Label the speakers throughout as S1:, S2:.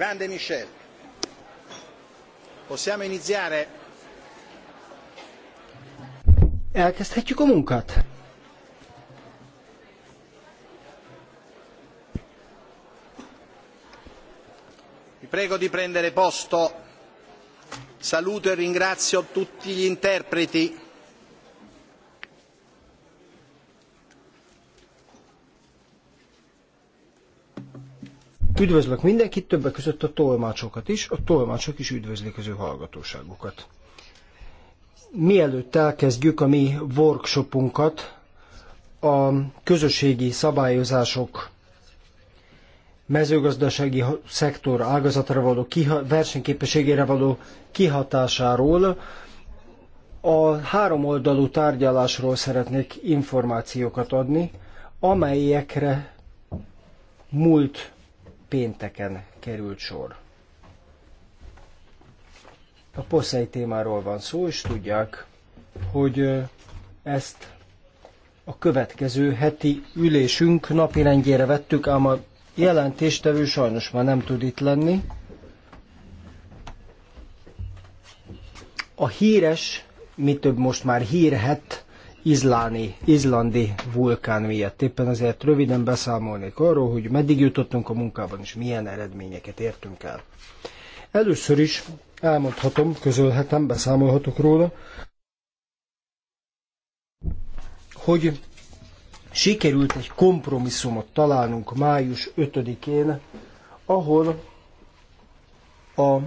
S1: Grande Michel. Possiamo iniziare? Elkezdhetjük a munkát. Vi prego di prendere posto. Saluto e ringrazio tutti gli interpreti. Üdvözlök mindenkit, többek között a tolmácsokat is. A tolmácsok is üdvözlik az ő hallgatóságukat. Mielőtt elkezdjük a mi workshopunkat, a közösségi szabályozások mezőgazdasági szektor ágazatra való kiha- versenyképességére való kihatásáról, a három oldalú tárgyalásról szeretnék információkat adni, amelyekre múlt pénteken került sor. A poszei témáról van szó, és tudják, hogy ezt a következő heti ülésünk napirendjére vettük, ám a jelentéstevő sajnos már nem tud itt lenni. A híres, mi több most már hírhet izláni, izlandi vulkán miatt. Éppen azért röviden beszámolnék arról, hogy meddig jutottunk a munkában, és milyen eredményeket értünk el. Először is elmondhatom, közölhetem, beszámolhatok róla, hogy sikerült egy kompromisszumot találnunk május 5-én, ahol a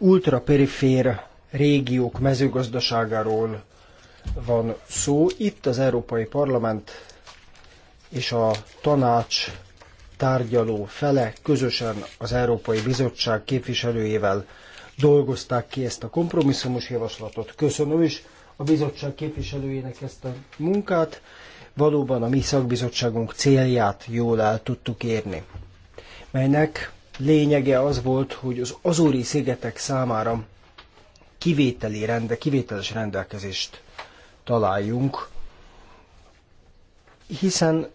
S1: ultraperifér régiók mezőgazdaságáról van szó. Itt az Európai Parlament és a tanács tárgyaló fele közösen az Európai Bizottság képviselőjével dolgozták ki ezt a kompromisszumos javaslatot. Köszönöm is a bizottság képviselőjének ezt a munkát. Valóban a mi szakbizottságunk célját jól el tudtuk érni, melynek lényege az volt, hogy az Azóri szigetek számára kivételi rende, kivételes rendelkezést találjunk, hiszen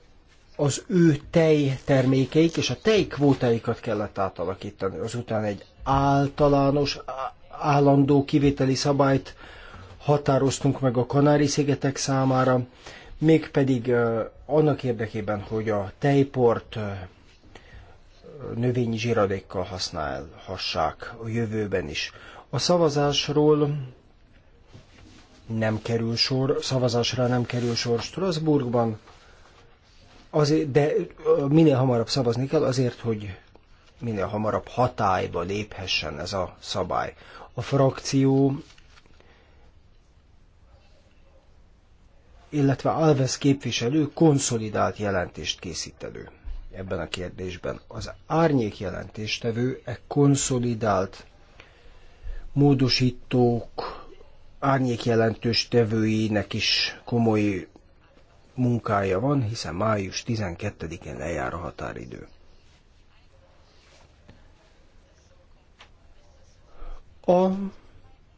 S1: az ő tej termékeik és a tej kvótáikat kellett átalakítani. Azután egy általános, állandó kivételi szabályt határoztunk meg a Kanári-szigetek számára, mégpedig annak érdekében, hogy a tejport növényi zsiradékkal használhassák a jövőben is. A szavazásról nem kerül sor, szavazásra nem kerül sor Strasbourgban, azért, de minél hamarabb szavazni kell azért, hogy minél hamarabb hatályba léphessen ez a szabály. A frakció, illetve Alves képviselő konszolidált jelentést készít elő ebben a kérdésben. Az árnyék jelentéstevő e konszolidált módosítók árnyék jelentős tevőinek is komoly munkája van, hiszen május 12-én lejár a határidő. A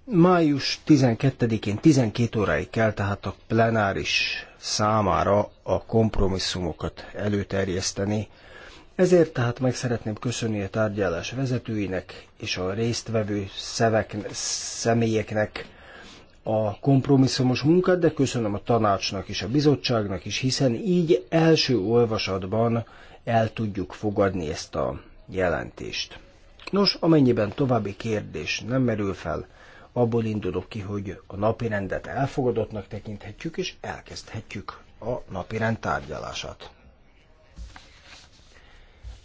S1: május 12-én 12 óráig kell tehát a plenáris számára a kompromisszumokat előterjeszteni, ezért tehát meg szeretném köszönni a tárgyalás vezetőinek és a résztvevő szevek, személyeknek a kompromisszumos munkát, de köszönöm a tanácsnak és a bizottságnak is, hiszen így első olvasatban el tudjuk fogadni ezt a jelentést. Nos, amennyiben további kérdés nem merül fel, abból indulok ki, hogy a napi rendet elfogadottnak tekinthetjük, és elkezdhetjük a napi rend tárgyalását.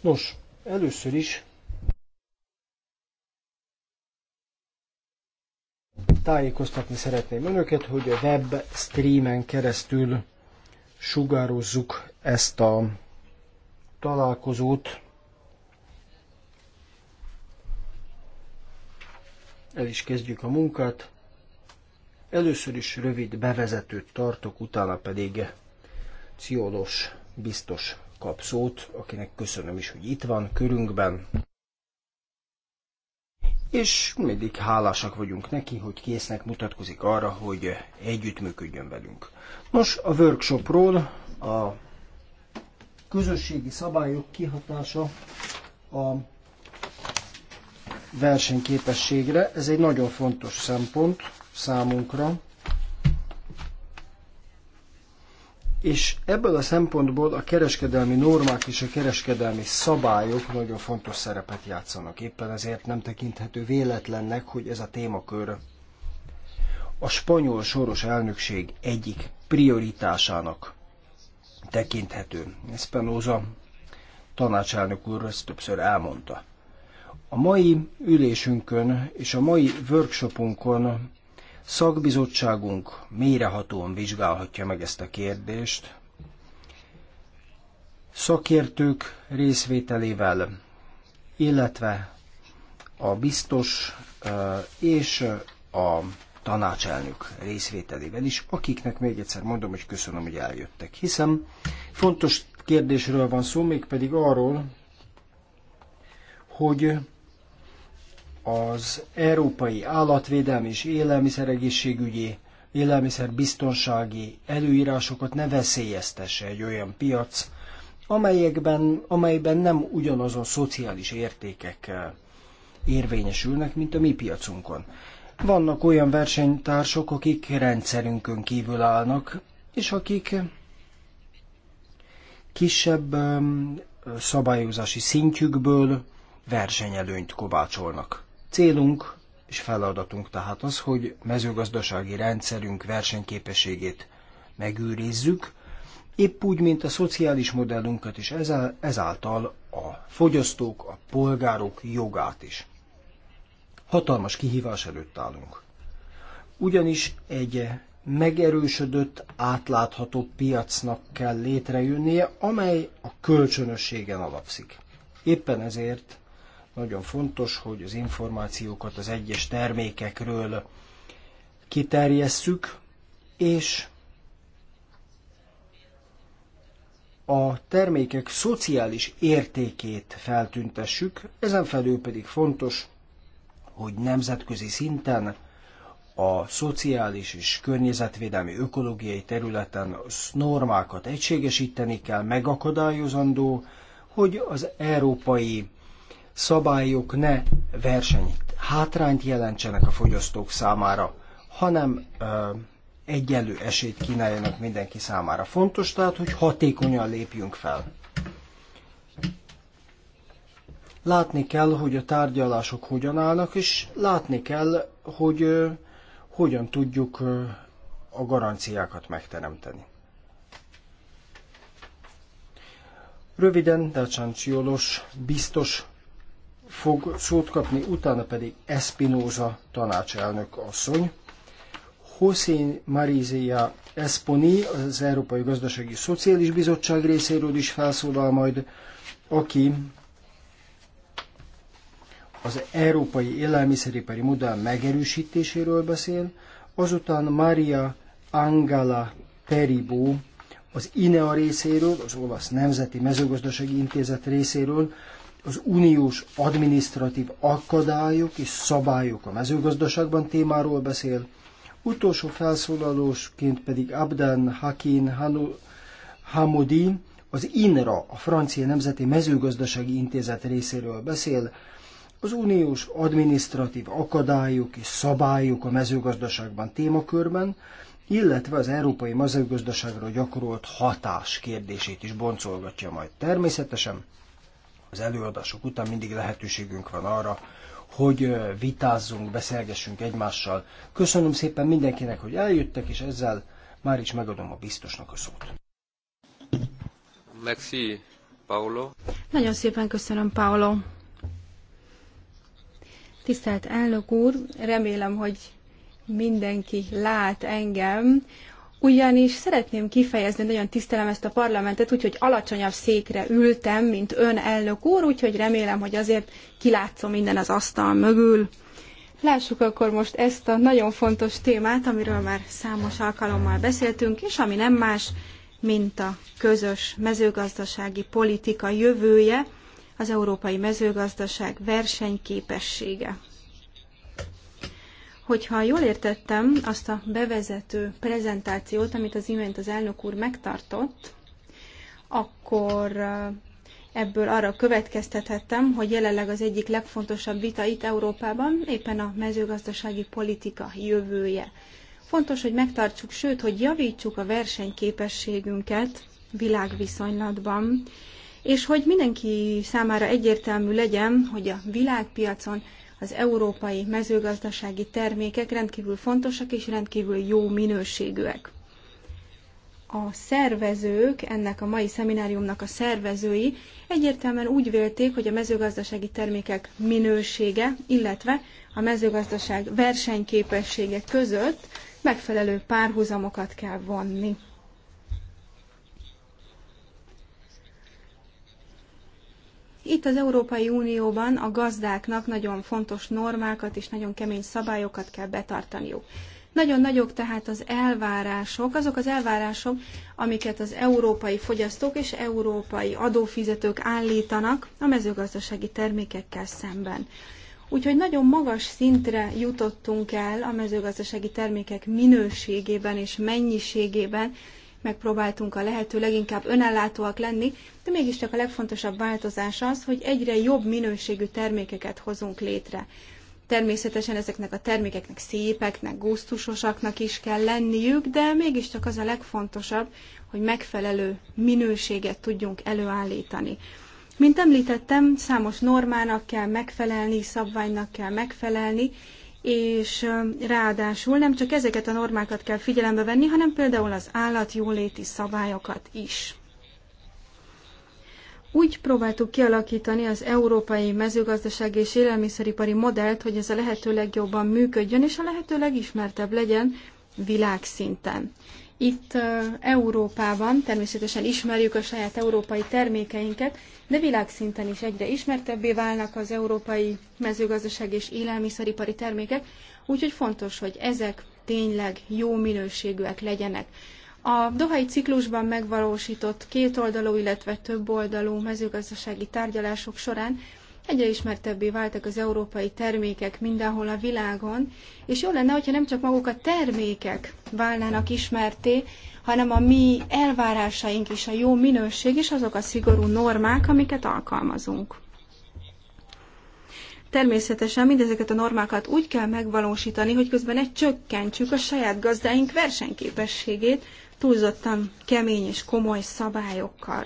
S1: Nos, először is tájékoztatni szeretném önöket, hogy a web streamen keresztül sugározzuk ezt a találkozót. El is kezdjük a munkát. Először is rövid bevezetőt tartok, utána pedig Ciolos biztos kap szót, akinek köszönöm is, hogy itt van körünkben. És mindig hálásak vagyunk neki, hogy késznek mutatkozik arra, hogy együttműködjön velünk. Nos, a workshopról a közösségi szabályok kihatása a versenyképességre. Ez egy nagyon fontos szempont számunkra, és ebből a szempontból a kereskedelmi normák és a kereskedelmi szabályok nagyon fontos szerepet játszanak. Éppen ezért nem tekinthető véletlennek, hogy ez a témakör a spanyol soros elnökség egyik prioritásának tekinthető. Espinoza tanácselnök úr ezt többször elmondta. A mai ülésünkön és a mai workshopunkon Szakbizottságunk mélyrehatóan vizsgálhatja meg ezt a kérdést. Szakértők részvételével, illetve a biztos és a tanácselnök részvételével is, akiknek még egyszer mondom, hogy köszönöm, hogy eljöttek. Hiszem, fontos kérdésről van szó, mégpedig arról, hogy az Európai Állatvédelmi és Élelmiszeregészségügyi élelmiszerbiztonsági előírásokat ne veszélyeztesse egy olyan piac, amelyekben, amelyben nem ugyanazon szociális értékek eh, érvényesülnek, mint a mi piacunkon. Vannak olyan versenytársak, akik rendszerünkön kívül állnak, és akik kisebb eh, szabályozási szintjükből versenyelőnyt kovácsolnak. Célunk és feladatunk tehát az, hogy mezőgazdasági rendszerünk versenyképességét megőrizzük, épp úgy, mint a szociális modellünket is, ezáltal a fogyasztók, a polgárok jogát is. Hatalmas kihívás előtt állunk. Ugyanis egy megerősödött, átlátható piacnak kell létrejönnie, amely a kölcsönösségen alapszik. Éppen ezért nagyon fontos, hogy az információkat az egyes termékekről kiterjesszük, és a termékek szociális értékét feltüntessük, ezen felül pedig fontos, hogy nemzetközi szinten a szociális és környezetvédelmi ökológiai területen normákat egységesíteni kell, megakadályozandó, hogy az európai szabályok ne versenyt, hátrányt jelentsenek a fogyasztók számára, hanem ö, egyenlő esélyt kínáljanak mindenki számára. Fontos tehát, hogy hatékonyan lépjünk fel. Látni kell, hogy a tárgyalások hogyan állnak, és látni kell, hogy ö, hogyan tudjuk ö, a garanciákat megteremteni. Röviden, de a biztos fog szót kapni, utána pedig Espinoza tanácselnök asszony. José Marizia Esponi, az Európai Gazdasági Szociális Bizottság részéről is felszólal majd, aki az európai élelmiszeripari modell megerősítéséről beszél, azután Maria Angala Peribó az INEA részéről, az Olasz Nemzeti Mezőgazdasági Intézet részéről, az uniós adminisztratív akadályok és szabályok a mezőgazdaságban témáról beszél, utolsó felszólalósként pedig Abdan Hakin Hanu, Hamoudi az INRA, a Francia Nemzeti Mezőgazdasági Intézet részéről beszél, az uniós adminisztratív akadályok és szabályok a mezőgazdaságban témakörben, illetve az európai mezőgazdaságra gyakorolt hatás kérdését is boncolgatja majd. Természetesen az előadások után mindig lehetőségünk van arra, hogy vitázzunk, beszélgessünk egymással. Köszönöm szépen mindenkinek, hogy eljöttek, és ezzel már is megadom a biztosnak a szót.
S2: Merci, Paolo. Nagyon szépen köszönöm, Paolo. Tisztelt elnök úr, remélem, hogy mindenki lát engem ugyanis szeretném kifejezni, nagyon tisztelem ezt a parlamentet, úgyhogy alacsonyabb székre ültem, mint ön elnök úr, úgyhogy remélem, hogy azért kilátszom minden az asztal mögül. Lássuk akkor most ezt a nagyon fontos témát, amiről már számos alkalommal beszéltünk, és ami nem más, mint a közös mezőgazdasági politika jövője, az európai mezőgazdaság versenyképessége. Hogyha jól értettem azt a bevezető prezentációt, amit az imént az elnök úr megtartott, akkor ebből arra következtethettem, hogy jelenleg az egyik legfontosabb vita itt Európában éppen a mezőgazdasági politika jövője. Fontos, hogy megtartsuk, sőt, hogy javítsuk a versenyképességünket világviszonylatban, és hogy mindenki számára egyértelmű legyen, hogy a világpiacon az európai mezőgazdasági termékek rendkívül fontosak és rendkívül jó minőségűek. A szervezők, ennek a mai szemináriumnak a szervezői egyértelműen úgy vélték, hogy a mezőgazdasági termékek minősége, illetve a mezőgazdaság versenyképessége között megfelelő párhuzamokat kell vonni. Itt az Európai Unióban a gazdáknak nagyon fontos normákat és nagyon kemény szabályokat kell betartaniuk. Nagyon nagyok tehát az elvárások, azok az elvárások, amiket az európai fogyasztók és európai adófizetők állítanak a mezőgazdasági termékekkel szemben. Úgyhogy nagyon magas szintre jutottunk el a mezőgazdasági termékek minőségében és mennyiségében, megpróbáltunk a lehető leginkább önellátóak lenni, de mégiscsak a legfontosabb változás az, hogy egyre jobb minőségű termékeket hozunk létre. Természetesen ezeknek a termékeknek szépeknek, gusztusosaknak is kell lenniük, de mégiscsak az a legfontosabb, hogy megfelelő minőséget tudjunk előállítani. Mint említettem, számos normának kell megfelelni, szabványnak kell megfelelni, és ráadásul nem csak ezeket a normákat kell figyelembe venni, hanem például az állatjóléti szabályokat is. Úgy próbáltuk kialakítani az európai mezőgazdasági és élelmiszeripari modellt, hogy ez a lehető legjobban működjön, és a lehető legismertebb legyen világszinten itt Európában természetesen ismerjük a saját európai termékeinket, de világszinten is egyre ismertebbé válnak az európai mezőgazdaság és élelmiszeripari termékek, úgyhogy fontos, hogy ezek tényleg jó minőségűek legyenek. A dohai ciklusban megvalósított kétoldalú, illetve többoldalú mezőgazdasági tárgyalások során Egyre ismertebbé váltak az európai termékek mindenhol a világon, és jó lenne, hogyha nem csak maguk a termékek válnának ismerté, hanem a mi elvárásaink is a jó minőség, és azok a szigorú normák, amiket alkalmazunk. Természetesen mindezeket a normákat úgy kell megvalósítani, hogy közben egy csökkentsük a saját gazdáink versenyképességét túlzottan kemény és komoly szabályokkal.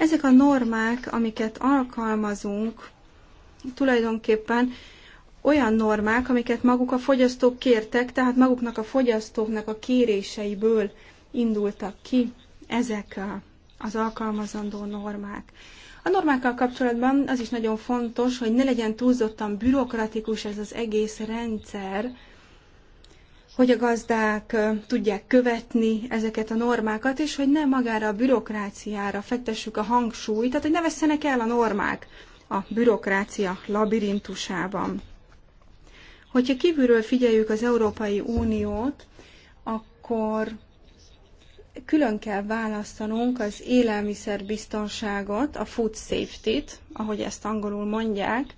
S2: Ezek a normák, amiket alkalmazunk, tulajdonképpen olyan normák, amiket maguk a fogyasztók kértek, tehát maguknak a fogyasztóknak a kéréseiből indultak ki ezek az alkalmazandó normák. A normákkal kapcsolatban az is nagyon fontos, hogy ne legyen túlzottan bürokratikus ez az egész rendszer, hogy a gazdák tudják követni ezeket a normákat, és hogy ne magára a bürokráciára fektessük a hangsúlyt, tehát hogy ne vesszenek el a normák a bürokrácia labirintusában. Hogyha kívülről figyeljük az Európai Uniót, akkor külön kell választanunk az élelmiszerbiztonságot, a food safety-t, ahogy ezt angolul mondják,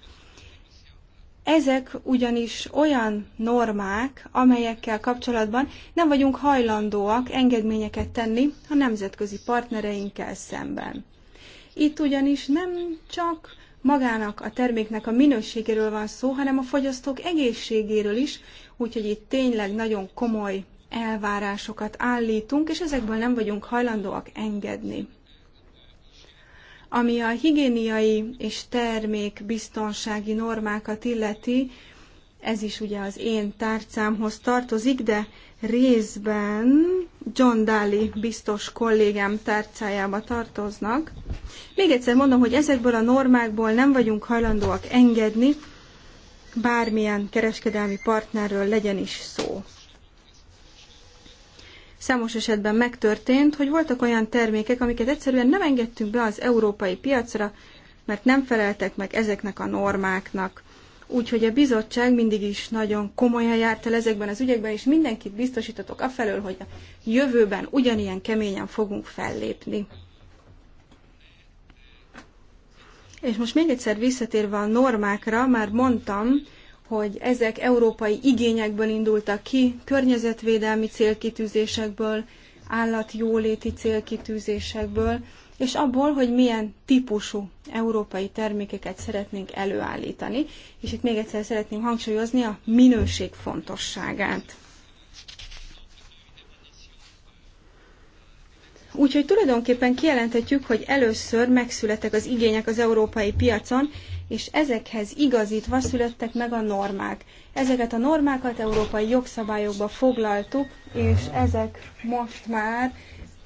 S2: ezek ugyanis olyan normák, amelyekkel kapcsolatban nem vagyunk hajlandóak engedményeket tenni a nemzetközi partnereinkkel szemben. Itt ugyanis nem csak magának a terméknek a minőségéről van szó, hanem a fogyasztók egészségéről is, úgyhogy itt tényleg nagyon komoly elvárásokat állítunk, és ezekből nem vagyunk hajlandóak engedni. Ami a higiéniai és termékbiztonsági normákat illeti, ez is ugye az én tárcámhoz tartozik, de részben John Daly biztos kollégám tárcájába tartoznak. Még egyszer mondom, hogy ezekből a normákból nem vagyunk hajlandóak engedni, bármilyen kereskedelmi partnerről legyen is szó. Számos esetben megtörtént, hogy voltak olyan termékek, amiket egyszerűen nem engedtünk be az európai piacra, mert nem feleltek meg ezeknek a normáknak. Úgyhogy a bizottság mindig is nagyon komolyan járt el ezekben az ügyekben, és mindenkit biztosítatok afelől, hogy a jövőben ugyanilyen keményen fogunk fellépni. És most még egyszer visszatérve a normákra, már mondtam, hogy ezek európai igényekből indultak ki, környezetvédelmi célkitűzésekből, állatjóléti célkitűzésekből, és abból, hogy milyen típusú európai termékeket szeretnénk előállítani. És itt még egyszer szeretném hangsúlyozni a minőség fontosságát. Úgyhogy tulajdonképpen kijelenthetjük, hogy először megszülettek az igények az európai piacon, és ezekhez igazítva születtek meg a normák. Ezeket a normákat európai jogszabályokba foglaltuk, és ezek most már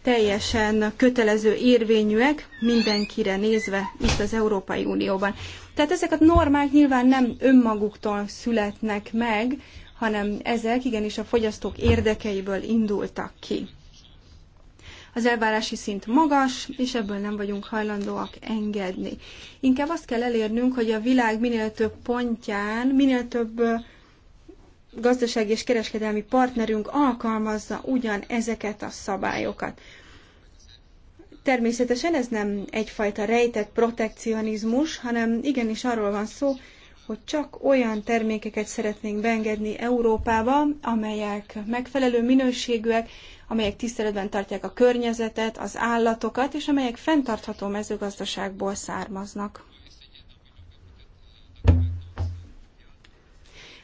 S2: teljesen kötelező érvényűek mindenkire nézve itt az Európai Unióban. Tehát ezek a normák nyilván nem önmaguktól születnek meg, hanem ezek igenis a fogyasztók érdekeiből indultak ki az elvárási szint magas, és ebből nem vagyunk hajlandóak engedni. Inkább azt kell elérnünk, hogy a világ minél több pontján, minél több gazdasági és kereskedelmi partnerünk alkalmazza ugyan ezeket a szabályokat. Természetesen ez nem egyfajta rejtett protekcionizmus, hanem igenis arról van szó, hogy csak olyan termékeket szeretnénk beengedni Európába, amelyek megfelelő minőségűek, amelyek tiszteletben tartják a környezetet, az állatokat, és amelyek fenntartható mezőgazdaságból származnak.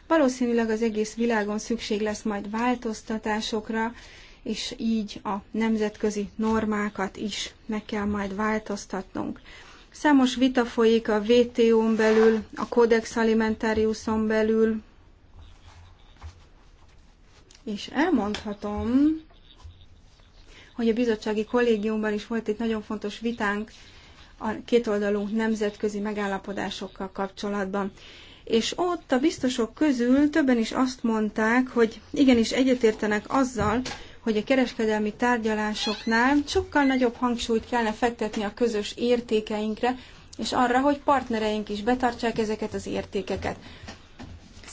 S2: Valószínűleg az egész világon szükség lesz majd változtatásokra, és így a nemzetközi normákat is meg kell majd változtatnunk. Számos vita folyik a WTO-n belül, a Codex Alimentariuson belül, és elmondhatom, hogy a bizottsági kollégiumban is volt egy nagyon fontos vitánk a kétoldalú nemzetközi megállapodásokkal kapcsolatban. És ott a biztosok közül többen is azt mondták, hogy igenis egyetértenek azzal, hogy a kereskedelmi tárgyalásoknál sokkal nagyobb hangsúlyt kellene fektetni a közös értékeinkre, és arra, hogy partnereink is betartsák ezeket az értékeket.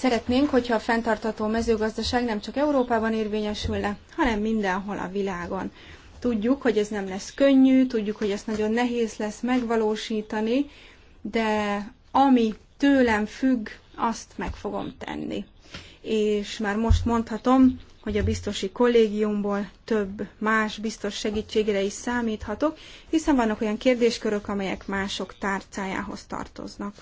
S2: Szeretnénk, hogyha a fenntartható mezőgazdaság nem csak Európában érvényesülne, hanem mindenhol a világon. Tudjuk, hogy ez nem lesz könnyű, tudjuk, hogy ezt nagyon nehéz lesz megvalósítani, de ami tőlem függ, azt meg fogom tenni. És már most mondhatom, hogy a biztosi kollégiumból több más biztos segítségére is számíthatok, hiszen vannak olyan kérdéskörök, amelyek mások tárcájához tartoznak.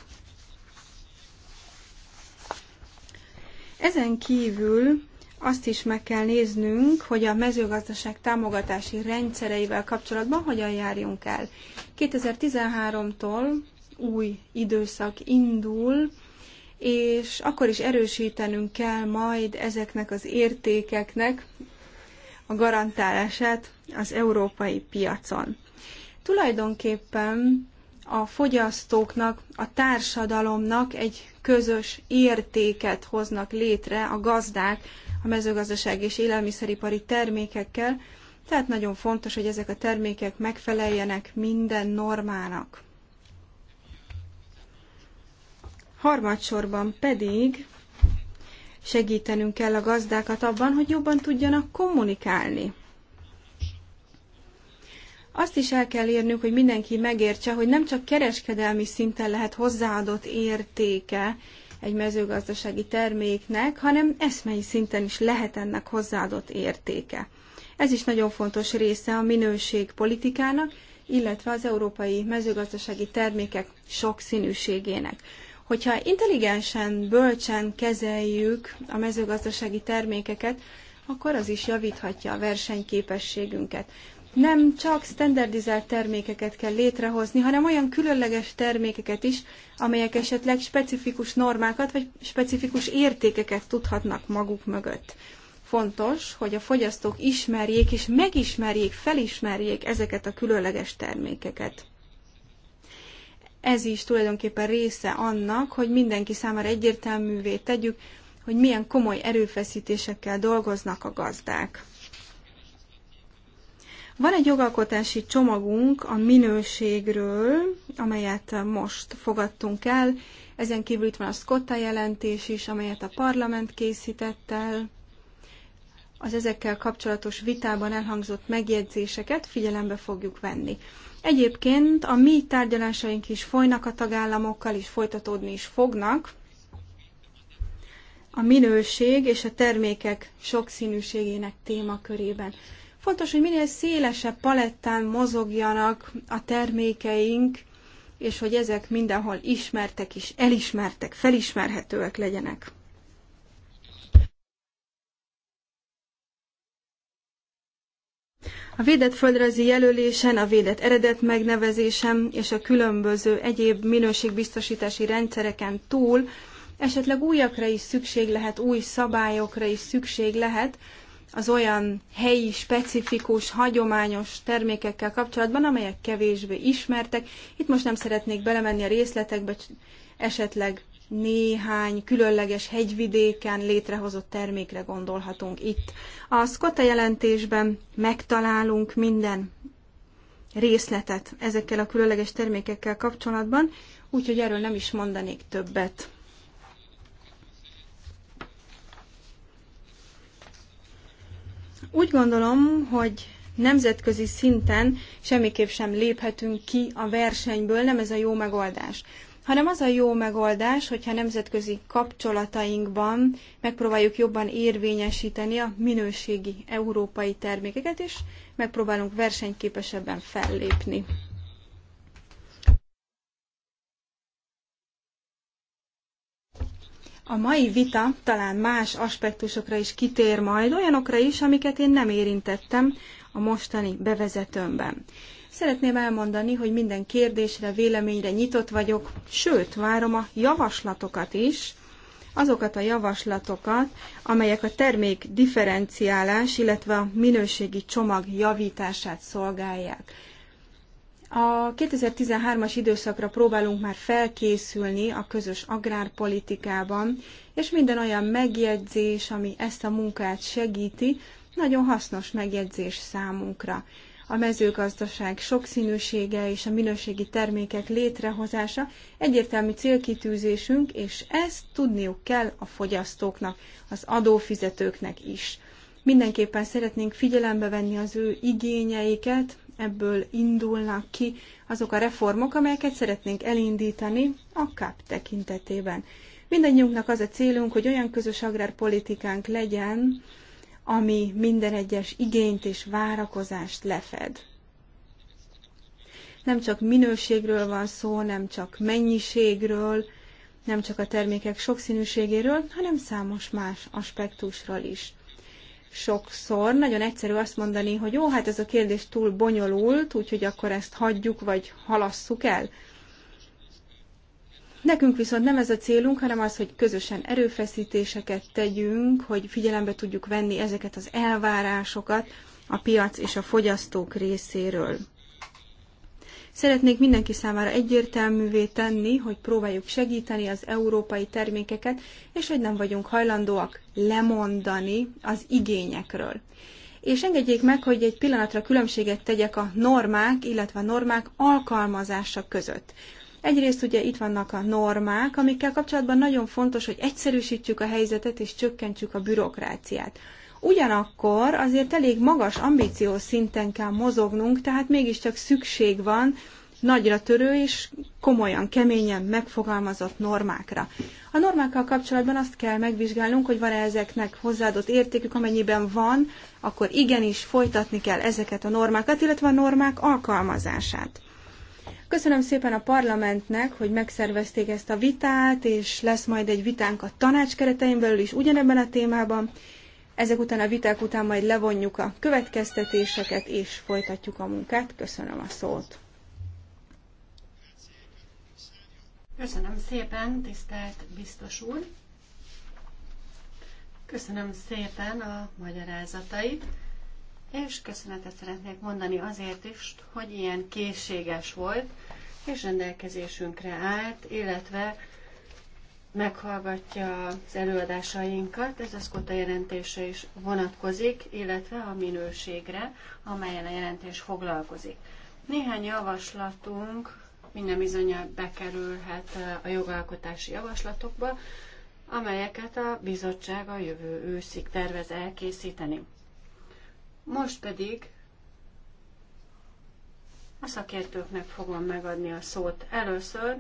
S2: Ezen kívül azt is meg kell néznünk, hogy a mezőgazdaság támogatási rendszereivel kapcsolatban hogyan járjunk el. 2013-tól új időszak indul, és akkor is erősítenünk kell majd ezeknek az értékeknek a garantálását az európai piacon. Tulajdonképpen a fogyasztóknak, a társadalomnak egy közös értéket hoznak létre a gazdák a mezőgazdaság és élelmiszeripari termékekkel, tehát nagyon fontos, hogy ezek a termékek megfeleljenek minden normának. Harmadsorban pedig segítenünk kell a gazdákat abban, hogy jobban tudjanak kommunikálni azt is el kell érnünk, hogy mindenki megértse, hogy nem csak kereskedelmi szinten lehet hozzáadott értéke egy mezőgazdasági terméknek, hanem eszmei szinten is lehet ennek hozzáadott értéke. Ez is nagyon fontos része a minőségpolitikának, illetve az európai mezőgazdasági termékek sokszínűségének. Hogyha intelligensen, bölcsen kezeljük a mezőgazdasági termékeket, akkor az is javíthatja a versenyképességünket nem csak standardizált termékeket kell létrehozni, hanem olyan különleges termékeket is, amelyek esetleg specifikus normákat vagy specifikus értékeket tudhatnak maguk mögött. Fontos, hogy a fogyasztók ismerjék és megismerjék, felismerjék ezeket a különleges termékeket. Ez is tulajdonképpen része annak, hogy mindenki számára egyértelművé tegyük, hogy milyen komoly erőfeszítésekkel dolgoznak a gazdák. Van egy jogalkotási csomagunk a minőségről, amelyet most fogadtunk el. Ezen kívül itt van a Scotta jelentés is, amelyet a parlament készített el. Az ezekkel kapcsolatos vitában elhangzott megjegyzéseket figyelembe fogjuk venni. Egyébként a mi tárgyalásaink is folynak a tagállamokkal, és folytatódni is fognak. A minőség és a termékek sokszínűségének témakörében. Fontos, hogy minél szélesebb palettán mozogjanak a termékeink, és hogy ezek mindenhol ismertek és elismertek, felismerhetőek legyenek. A védett földrajzi jelölésen, a védett eredet megnevezésen és a különböző egyéb minőségbiztosítási rendszereken túl esetleg újakra is szükség lehet, új szabályokra is szükség lehet, az olyan helyi, specifikus, hagyományos termékekkel kapcsolatban, amelyek kevésbé ismertek. Itt most nem szeretnék belemenni a részletekbe, esetleg néhány különleges hegyvidéken létrehozott termékre gondolhatunk itt. A Scotta jelentésben megtalálunk minden részletet ezekkel a különleges termékekkel kapcsolatban, úgyhogy erről nem is mondanék többet. Úgy gondolom, hogy nemzetközi szinten semmiképp sem léphetünk ki a versenyből, nem ez a jó megoldás hanem az a jó megoldás, hogyha nemzetközi kapcsolatainkban megpróbáljuk jobban érvényesíteni a minőségi európai termékeket, és megpróbálunk versenyképesebben fellépni. A mai vita talán más aspektusokra is kitér majd, olyanokra is, amiket én nem érintettem a mostani bevezetőmben. Szeretném elmondani, hogy minden kérdésre, véleményre nyitott vagyok, sőt, várom a javaslatokat is, azokat a javaslatokat, amelyek a termék differenciálás, illetve a minőségi csomag javítását szolgálják. A 2013-as időszakra próbálunk már felkészülni a közös agrárpolitikában, és minden olyan megjegyzés, ami ezt a munkát segíti, nagyon hasznos megjegyzés számunkra. A mezőgazdaság sokszínűsége és a minőségi termékek létrehozása egyértelmű célkitűzésünk, és ezt tudniuk kell a fogyasztóknak, az adófizetőknek is. Mindenképpen szeretnénk figyelembe venni az ő igényeiket, ebből indulnak ki azok a reformok, amelyeket szeretnénk elindítani a KAP tekintetében. Mindennyiunknak az a célunk, hogy olyan közös agrárpolitikánk legyen, ami minden egyes igényt és várakozást lefed. Nem csak minőségről van szó, nem csak mennyiségről, nem csak a termékek sokszínűségéről, hanem számos más aspektusról is sokszor nagyon egyszerű azt mondani, hogy jó, hát ez a kérdés túl bonyolult, úgyhogy akkor ezt hagyjuk, vagy halasszuk el. Nekünk viszont nem ez a célunk, hanem az, hogy közösen erőfeszítéseket tegyünk, hogy figyelembe tudjuk venni ezeket az elvárásokat a piac és a fogyasztók részéről. Szeretnék mindenki számára egyértelművé tenni, hogy próbáljuk segíteni az európai termékeket, és hogy nem vagyunk hajlandóak lemondani az igényekről. És engedjék meg, hogy egy pillanatra különbséget tegyek a normák, illetve a normák alkalmazása között. Egyrészt ugye itt vannak a normák, amikkel kapcsolatban nagyon fontos, hogy egyszerűsítjük a helyzetet és csökkentsük a bürokráciát. Ugyanakkor azért elég magas ambíciós szinten kell mozognunk, tehát mégiscsak szükség van nagyra törő és komolyan, keményen megfogalmazott normákra. A normákkal kapcsolatban azt kell megvizsgálnunk, hogy van-e ezeknek hozzáadott értékük, amennyiben van, akkor igenis folytatni kell ezeket a normákat, illetve a normák alkalmazását. Köszönöm szépen a parlamentnek, hogy megszervezték ezt a vitát, és lesz majd egy vitánk a tanács keretein belül is ugyanebben a témában, ezek után a viták után majd levonjuk a következtetéseket, és folytatjuk a munkát. Köszönöm a szót.
S3: Köszönöm szépen, tisztelt biztos úr. Köszönöm szépen a magyarázatait, és köszönetet szeretnék mondani azért is, hogy ilyen készséges volt, és rendelkezésünkre állt, illetve meghallgatja az előadásainkat, ez a SZKOTA jelentése is vonatkozik, illetve a minőségre, amelyen a jelentés foglalkozik. Néhány javaslatunk minden bizonyal bekerülhet eh, a jogalkotási javaslatokba, amelyeket a bizottság a jövő őszig tervez elkészíteni. Most pedig a szakértőknek fogom megadni a szót először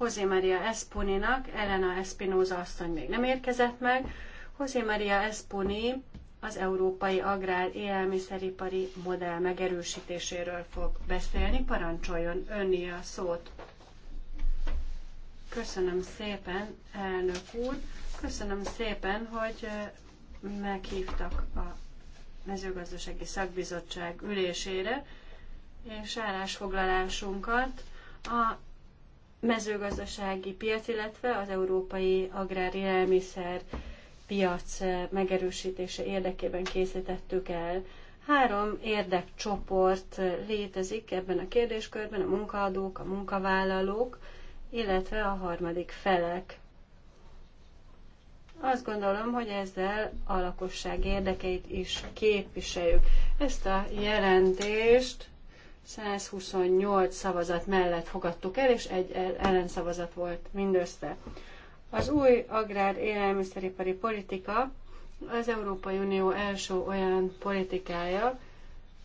S3: José Maria Espuninak, Elena Espinoza asszony még nem érkezett meg. José Maria Espuni az európai agrár élelmiszeripari modell megerősítéséről fog beszélni. Parancsoljon önni a szót. Köszönöm szépen, elnök úr. Köszönöm szépen, hogy meghívtak a mezőgazdasági szakbizottság ülésére, és állásfoglalásunkat a mezőgazdasági piac, illetve az európai agrári élelmiszer piac eh, megerősítése érdekében készítettük el. Három érdekcsoport eh, létezik ebben a kérdéskörben, a munkaadók, a munkavállalók, illetve a harmadik felek. Azt gondolom, hogy ezzel a lakosság érdekeit is képviseljük. Ezt a jelentést 128 szavazat mellett fogadtuk el, és egy ellenszavazat volt mindössze. Az új agrár élelmiszeripari politika az Európai Unió első olyan politikája,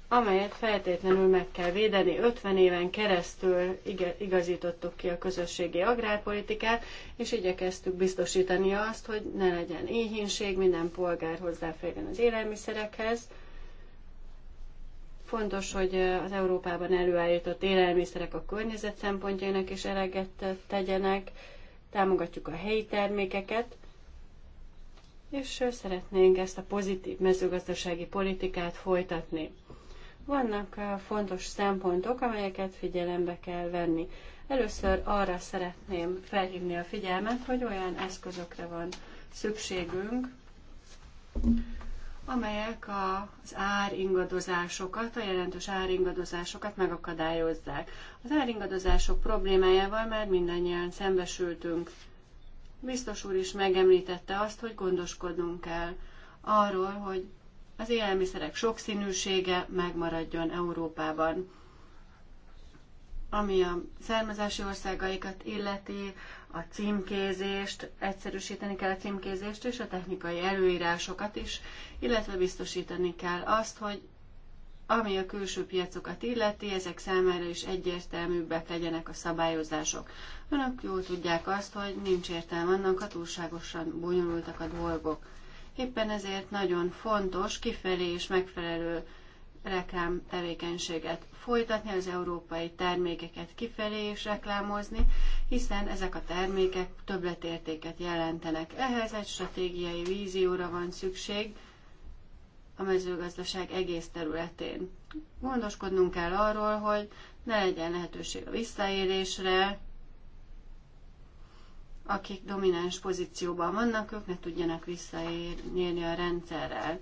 S3: amelyet feltétlenül meg kell védeni. 50 éven keresztül igazítottuk ki a közösségi agrárpolitikát, és igyekeztük biztosítani azt, hogy ne legyen éhínség, minden polgár hozzáférjen az élelmiszerekhez, Fontos, hogy az Európában előállított élelmiszerek a környezet szempontjainak is eleget tegyenek, támogatjuk a helyi termékeket, és szeretnénk ezt a pozitív mezőgazdasági politikát folytatni. Vannak fontos szempontok, amelyeket figyelembe kell venni. Először arra szeretném felhívni a figyelmet, hogy olyan eszközökre van szükségünk, amelyek a, az áringadozásokat, a jelentős áringadozásokat megakadályozzák. Az áringadozások problémájával már mindannyian szembesültünk. Biztos úr is megemlítette azt, hogy gondoskodnunk kell arról, hogy az élelmiszerek sokszínűsége megmaradjon Európában ami a származási országaikat illeti, a címkézést, egyszerűsíteni kell a címkézést és a technikai előírásokat is, illetve biztosítani kell azt, hogy ami a külső piacokat illeti, ezek számára is egyértelműbbek legyenek a szabályozások. Önök jól tudják azt, hogy nincs értelme annak, ha túlságosan bonyolultak a dolgok. Éppen ezért nagyon fontos kifelé és megfelelő reklám tevékenységet folytatni, az európai termékeket kifelé is reklámozni, hiszen ezek a termékek többletértéket jelentenek. Ehhez egy stratégiai vízióra van szükség a mezőgazdaság egész területén. Gondoskodnunk kell arról, hogy ne legyen lehetőség a visszaélésre, akik domináns pozícióban vannak, ők ne tudjanak visszaérni a rendszerrel.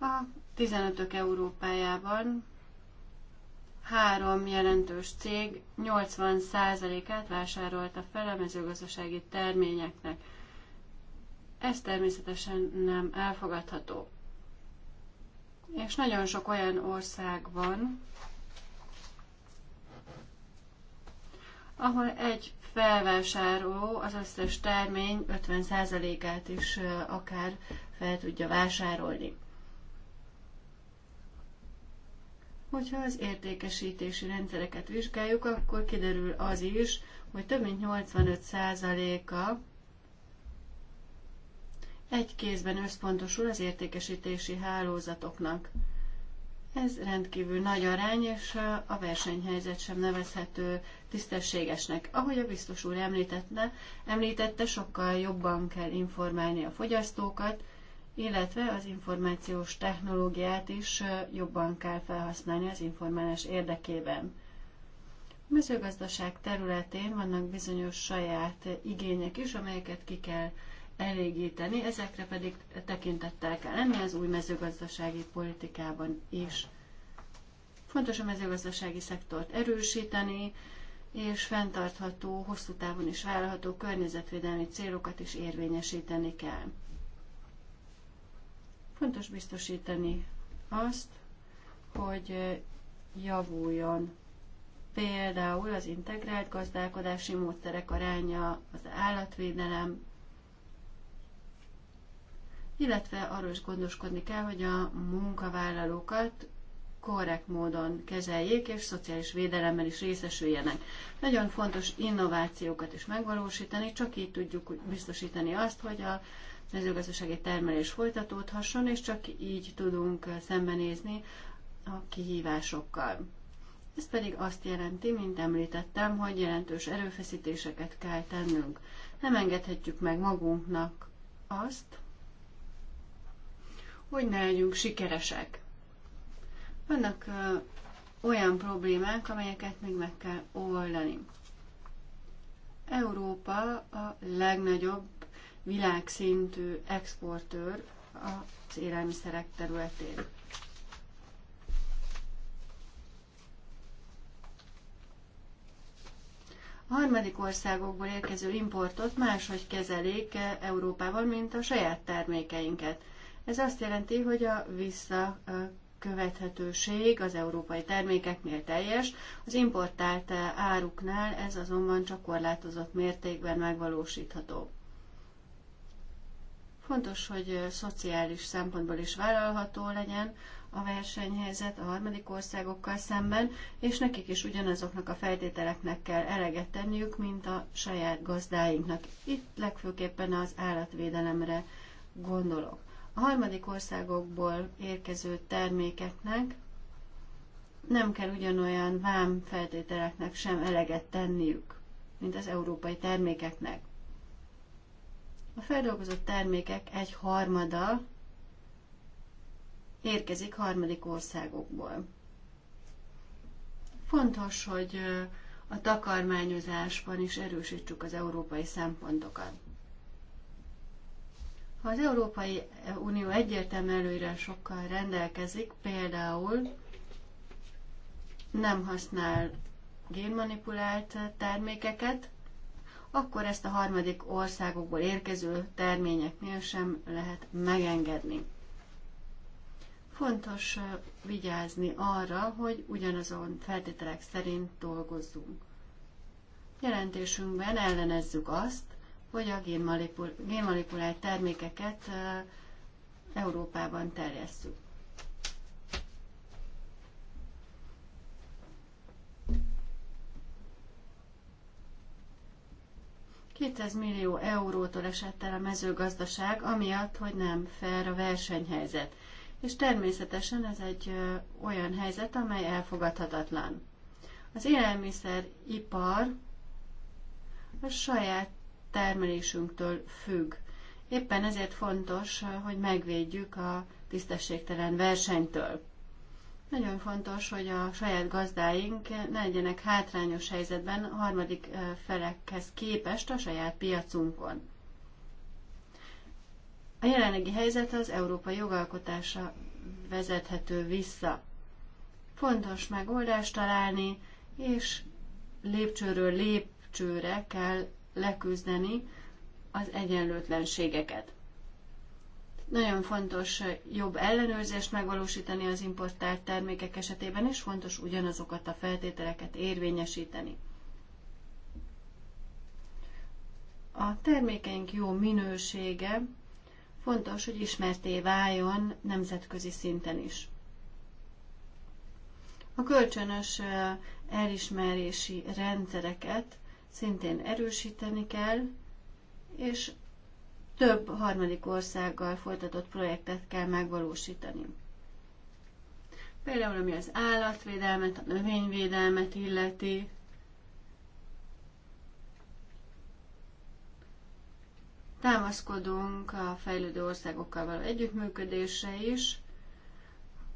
S3: A 15-ök Európájában három jelentős cég 80%-át vásárolta fel a mezőgazdasági terményeknek. Ez természetesen nem elfogadható. És nagyon sok olyan ország van, ahol egy felvásárló az összes termény 50%-át is akár fel tudja vásárolni. Hogyha az értékesítési rendszereket vizsgáljuk, akkor kiderül az is, hogy több mint 85%-a egy kézben összpontosul az értékesítési hálózatoknak. Ez rendkívül nagy arány, és a versenyhelyzet sem nevezhető tisztességesnek. Ahogy a biztos úr említette, említette sokkal jobban kell informálni a fogyasztókat, illetve az információs technológiát is jobban kell felhasználni az informálás érdekében. A mezőgazdaság területén vannak bizonyos saját igények is, amelyeket ki kell elégíteni, ezekre pedig tekintettel kell lenni az új mezőgazdasági politikában is. Fontos a mezőgazdasági szektort erősíteni, és fenntartható, hosszú távon is vállalható környezetvédelmi célokat is érvényesíteni kell. Fontos biztosítani azt, hogy javuljon például az integrált gazdálkodási módszerek aránya, az állatvédelem, illetve arról is gondoskodni kell, hogy a munkavállalókat korrekt módon kezeljék, és szociális védelemmel is részesüljenek. Nagyon fontos innovációkat is megvalósítani, csak így tudjuk biztosítani azt, hogy a mezőgazdasági termelés folytatódhasson, és csak így tudunk szembenézni a kihívásokkal. Ez pedig azt jelenti, mint említettem, hogy jelentős erőfeszítéseket kell tennünk. Nem engedhetjük meg magunknak azt, hogy ne legyünk sikeresek. Vannak olyan problémák, amelyeket még meg kell oldani. Európa a legnagyobb világszintű exportőr az élelmiszerek területén. A harmadik országokból érkező importot máshogy kezelik Európában, mint a saját termékeinket. Ez azt jelenti, hogy a visszakövethetőség az európai termékeknél teljes, az importált áruknál ez azonban csak korlátozott mértékben megvalósítható. Fontos, hogy szociális szempontból is vállalható legyen a versenyhelyzet a harmadik országokkal szemben, és nekik is ugyanazoknak a feltételeknek kell eleget tenniük, mint a saját gazdáinknak. Itt legfőképpen az állatvédelemre gondolok. A harmadik országokból érkező termékeknek nem kell ugyanolyan vám feltételeknek sem eleget tenniük, mint az európai termékeknek. A feldolgozott termékek egy harmada érkezik harmadik országokból. Fontos, hogy a takarmányozásban is erősítsük az európai szempontokat. Ha az Európai Unió egyértelmű előírásokkal rendelkezik, például nem használ génmanipulált termékeket, akkor ezt a harmadik országokból érkező terményeknél sem lehet megengedni. Fontos vigyázni arra, hogy ugyanazon feltételek szerint dolgozzunk. Jelentésünkben ellenezzük azt, hogy a génmanipulált termékeket Európában terjesszük. 200 millió eurótól esett el a mezőgazdaság, amiatt, hogy nem fair a versenyhelyzet. És természetesen ez egy olyan helyzet, amely elfogadhatatlan. Az élelmiszeripar a saját termelésünktől függ. Éppen ezért fontos, hogy megvédjük a tisztességtelen versenytől. Nagyon fontos, hogy a saját gazdáink ne legyenek hátrányos helyzetben a harmadik felekhez képest a saját piacunkon. A jelenlegi helyzet az európai jogalkotása vezethető vissza. Fontos megoldást találni, és lépcsőről lépcsőre kell leküzdeni az egyenlőtlenségeket. Nagyon fontos jobb ellenőrzést megvalósítani az importált termékek esetében, és fontos ugyanazokat a feltételeket érvényesíteni. A termékeink jó minősége fontos, hogy ismerté váljon nemzetközi szinten is. A kölcsönös elismerési rendszereket szintén erősíteni kell, és több harmadik országgal folytatott projektet kell megvalósítani. Például ami az állatvédelmet, a növényvédelmet illeti, támaszkodunk a fejlődő országokkal való együttműködésre is,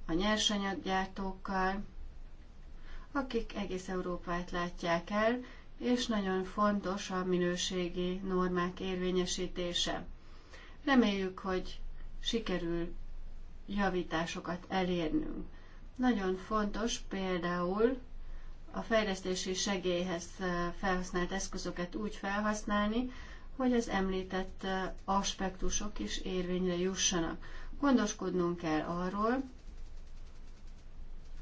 S3: a nyersanyaggyártókkal, akik egész Európát látják el, és nagyon fontos a minőségi normák érvényesítése. Reméljük, hogy sikerül javításokat elérnünk. Nagyon fontos például a fejlesztési segélyhez felhasznált eszközöket úgy felhasználni, hogy az említett aspektusok is érvényre jussanak. Gondoskodnunk kell arról,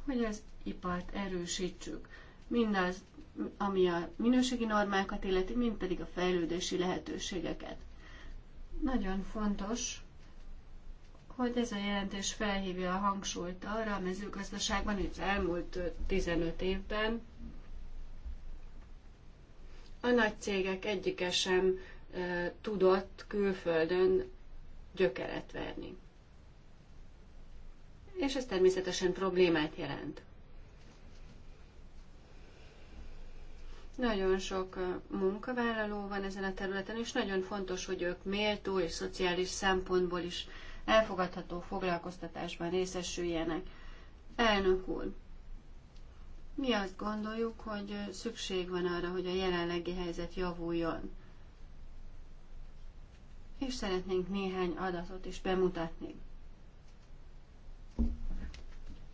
S3: hogy az ipart erősítsük. Mindaz, ami a minőségi normákat illeti, mint pedig a fejlődési lehetőségeket. Nagyon fontos, hogy ez a jelentés felhívja a hangsúlyt arra a mezőgazdaságban, hogy az elmúlt 15 évben a nagy cégek egyike sem e, tudott külföldön gyökeret verni. És ez természetesen problémát jelent. Nagyon sok munkavállaló van ezen a területen, és nagyon fontos, hogy ők méltó és szociális szempontból is elfogadható foglalkoztatásban részesüljenek. Elnök úr, mi azt gondoljuk, hogy szükség van arra, hogy a jelenlegi helyzet javuljon. És szeretnénk néhány adatot is bemutatni.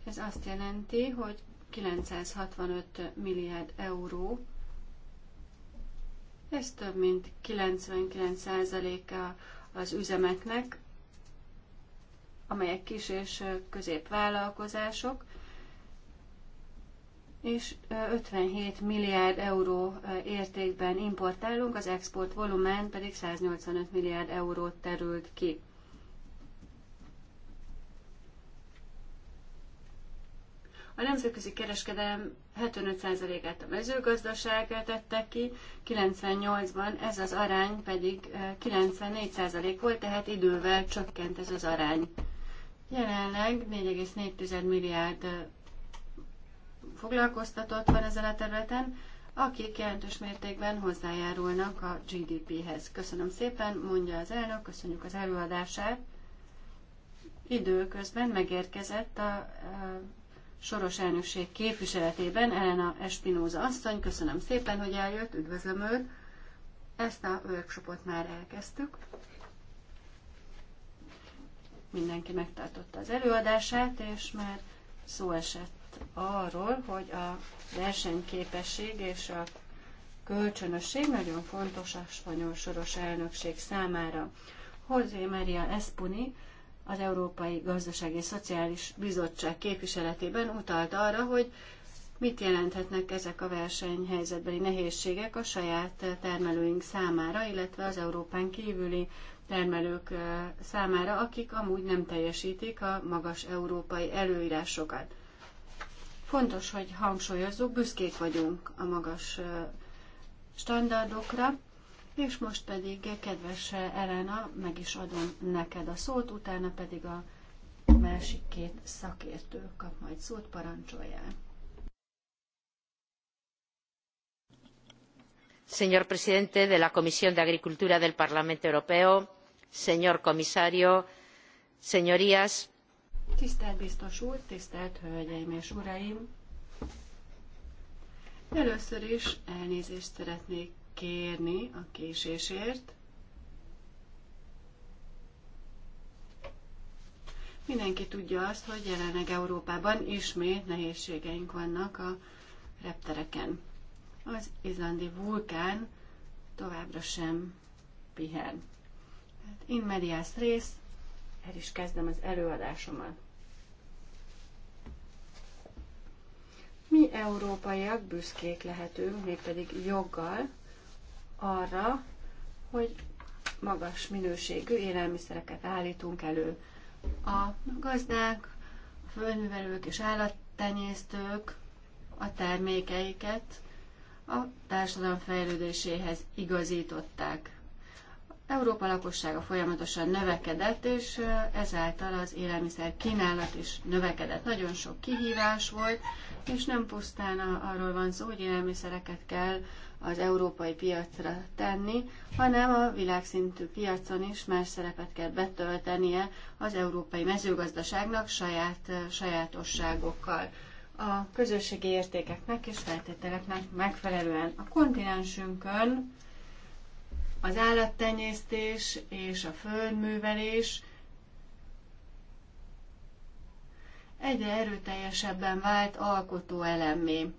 S3: Ez azt jelenti, hogy 965 milliárd euró ez több mint 99%-a az üzemeknek, amelyek kis és középvállalkozások, és 57 milliárd euró értékben importálunk, az export volumen pedig 185 milliárd eurót terült ki. A nemzetközi kereskedelem 75%-át a mezőgazdaság tette ki, 98-ban ez az arány pedig 94% eh, volt, tehát idővel csökkent ez az arány. Jelenleg 4,4 milliárd eh, foglalkoztatott van ezen a területen, akik jelentős mértékben hozzájárulnak a GDP-hez. Köszönöm szépen, mondja az elnök, köszönjük az előadását. Időközben megérkezett a eh, soros elnökség képviseletében Elena Espinóza asszony. Köszönöm szépen, hogy eljött, üdvözlöm őt. Ezt a workshopot már elkezdtük. Mindenki megtartotta az előadását, és már szó esett arról, hogy a versenyképesség és a kölcsönösség nagyon fontos a spanyol soros elnökség számára. José Maria Espuni, az Európai Gazdasági és Szociális Bizottság képviseletében utalt arra, hogy mit jelenthetnek ezek a versenyhelyzetbeli nehézségek a saját eh, termelőink számára, illetve az Európán kívüli termelők eh, számára, akik amúgy nem teljesítik a magas európai előírásokat. Fontos, hogy hangsúlyozzuk, büszkék vagyunk a magas eh, standardokra, és most pedig, kedves Elena, meg is adom neked a szót, utána pedig a másik két szakértő kap majd szót, parancsoljál. Señor presidente de la Comisión de Agricultura del Parlamento Europeo, señor comisario, señorías. Tisztelt biztos úr, tisztelt hölgyeim és uraim! Először is elnézést szeretnék kérni a késésért. Mindenki tudja azt, hogy jelenleg Európában ismét nehézségeink vannak a reptereken. Az izlandi vulkán továbbra sem pihen. Hát in medias rész, el is kezdem az előadásomat. Mi európaiak büszkék lehetünk, mégpedig joggal, arra, hogy magas minőségű élelmiszereket állítunk elő. A gazdák, a földművelők és állattenyésztők a termékeiket a társadalom fejlődéséhez igazították. Európa lakossága folyamatosan növekedett, és ezáltal az élelmiszer kínálat is növekedett. Nagyon sok kihívás volt, és nem pusztán arról van szó, hogy élelmiszereket kell az európai piacra tenni, hanem a világszintű piacon is más szerepet kell betöltenie az európai mezőgazdaságnak saját sajátosságokkal a közösségi értékeknek és feltételeknek megfelelően. A kontinensünkön az állattenyésztés és a földművelés egyre erőteljesebben vált alkotó elemmé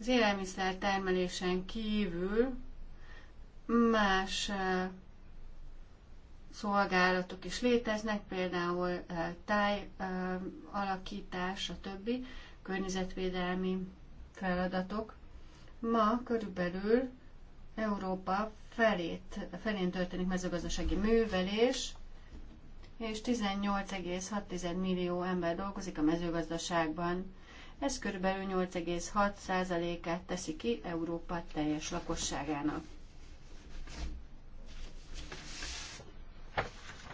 S3: az élelmiszer termelésen kívül más szolgálatok is léteznek, például táj alakítás, a többi környezetvédelmi feladatok. Ma körülbelül Európa felét, felén történik mezőgazdasági művelés, és 18,6 millió ember dolgozik a mezőgazdaságban. Ez körülbelül 8,6%-át teszi ki Európa teljes lakosságának.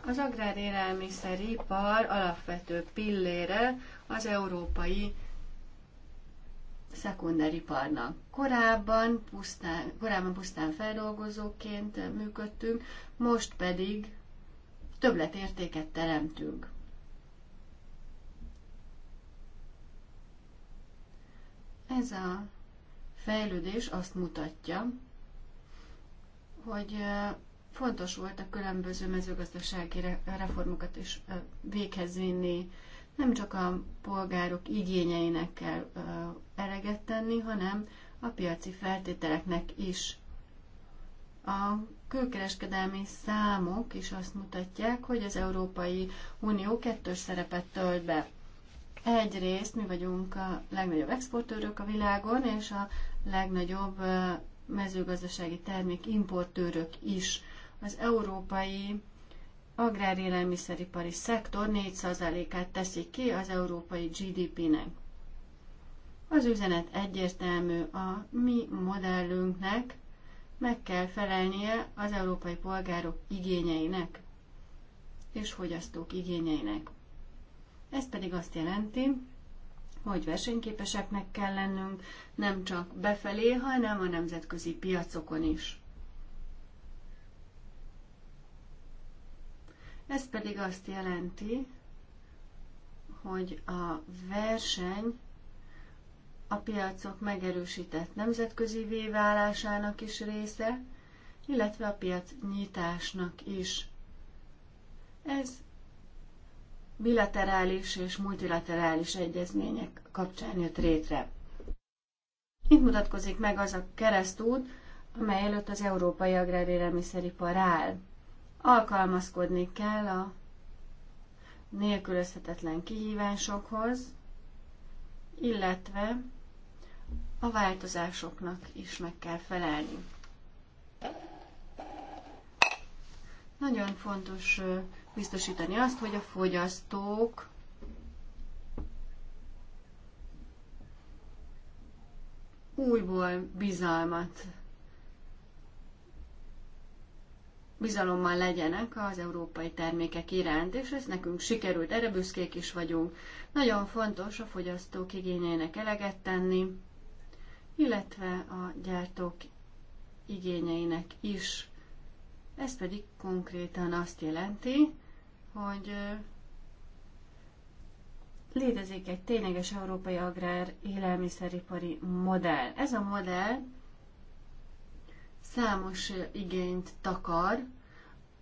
S3: Az agrárélelmiszeripar alapvető pillére az európai szekunderiparnak. Korábban pusztán, korábban pusztán feldolgozóként működtünk, most pedig többletértéket teremtünk. Ez a fejlődés azt mutatja, hogy fontos volt a különböző mezőgazdasági reformokat is véghez vinni, nem csak a polgárok igényeinek kell eleget tenni, hanem a piaci feltételeknek is. A külkereskedelmi számok is azt mutatják, hogy az Európai Unió kettős szerepet tölt be. Egyrészt mi vagyunk a legnagyobb exportőrök a világon, és a legnagyobb mezőgazdasági termék importőrök is. Az európai agrárélelmiszeripari szektor 4%-át teszi ki az európai GDP-nek. Az üzenet egyértelmű a mi modellünknek, meg kell felelnie az európai polgárok igényeinek és fogyasztók igényeinek. Ez pedig azt jelenti, hogy versenyképeseknek kell lennünk, nem csak befelé, hanem a nemzetközi piacokon is. Ez pedig azt jelenti, hogy a verseny a piacok megerősített nemzetközi válásának is része, illetve a piac nyitásnak is. Ez bilaterális és multilaterális egyezmények kapcsán jött rétre. Itt mutatkozik meg az a keresztút, amely előtt az európai agrárélelmiszeripar áll. Alkalmazkodni kell a nélkülözhetetlen kihívásokhoz, illetve a változásoknak is meg kell felelni. Nagyon fontos biztosítani azt, hogy a fogyasztók újból bizalmat bizalommal legyenek az európai termékek iránt, és ez nekünk sikerült, erre büszkék is vagyunk. Nagyon fontos a fogyasztók igényeinek eleget tenni, illetve a gyártók igényeinek is. Ez pedig konkrétan azt jelenti, hogy létezik egy tényleges európai agrár élelmiszeripari modell. Ez a modell számos igényt takar,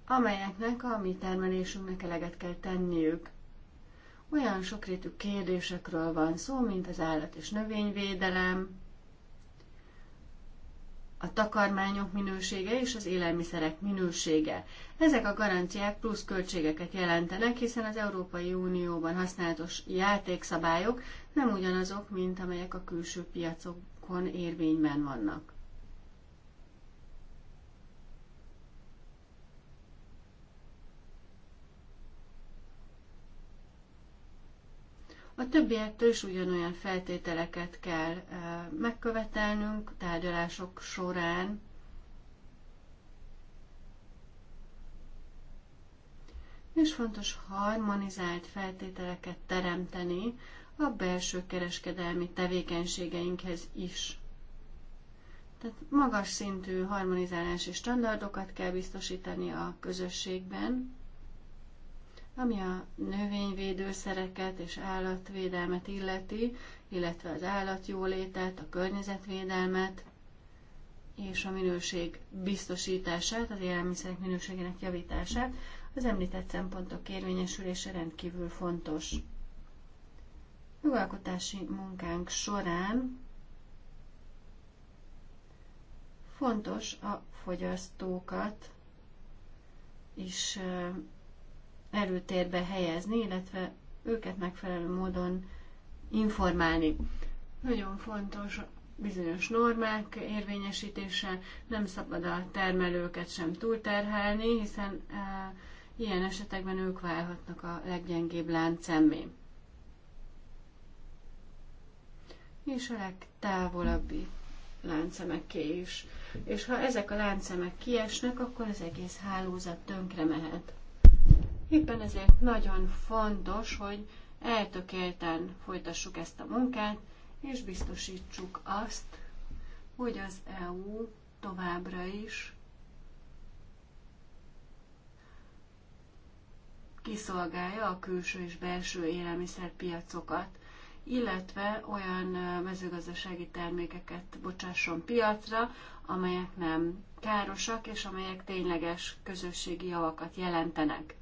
S3: amelyeknek a mi termelésünknek eleget kell tenniük. Olyan sokrétű kérdésekről van szó, mint az állat és növényvédelem, a takarmányok minősége és az élelmiszerek minősége. Ezek a garanciák plusz költségeket jelentenek, hiszen az Európai Unióban használatos játékszabályok nem ugyanazok, mint amelyek a külső piacokon érvényben vannak. A többiektől is ugyanolyan feltételeket kell megkövetelnünk tárgyalások során. És fontos harmonizált feltételeket teremteni a belső kereskedelmi tevékenységeinkhez is. Tehát magas szintű harmonizálási standardokat kell biztosítani a közösségben, ami a növényvédőszereket és állatvédelmet illeti, illetve az állatjólétet, a környezetvédelmet és a minőség biztosítását, az élelmiszerek minőségének javítását, az említett szempontok érvényesülése rendkívül fontos. Jogalkotási munkánk során fontos a fogyasztókat is erőtérbe helyezni, illetve őket megfelelő módon informálni. Nagyon fontos bizonyos normák érvényesítése, nem szabad a termelőket sem túlterhelni, hiszen e, ilyen esetekben ők válhatnak a leggyengébb láncemmé. És a legtávolabbi láncemeké is. És ha ezek a láncemek kiesnek, akkor az egész hálózat tönkre mehet. Éppen ezért nagyon fontos, hogy eltökélten folytassuk ezt a munkát, és biztosítsuk azt, hogy az EU továbbra is kiszolgálja a külső és belső élelmiszerpiacokat, illetve olyan mezőgazdasági termékeket bocsásson piacra, amelyek nem károsak, és amelyek tényleges közösségi javakat jelentenek.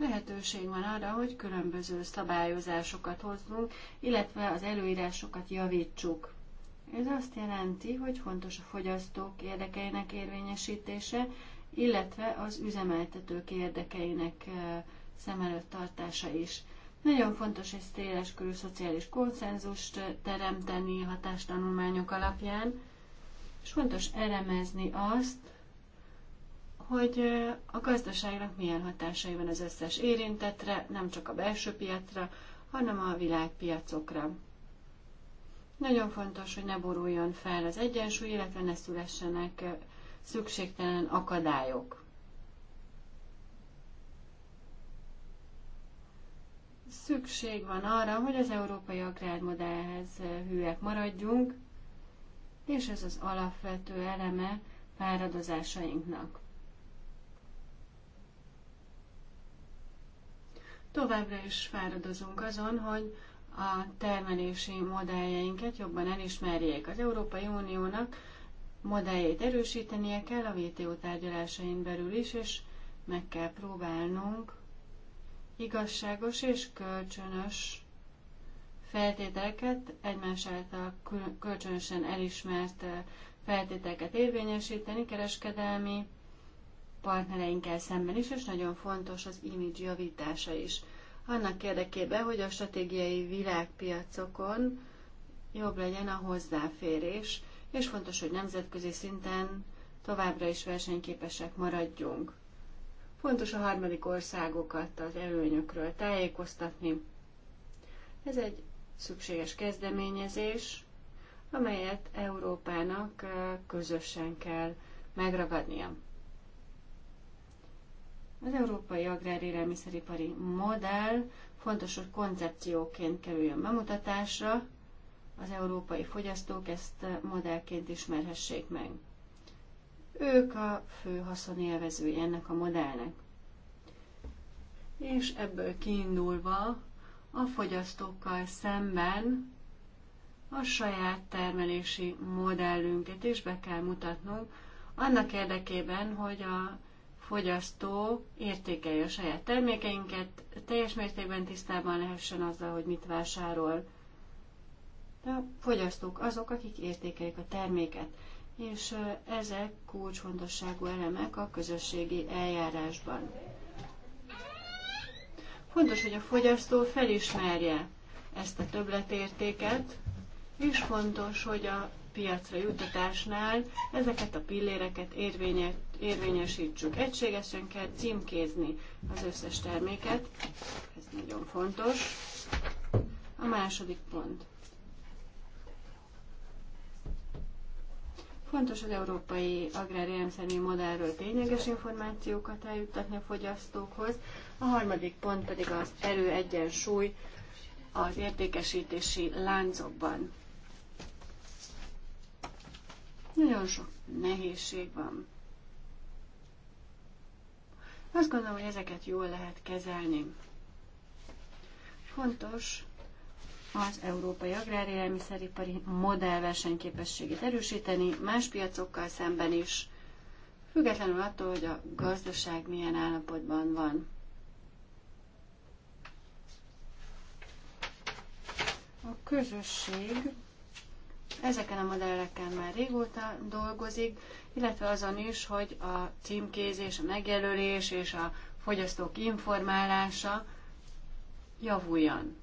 S3: lehetőség van arra, hogy különböző szabályozásokat hozzunk, illetve az előírásokat javítsuk. Ez azt jelenti, hogy fontos a fogyasztók érdekeinek érvényesítése, illetve az üzemeltetők érdekeinek szem előtt tartása is. Nagyon fontos egy széles körű szociális konszenzust teremteni hatástanulmányok alapján, és fontos elemezni azt, hogy a gazdaságnak milyen hatásai van az összes érintetre, nem csak a belső piacra, hanem a világpiacokra. Nagyon fontos, hogy ne boruljon fel az egyensúly, illetve ne szülessenek szükségtelen akadályok. Szükség van arra, hogy az európai agrármodellhez hűek maradjunk, és ez az alapvető eleme fáradozásainknak. Továbbra is fáradozunk azon, hogy a termelési modelljeinket jobban elismerjék. Az Európai Uniónak modelljét erősítenie kell a WTO tárgyalásain belül is, és meg kell próbálnunk igazságos és kölcsönös feltételeket, egymás által kölcsönösen elismert eh, feltételeket érvényesíteni kereskedelmi partnereinkkel szemben is, és nagyon fontos az image javítása is. Annak érdekében, hogy a stratégiai világpiacokon jobb legyen a hozzáférés, és fontos, hogy nemzetközi szinten továbbra is versenyképesek maradjunk. Fontos a harmadik országokat az előnyökről tájékoztatni. Ez egy szükséges kezdeményezés, amelyet Európának közösen kell megragadnia. Az európai agrárélelmiszeripari modell fontos, hogy koncepcióként kerüljön bemutatásra, az európai fogyasztók ezt modellként ismerhessék meg. Ők a fő haszonélvezői ennek a modellnek. És ebből kiindulva a fogyasztókkal szemben a saját termelési modellünket is be kell mutatnunk, annak érdekében, hogy a fogyasztó értékelje a saját termékeinket, teljes mértékben tisztában lehessen azzal, hogy mit vásárol. De a fogyasztók azok, akik értékelik a terméket, és ezek kulcsfontosságú elemek a közösségi eljárásban. Fontos, hogy a fogyasztó felismerje ezt a többletértéket, és fontos, hogy a piacra jutatásnál ezeket a pilléreket érvénye, érvényesítsük. Egységesen kell címkézni az összes terméket, ez nagyon fontos. A második pont. Fontos az európai agrárjelmszerű modellről tényleges információkat eljuttatni a fogyasztókhoz. A harmadik pont pedig az erő egyensúly az értékesítési láncokban. Nagyon sok nehézség van. Azt gondolom, hogy ezeket jól lehet kezelni. Fontos az európai agrárélelmiszeripari modell versenyképességét erősíteni, más piacokkal szemben is, függetlenül attól, hogy a gazdaság milyen állapotban van. A közösség Ezeken a modelleken már régóta dolgozik, illetve azon is, hogy a címkézés, a megjelölés és a fogyasztók informálása javuljon.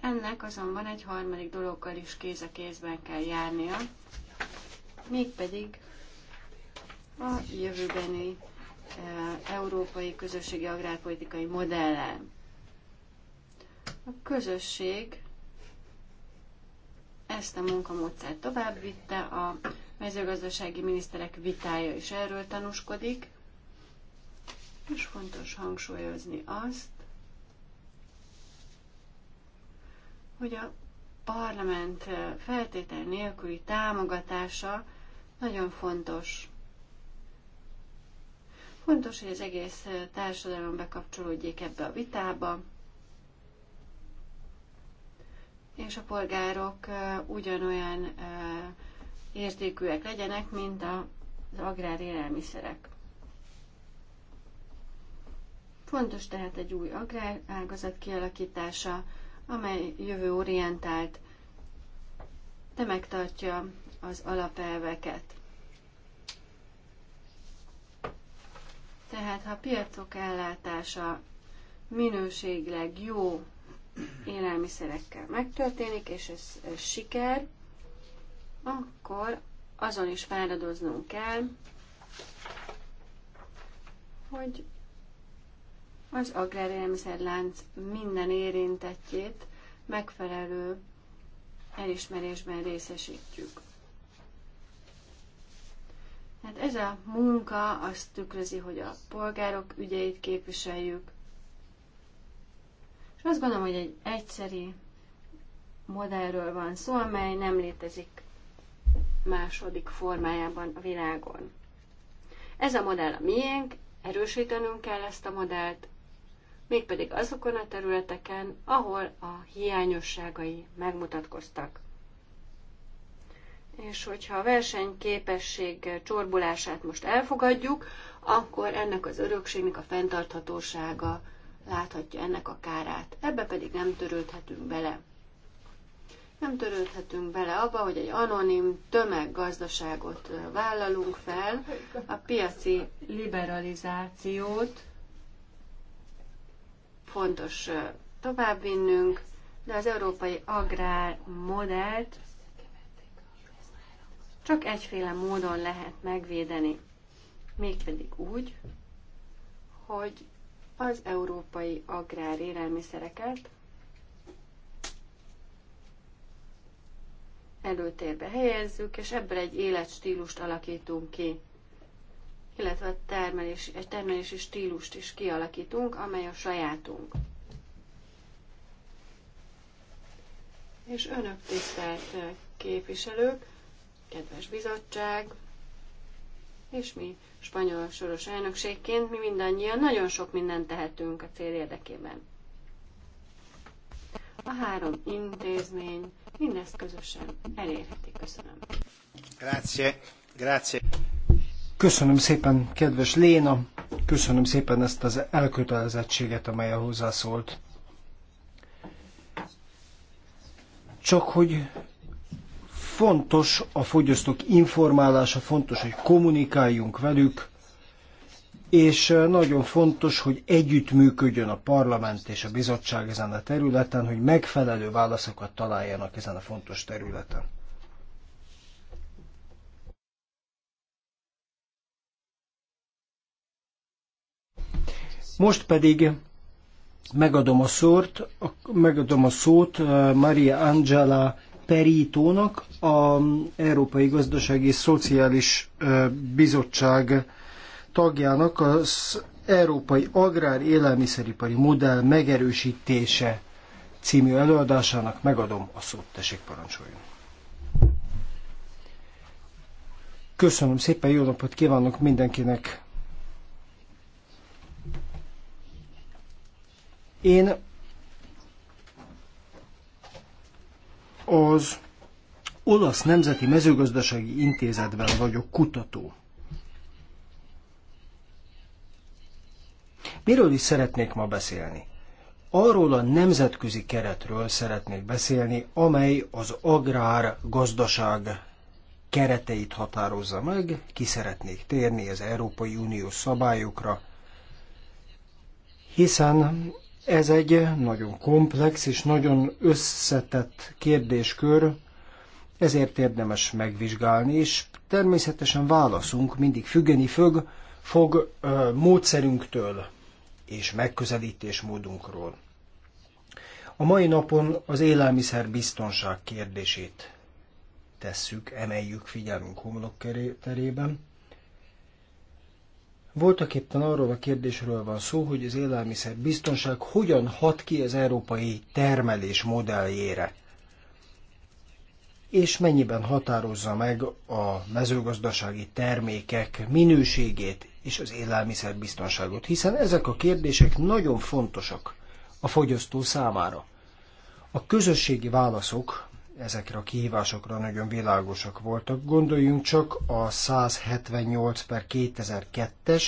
S3: Ennek azonban egy harmadik dologgal is kéz a kézben kell járnia, mégpedig a jövőbeni eh, európai közösségi agrárpolitikai modellel. A közösség ezt a munkamódszert továbbvitte a mezőgazdasági miniszterek vitája is erről tanúskodik, és fontos hangsúlyozni azt, hogy a parlament feltétel nélküli támogatása nagyon fontos. Fontos, hogy az egész társadalom bekapcsolódjék ebbe a vitába, és a polgárok ugyanolyan értékűek legyenek, mint az agrár élelmiszerek. Fontos tehát egy új agrárágazat kialakítása, amely orientált, de megtartja az alapelveket. Tehát, ha a piacok ellátása minőségleg jó élelmiszerekkel megtörténik, és ez, ez siker, akkor azon is fáradoznunk kell, hogy az agrárélelmiszerlánc minden érintettjét megfelelő elismerésben részesítjük. Hát ez a munka azt tükrözi, hogy a polgárok ügyeit képviseljük, azt gondolom, hogy egy egyszeri modellről van szó, amely nem létezik második formájában a világon. Ez a modell a miénk, erősítenünk kell ezt a modellt, mégpedig azokon a területeken, ahol a hiányosságai megmutatkoztak. És hogyha a versenyképesség csorbulását most elfogadjuk, akkor ennek az örökségnek a fenntarthatósága láthatja ennek a kárát. Ebbe pedig nem törődhetünk bele. Nem törődhetünk bele abba, hogy egy anonim tömeggazdaságot vállalunk fel, a piaci liberalizációt fontos továbbvinnünk, de az európai agrármodellt csak egyféle módon lehet megvédeni. Mégpedig úgy, hogy az európai agrár élelmiszereket előtérbe helyezzük, és ebből egy életstílust alakítunk ki, illetve termelési, egy termelési stílust is kialakítunk, amely a sajátunk. És önök tisztelt képviselők, kedves bizottság, és mi spanyol soros elnökségként mi mindannyian nagyon sok mindent tehetünk a cél érdekében. A három intézmény mindezt közösen elérheti. Köszönöm.
S1: Grazie. Grazie. Köszönöm szépen, kedves Léna, köszönöm szépen ezt az elkötelezettséget, amely hozzászólt. Csak hogy Fontos a fogyasztók informálása, fontos, hogy kommunikáljunk velük, és nagyon fontos, hogy együttműködjön a parlament és a bizottság ezen a területen, hogy megfelelő válaszokat találjanak ezen a fontos területen. Most pedig megadom a, szót, megadom a szót Maria Angela Perítónak, a Európai Gazdasági és Szociális Bizottság tagjának az Európai Agrár Élelmiszeripari Modell megerősítése című előadásának megadom a szót, tessék parancsoljon. Köszönöm szépen, jó napot kívánok mindenkinek! Én Az Olasz Nemzeti Mezőgazdasági Intézetben vagyok kutató. Miről is szeretnék ma beszélni? Arról a nemzetközi keretről szeretnék beszélni, amely az agrár gazdaság kereteit határozza meg, ki szeretnék térni az Európai Unió szabályokra, hiszen ez egy nagyon komplex és nagyon összetett kérdéskör, ezért érdemes megvizsgálni, és természetesen válaszunk mindig függeni fog, fog ö, módszerünktől és megközelítésmódunkról. A mai napon az élelmiszer biztonság kérdését tesszük, emeljük figyelmünk homlok terében. Voltak éppen arról a kérdésről van szó, hogy az élelmiszer biztonság hogyan hat ki az európai termelés modelljére, és mennyiben határozza meg a mezőgazdasági termékek minőségét és az élelmiszer biztonságot, hiszen ezek a kérdések nagyon fontosak a fogyasztó számára. A közösségi válaszok ezekre a kihívásokra nagyon világosak voltak. Gondoljunk csak a 178 per 2002-es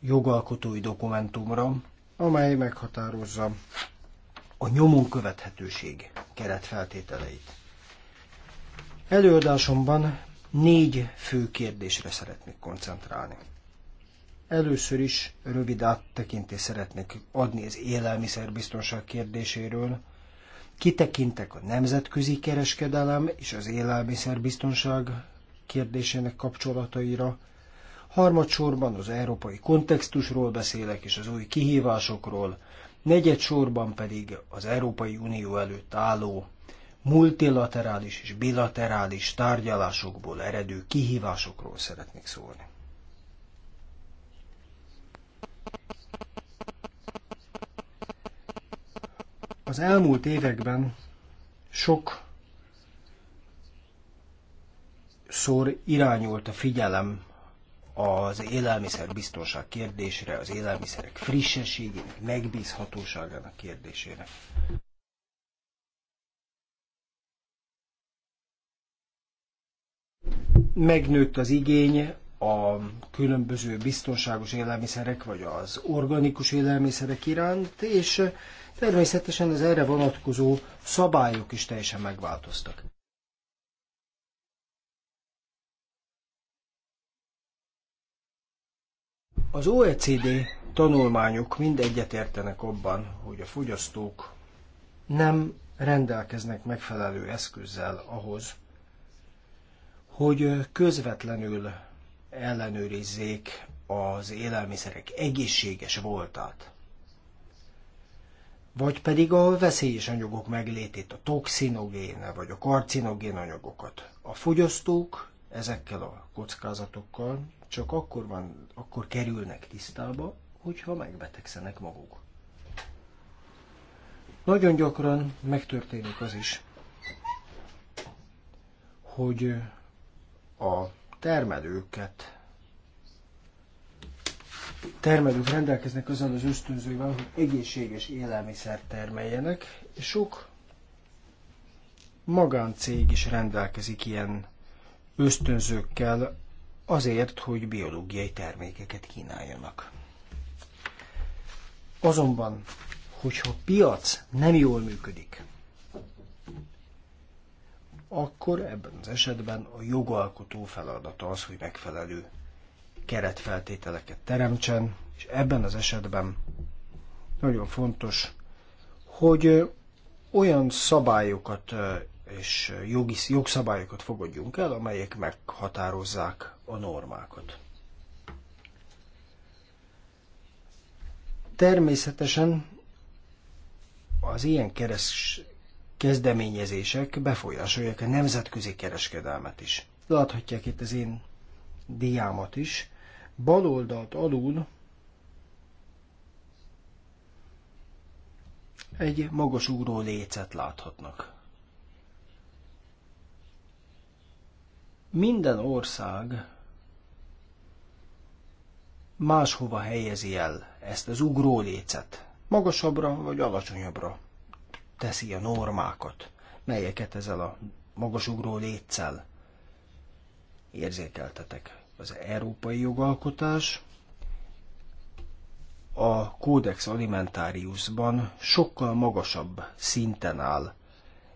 S1: jogalkotói dokumentumra, amely meghatározza a nyomon követhetőség keretfeltételeit. Előadásomban négy fő kérdésre szeretnék koncentrálni. Először is rövid áttekintést szeretnék adni az élelmiszerbiztonság kérdéséről, kitekintek a nemzetközi kereskedelem és az élelmiszerbiztonság kérdésének kapcsolataira, harmadsorban az európai kontextusról beszélek és az új kihívásokról, negyed pedig az Európai Unió előtt álló multilaterális és bilaterális tárgyalásokból eredő kihívásokról szeretnék szólni. Az elmúlt években sok szor irányult a figyelem az biztonság kérdésére, az élelmiszerek frissességének, megbízhatóságának kérdésére. Megnőtt az igény a különböző biztonságos élelmiszerek, vagy az organikus élelmiszerek iránt, és Természetesen az erre vonatkozó szabályok is teljesen megváltoztak. Az OECD tanulmányok mind egyetértenek abban, hogy a fogyasztók nem rendelkeznek megfelelő eszközzel ahhoz, hogy közvetlenül ellenőrizzék az élelmiszerek egészséges voltát vagy pedig a veszélyes anyagok meglétét, a toxinogén vagy a karcinogén anyagokat. A fogyasztók ezekkel a kockázatokkal csak akkor, van, akkor kerülnek tisztába, hogyha megbetegszenek maguk. Nagyon gyakran megtörténik az is, hogy a termelőket termelők rendelkeznek azon az ösztönzővel, hogy egészséges élelmiszert termeljenek, és sok magáncég is rendelkezik ilyen ösztönzőkkel azért, hogy biológiai termékeket kínáljanak. Azonban, hogyha a piac nem jól működik, akkor ebben az esetben a jogalkotó feladata az, hogy megfelelő keretfeltételeket teremtsen, és ebben az esetben nagyon fontos, hogy olyan szabályokat és jogi, jogszabályokat fogadjunk el, amelyek meghatározzák a normákat. Természetesen az ilyen keres, kezdeményezések befolyásolják a nemzetközi kereskedelmet is. Láthatják itt az én diámat is baloldalt alul egy magas ugró lécet láthatnak. Minden ország máshova helyezi el ezt az ugró lécet. Magasabbra vagy alacsonyabbra teszi a normákat, melyeket ezzel a magas ugró léccel érzékeltetek az európai jogalkotás a Codex Alimentariusban sokkal magasabb szinten áll,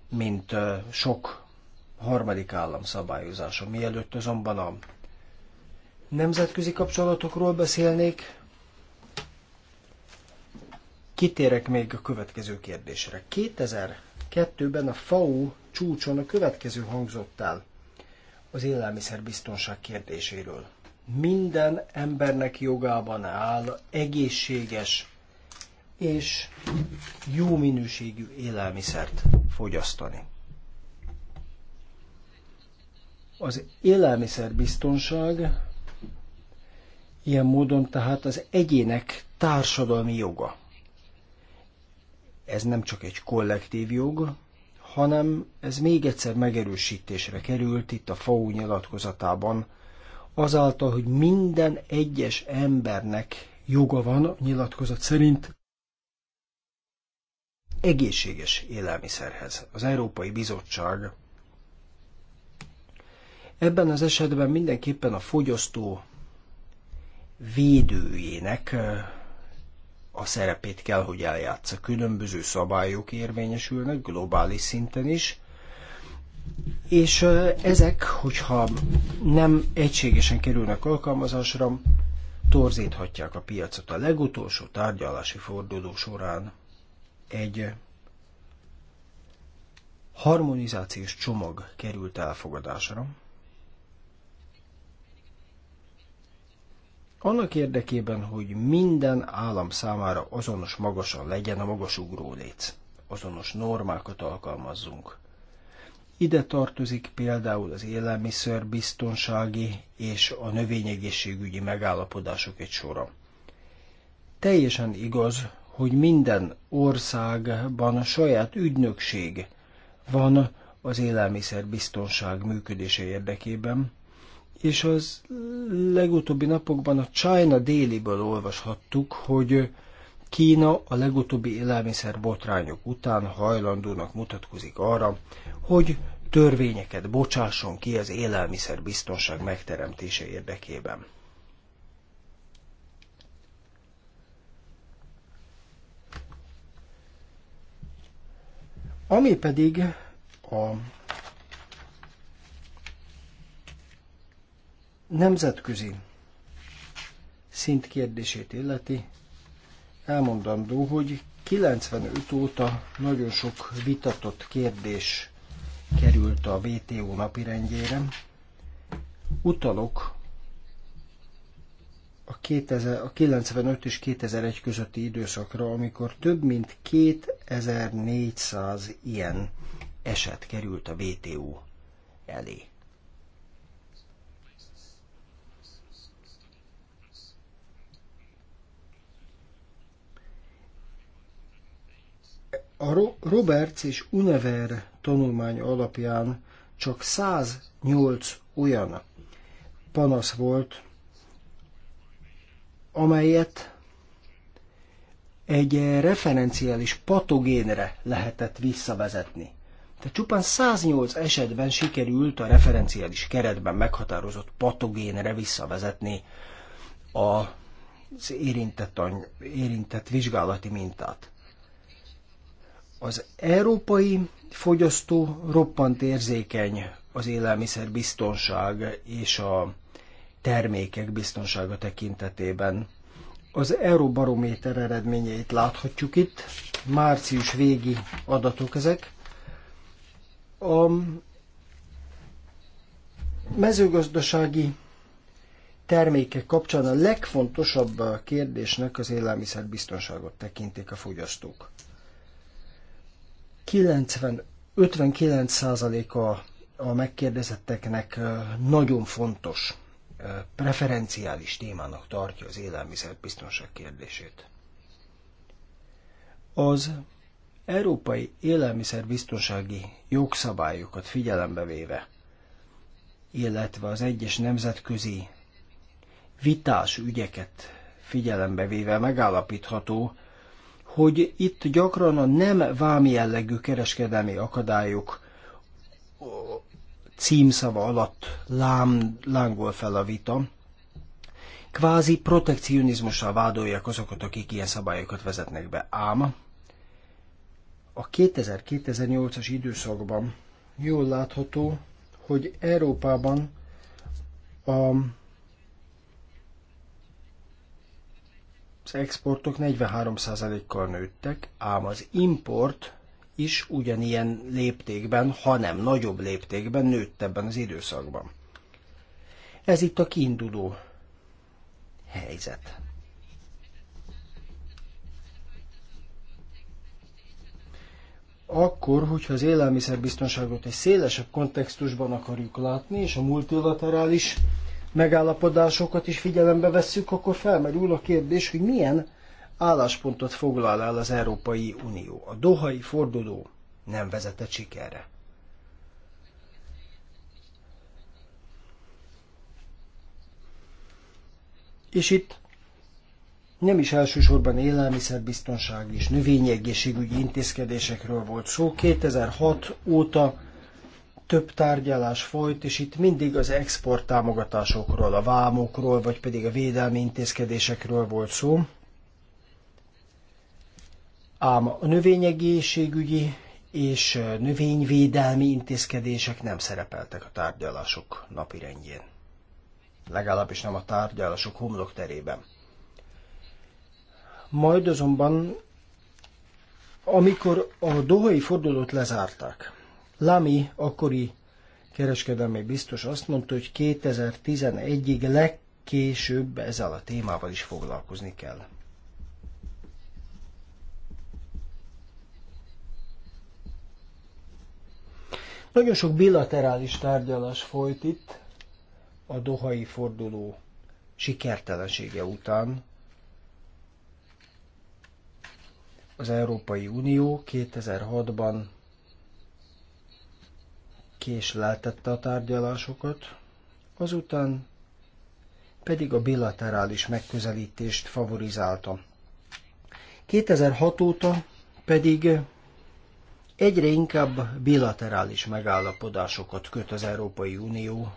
S1: mint sok harmadik állam szabályozása. Mielőtt azonban a nemzetközi kapcsolatokról beszélnék, kitérek még a következő kérdésre. 2002-ben a FAO csúcson a következő hangzott el az élelmiszerbiztonság kérdéséről. Minden embernek jogában áll egészséges és jó minőségű élelmiszert fogyasztani. Az élelmiszerbiztonság ilyen módon tehát az egyének társadalmi joga. Ez nem csak egy kollektív jog, hanem ez még egyszer megerősítésre került itt a FAO nyilatkozatában, azáltal, hogy minden egyes embernek joga van a nyilatkozat szerint egészséges élelmiszerhez. Az Európai Bizottság ebben az esetben mindenképpen a fogyasztó védőjének a szerepét kell, hogy eljátsza. Különböző szabályok érvényesülnek globális szinten is, és ezek, hogyha nem egységesen kerülnek alkalmazásra, torzíthatják a piacot. A legutolsó tárgyalási forduló során egy harmonizációs csomag került elfogadásra, annak érdekében, hogy minden állam számára azonos magasan legyen a magas ugrólét, azonos normákat alkalmazzunk. Ide tartozik például az élelmiszerbiztonsági és a növényegészségügyi megállapodások egy sora. Teljesen igaz, hogy minden országban a saját ügynökség van az élelmiszerbiztonság működése érdekében, és az legutóbbi napokban a China Daily-ből olvashattuk, hogy Kína a legutóbbi élelmiszer botrányok után hajlandónak mutatkozik arra, hogy törvényeket bocsásson ki az élelmiszer biztonság megteremtése érdekében. Ami pedig a nemzetközi szint kérdését illeti, elmondandó, hogy 95 óta nagyon sok vitatott kérdés került a WTO napirendjére. Utalok a, 2000, a 95 és 2001 közötti időszakra, amikor több mint 2400 ilyen eset került a WTO elé. A Roberts és Unever tanulmány alapján csak 108 olyan panasz volt, amelyet egy referenciális patogénre lehetett visszavezetni. Tehát csupán 108 esetben sikerült a referenciális keretben meghatározott patogénre visszavezetni a az érintett, érintett vizsgálati mintát. Az európai fogyasztó roppant érzékeny az élelmiszer biztonság és a termékek biztonsága tekintetében. Az Euróbarométer eredményeit láthatjuk itt, március végi adatok ezek. A mezőgazdasági termékek kapcsán a legfontosabb kérdésnek az élelmiszerbiztonságot tekintik a fogyasztók. 90, 59%-a a megkérdezetteknek nagyon fontos, preferenciális témának tartja az élelmiszerbiztonság kérdését. Az európai élelmiszerbiztonsági jogszabályokat figyelembe véve, illetve az egyes nemzetközi vitás ügyeket figyelembe véve megállapítható, hogy itt gyakran a nem jellegű kereskedelmi akadályok címszava alatt lám, lángol fel a vita. Kvázi protekcionizmussal vádolják azokat, akik ilyen szabályokat vezetnek be. Ám a 2000-2008-as időszakban jól látható, hogy Európában a Az exportok 43%-kal nőttek, ám az import is ugyanilyen léptékben, hanem nagyobb léptékben nőtt ebben az időszakban. Ez itt a kiinduló helyzet. Akkor, hogyha az élelmiszerbiztonságot egy szélesebb kontextusban akarjuk látni, és a multilaterális megállapodásokat is figyelembe vesszük, akkor felmerül a kérdés, hogy milyen álláspontot foglal el az Európai Unió. A dohai forduló nem vezetett sikerre. És itt nem is elsősorban élelmiszerbiztonság és növényegészségügyi intézkedésekről volt szó. 2006 óta több tárgyalás folyt, és itt mindig az export támogatásokról, a vámokról, vagy pedig a védelmi intézkedésekről volt szó. Ám a növényegészségügyi és növényvédelmi intézkedések nem szerepeltek a tárgyalások napirendjén. Legalábbis nem a tárgyalások homlokterében. Majd azonban, amikor a dohai fordulót lezárták, Lami, akkori kereskedelmi biztos azt mondta, hogy 2011-ig legkésőbb ezzel a témával is foglalkozni kell. Nagyon sok bilaterális tárgyalás folyt itt a dohai forduló sikertelensége után. Az Európai Unió 2006-ban késleltette a tárgyalásokat, azután pedig a bilaterális megközelítést favorizálta. 2006 óta pedig egyre inkább bilaterális megállapodásokat köt az Európai Unió.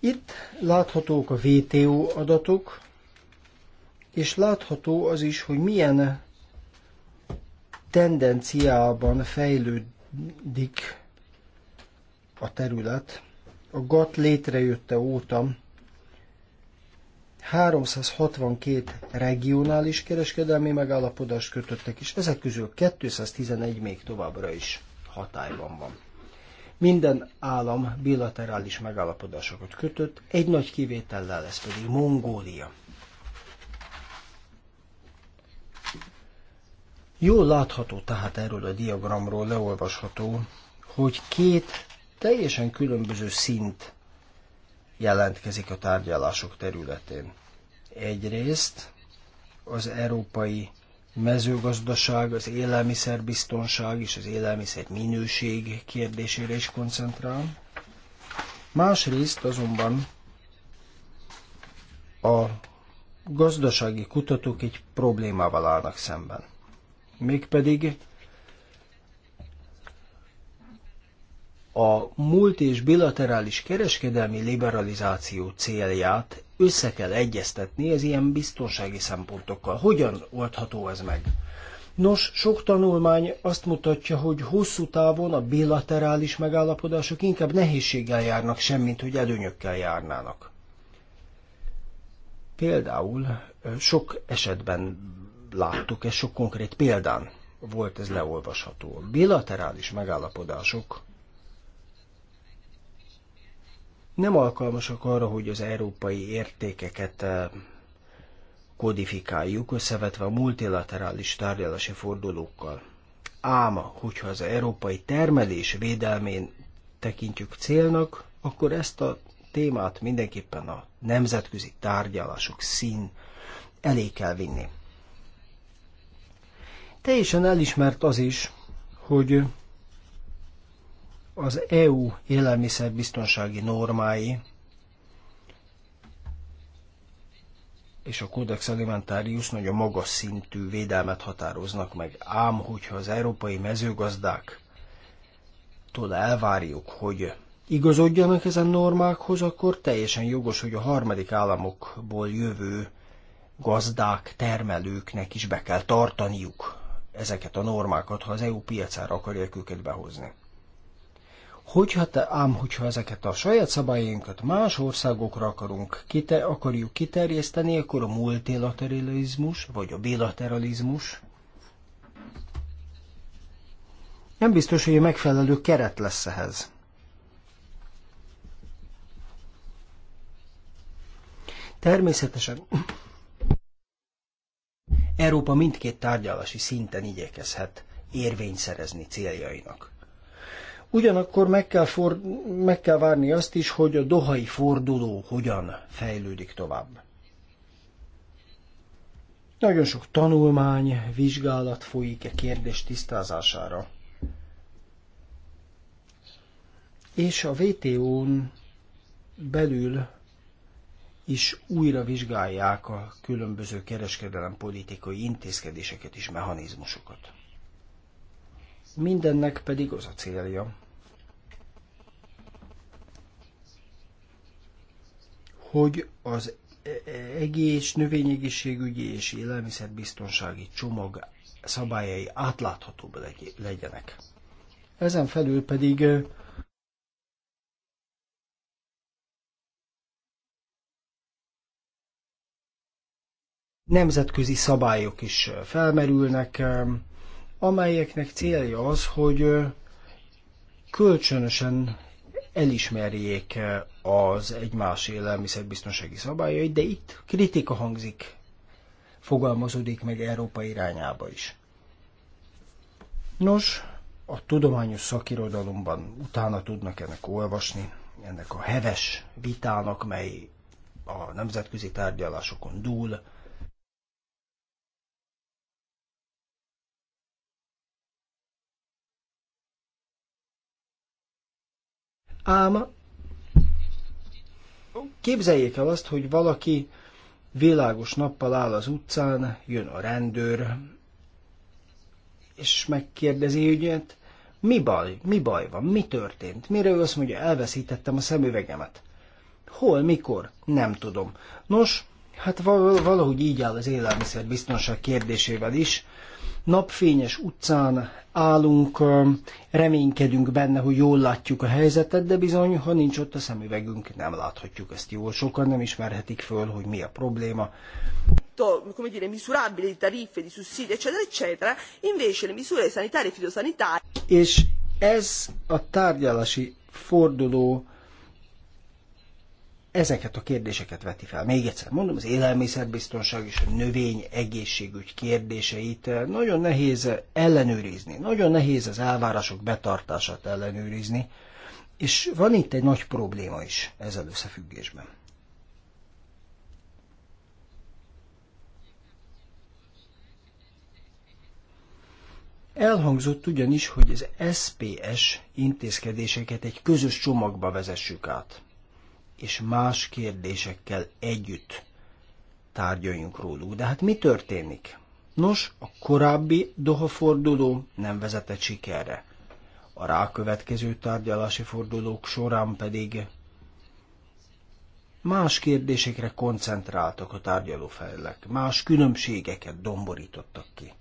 S1: Itt láthatók a VTO adatok, és látható az is, hogy milyen tendenciában fejlőd, dik a terület. A GAT létrejötte óta 362 regionális kereskedelmi megállapodást kötöttek, és ezek közül 211 még továbbra is hatályban van. Minden állam bilaterális megállapodásokat kötött, egy nagy kivétellel lesz pedig Mongólia. Jól látható tehát erről a diagramról leolvasható, hogy két teljesen különböző szint jelentkezik a tárgyalások területén. Egyrészt az európai mezőgazdaság, az élelmiszerbiztonság és az élelmiszer minőség kérdésére is koncentrál. Másrészt azonban a gazdasági kutatók egy problémával állnak szemben mégpedig a múlt és bilaterális kereskedelmi liberalizáció célját össze kell egyeztetni az ilyen biztonsági szempontokkal. Hogyan oldható ez meg? Nos, sok tanulmány azt mutatja, hogy hosszú távon a bilaterális megállapodások inkább nehézséggel járnak, semmint hogy előnyökkel járnának. Például sok esetben láttuk-e sok konkrét példán volt ez leolvasható. Bilaterális megállapodások nem alkalmasak arra, hogy az európai értékeket eh, kodifikáljuk, összevetve a multilaterális tárgyalási fordulókkal. Ám, hogyha az európai termelés védelmén tekintjük célnak, akkor ezt a témát mindenképpen a nemzetközi tárgyalások szín elé kell vinni. Teljesen elismert az is, hogy az EU élelmiszerbiztonsági normái és a Codex Alimentarius nagyon magas szintű védelmet határoznak meg. Ám, hogyha az európai mezőgazdák mezőgazdáktól elvárjuk, hogy igazodjanak ezen normákhoz, akkor teljesen jogos, hogy a harmadik államokból jövő gazdák, termelőknek is be kell tartaniuk ezeket a normákat, ha az EU piacára akarják őket behozni. Hogyha te, ám, hogyha ezeket a saját szabályainkat más országokra akarunk, kite, akarjuk kiterjeszteni, akkor a multilateralizmus, vagy a bilateralizmus nem biztos, hogy a megfelelő keret lesz ehhez. Természetesen Európa mindkét tárgyalási szinten igyekezhet érvényt szerezni céljainak. Ugyanakkor meg kell, for, meg kell várni azt is, hogy a dohai forduló hogyan fejlődik tovább. Nagyon sok tanulmány, vizsgálat folyik a e kérdés tisztázására. És a VTO-n belül is újra vizsgálják a különböző kereskedelem politikai intézkedéseket és mechanizmusokat. Mindennek pedig az a célja, hogy az egész növényegészségügyi és élelmiszerbiztonsági csomag szabályai átláthatóbb legyenek. Ezen felül pedig nemzetközi szabályok is felmerülnek, amelyeknek célja az, hogy kölcsönösen elismerjék az egymás élelmiszerbiztonsági szabályait, de itt kritika hangzik, fogalmazódik meg Európa irányába is. Nos, a tudományos szakirodalomban utána tudnak ennek olvasni, ennek a heves vitának, mely a nemzetközi tárgyalásokon dúl, Ám képzeljék el azt, hogy valaki világos nappal áll az utcán, jön a rendőr, és megkérdezi, hogy hát, mi baj, mi baj van, mi történt, mire ő azt mondja, elveszítettem a szemüvegemet. Hol, mikor? Nem tudom. Nos, hát valahogy így áll az élelmiszer biztonság kérdésével is napfényes utcán állunk, reménykedünk benne, hogy jól látjuk a helyzetet, de bizony, ha nincs ott a szemüvegünk, nem láthatjuk ezt jól. Sokan nem ismerhetik föl, hogy mi a probléma.
S2: come dire, misurabili di tariffe, di sussidi, eccetera, eccetera, invece le misure sanitarie e fitosanitarie.
S1: És ez a tárgyalási forduló ezeket a kérdéseket veti fel. Még egyszer mondom, az élelmiszerbiztonság és a növény egészségügy kérdéseit eh, nagyon nehéz ellenőrizni, nagyon nehéz az elvárások betartását ellenőrizni, és van itt egy nagy probléma is ezzel összefüggésben. Elhangzott ugyanis, hogy az SPS intézkedéseket egy közös csomagba vezessük át és más kérdésekkel együtt tárgyaljunk róluk. De hát mi történik? Nos, a korábbi Doha forduló nem vezetett sikerre. A rákövetkező tárgyalási fordulók során pedig más kérdésekre koncentráltak a tárgyalófejlek, más különbségeket domborítottak ki.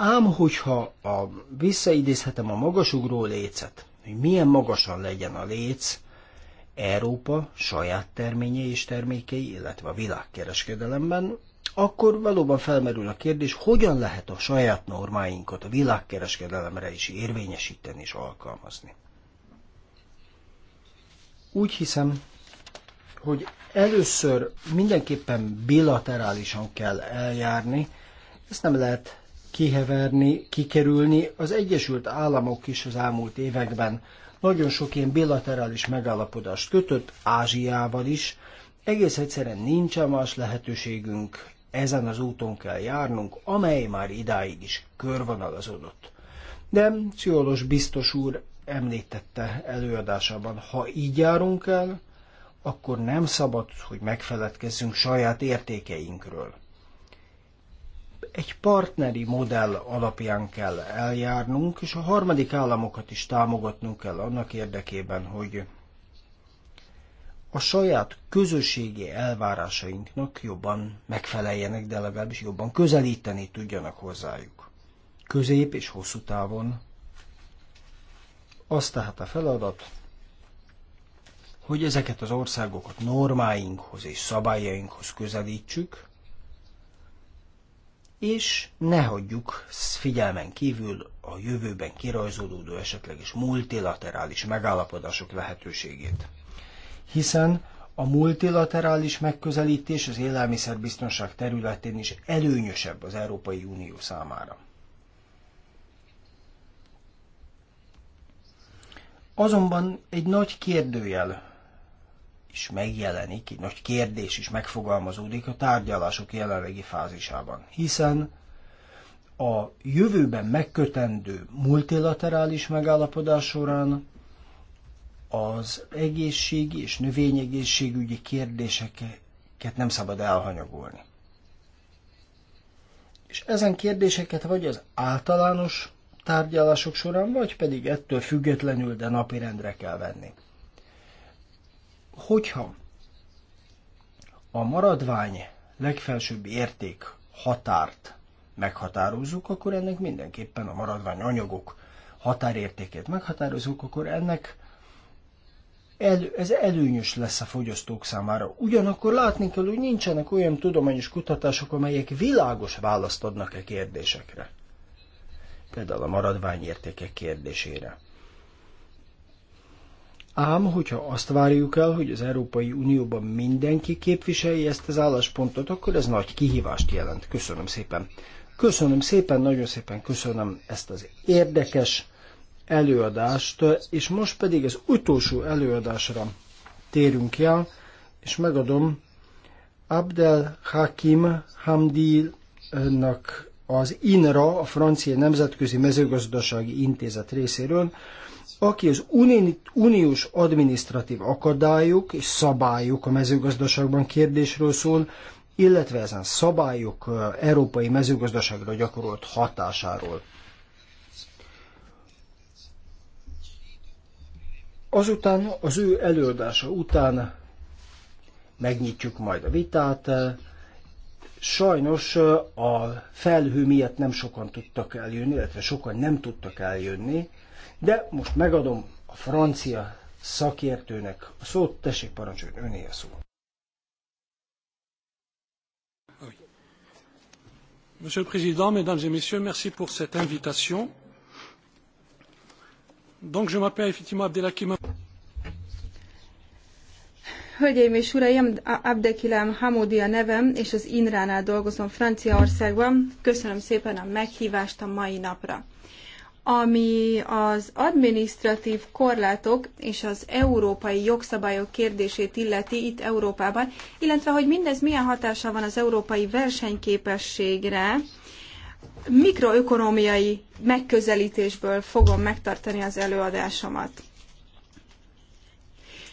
S1: Ám hogyha a, visszaidézhetem a magasugró lécet, hogy milyen magasan legyen a léc, Európa saját terményei és termékei, illetve a világkereskedelemben, akkor valóban felmerül a kérdés, hogyan lehet a saját normáinkat a világkereskedelemre is érvényesíteni és alkalmazni. Úgy hiszem, hogy először mindenképpen bilaterálisan kell eljárni, ezt nem lehet kiheverni, kikerülni. Az Egyesült Államok is az elmúlt években nagyon sok ilyen bilaterális megállapodást kötött, Ázsiával is. Egész egyszerűen nincsen más lehetőségünk, ezen az úton kell járnunk, amely már idáig is körvonalazódott. De Ciolos biztos úr említette előadásában, ha így járunk el, akkor nem szabad, hogy megfeledkezzünk saját értékeinkről egy partneri modell alapján kell eljárnunk, és a harmadik államokat is támogatnunk kell annak érdekében, hogy a saját közösségi elvárásainknak jobban megfeleljenek, de legalábbis jobban közelíteni tudjanak hozzájuk. Közép és hosszú távon. Az tehát a feladat, hogy ezeket az országokat normáinkhoz és szabályainkhoz közelítsük, és ne hagyjuk figyelmen kívül a jövőben kirajzolódó esetleges multilaterális megállapodások lehetőségét. Hiszen a multilaterális megközelítés az élelmiszerbiztonság területén is előnyösebb az Európai Unió számára. Azonban egy nagy kérdőjel is megjelenik, egy nagy kérdés is megfogalmazódik a tárgyalások jelenlegi fázisában. Hiszen a jövőben megkötendő multilaterális megállapodás során az egészség és növényegészségügyi kérdéseket nem szabad elhanyagolni. És ezen kérdéseket vagy az általános tárgyalások során, vagy pedig ettől függetlenül, de napirendre kell venni. Hogyha a maradvány legfelsőbb érték határt meghatározzuk, akkor ennek mindenképpen a maradvány anyagok határértékét meghatározzuk, akkor ennek el, ez előnyös lesz a fogyasztók számára. Ugyanakkor látni kell, hogy nincsenek olyan tudományos kutatások, amelyek világos választ adnak e kérdésekre. Például a maradványértékek kérdésére. Ám, hogyha azt várjuk el, hogy az Európai Unióban mindenki képviselje ezt az álláspontot, akkor ez nagy kihívást jelent. Köszönöm szépen. Köszönöm szépen, nagyon szépen köszönöm ezt az érdekes előadást, és most pedig az utolsó előadásra térünk el, és megadom Abdel Hakim Hamdi-nak az INRA, a Francia Nemzetközi Mezőgazdasági Intézet részéről, aki az uniós adminisztratív akadályok és szabályok a mezőgazdaságban kérdésről szól, illetve ezen szabályok európai mezőgazdaságra gyakorolt hatásáról. Azután, az ő előadása után megnyitjuk majd a vitát. Sajnos a felhő miatt nem sokan tudtak eljönni, illetve sokan nem tudtak eljönni, de most megadom a francia szakértőnek a szót, tessék parancsoljon, öné a szó.
S3: Monsieur le Président, Mesdames et Messieurs, merci pour cette invitation.
S1: Donc, je m'appelle effectivement Abdelhakim.
S2: Hölgyeim és Uraim, Abdekilem Hamoudi a nevem, és az Inránál dolgozom Franciaországban. Köszönöm szépen a meghívást a mai napra ami az administratív korlátok és az európai jogszabályok kérdését illeti itt Európában, illetve hogy mindez milyen hatása van az európai versenyképességre, mikroökonomiai megközelítésből fogom megtartani az előadásomat.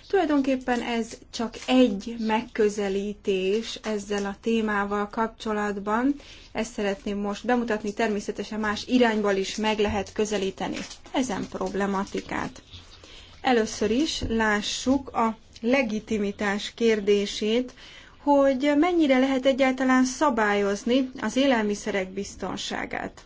S2: Tulajdonképpen ez csak egy megközelítés ezzel a témával kapcsolatban. Ezt szeretném most bemutatni, természetesen más irányból is meg lehet közelíteni ezen problematikát. Először is lássuk a legitimitás kérdését, hogy mennyire lehet egyáltalán szabályozni az élelmiszerek biztonságát.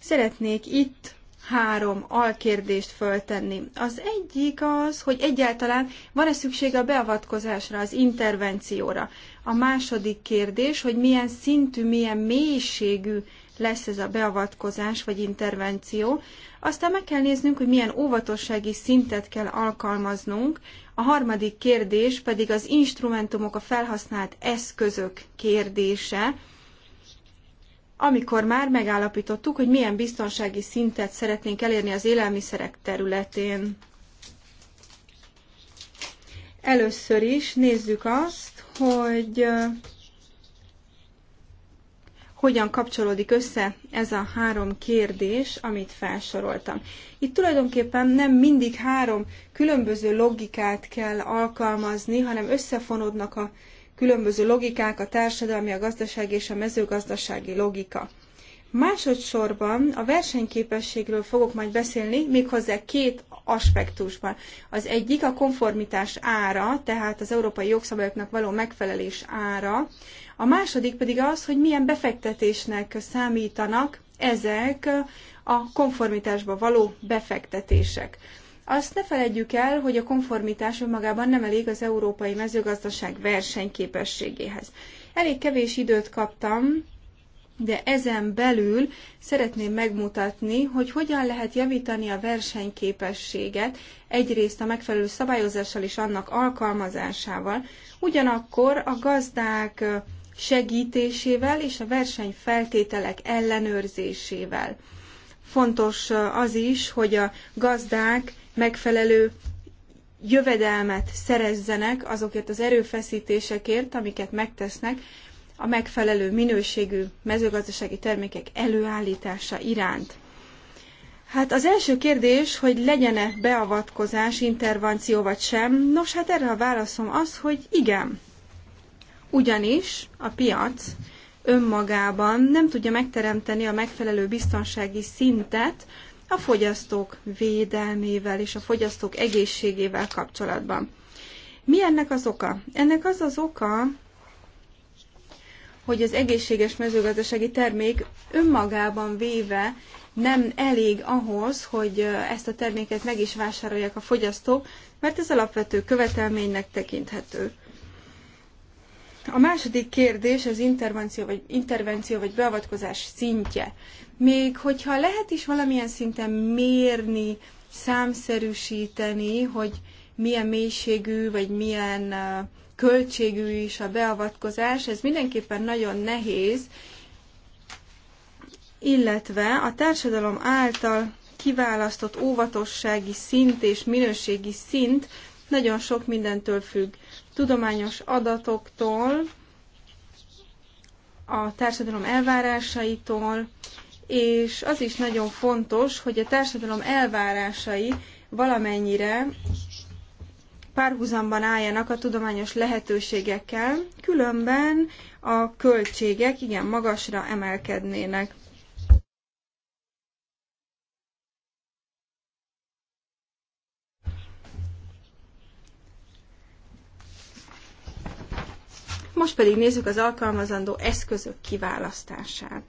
S2: Szeretnék itt három alkérdést föltenni. Az egyik az, hogy egyáltalán van-e szüksége a beavatkozásra, az intervencióra. A második kérdés, hogy milyen szintű, milyen mélységű lesz ez a beavatkozás vagy intervenció. Aztán meg kell néznünk, hogy milyen óvatossági szintet kell alkalmaznunk. A harmadik kérdés pedig az instrumentumok, a felhasznált eszközök kérdése amikor már megállapítottuk, hogy milyen biztonsági szintet szeretnénk elérni az élelmiszerek területén. Először is nézzük azt, hogy hogyan kapcsolódik össze ez a három kérdés, amit felsoroltam. Itt tulajdonképpen nem mindig három különböző logikát kell alkalmazni, hanem összefonódnak a különböző logikák, a társadalmi, a gazdasági és a mezőgazdasági logika. Másodszorban a versenyképességről fogok majd beszélni, méghozzá két aspektusban. Az egyik a konformitás ára, tehát az európai jogszabályoknak való megfelelés ára, a második pedig az, hogy milyen befektetésnek számítanak ezek a konformitásba való befektetések. Azt ne feledjük el, hogy a konformitás önmagában nem elég az európai mezőgazdaság versenyképességéhez. Elég kevés időt kaptam, de ezen belül szeretném megmutatni, hogy hogyan lehet javítani a versenyképességet, egyrészt a megfelelő szabályozással és annak alkalmazásával, ugyanakkor a gazdák segítésével és a versenyfeltételek ellenőrzésével. Fontos az is, hogy a gazdák megfelelő jövedelmet szerezzenek azokért az erőfeszítésekért, amiket megtesznek a megfelelő minőségű mezőgazdasági termékek előállítása iránt. Hát az első kérdés, hogy legyen-e beavatkozás, intervenció vagy sem, nos hát erre a válaszom az, hogy igen. Ugyanis a piac önmagában nem tudja megteremteni a megfelelő biztonsági szintet a fogyasztók védelmével és a fogyasztók egészségével kapcsolatban. Mi ennek az oka? Ennek az az oka, hogy az egészséges mezőgazdasági termék önmagában véve nem elég ahhoz, hogy ezt a terméket meg is vásárolják a fogyasztók, mert ez alapvető követelménynek tekinthető. A második kérdés az intervenció vagy, intervenció vagy beavatkozás szintje még hogyha lehet is valamilyen szinten mérni, számszerűsíteni, hogy milyen mélységű, vagy milyen költségű is a beavatkozás, ez mindenképpen nagyon nehéz, illetve a társadalom által kiválasztott óvatossági szint és minőségi szint nagyon sok mindentől függ. Tudományos adatoktól, a társadalom elvárásaitól, és az is nagyon fontos, hogy a társadalom elvárásai valamennyire párhuzamban álljanak a tudományos lehetőségekkel, különben a költségek igen magasra emelkednének. Most pedig nézzük az alkalmazandó eszközök kiválasztását.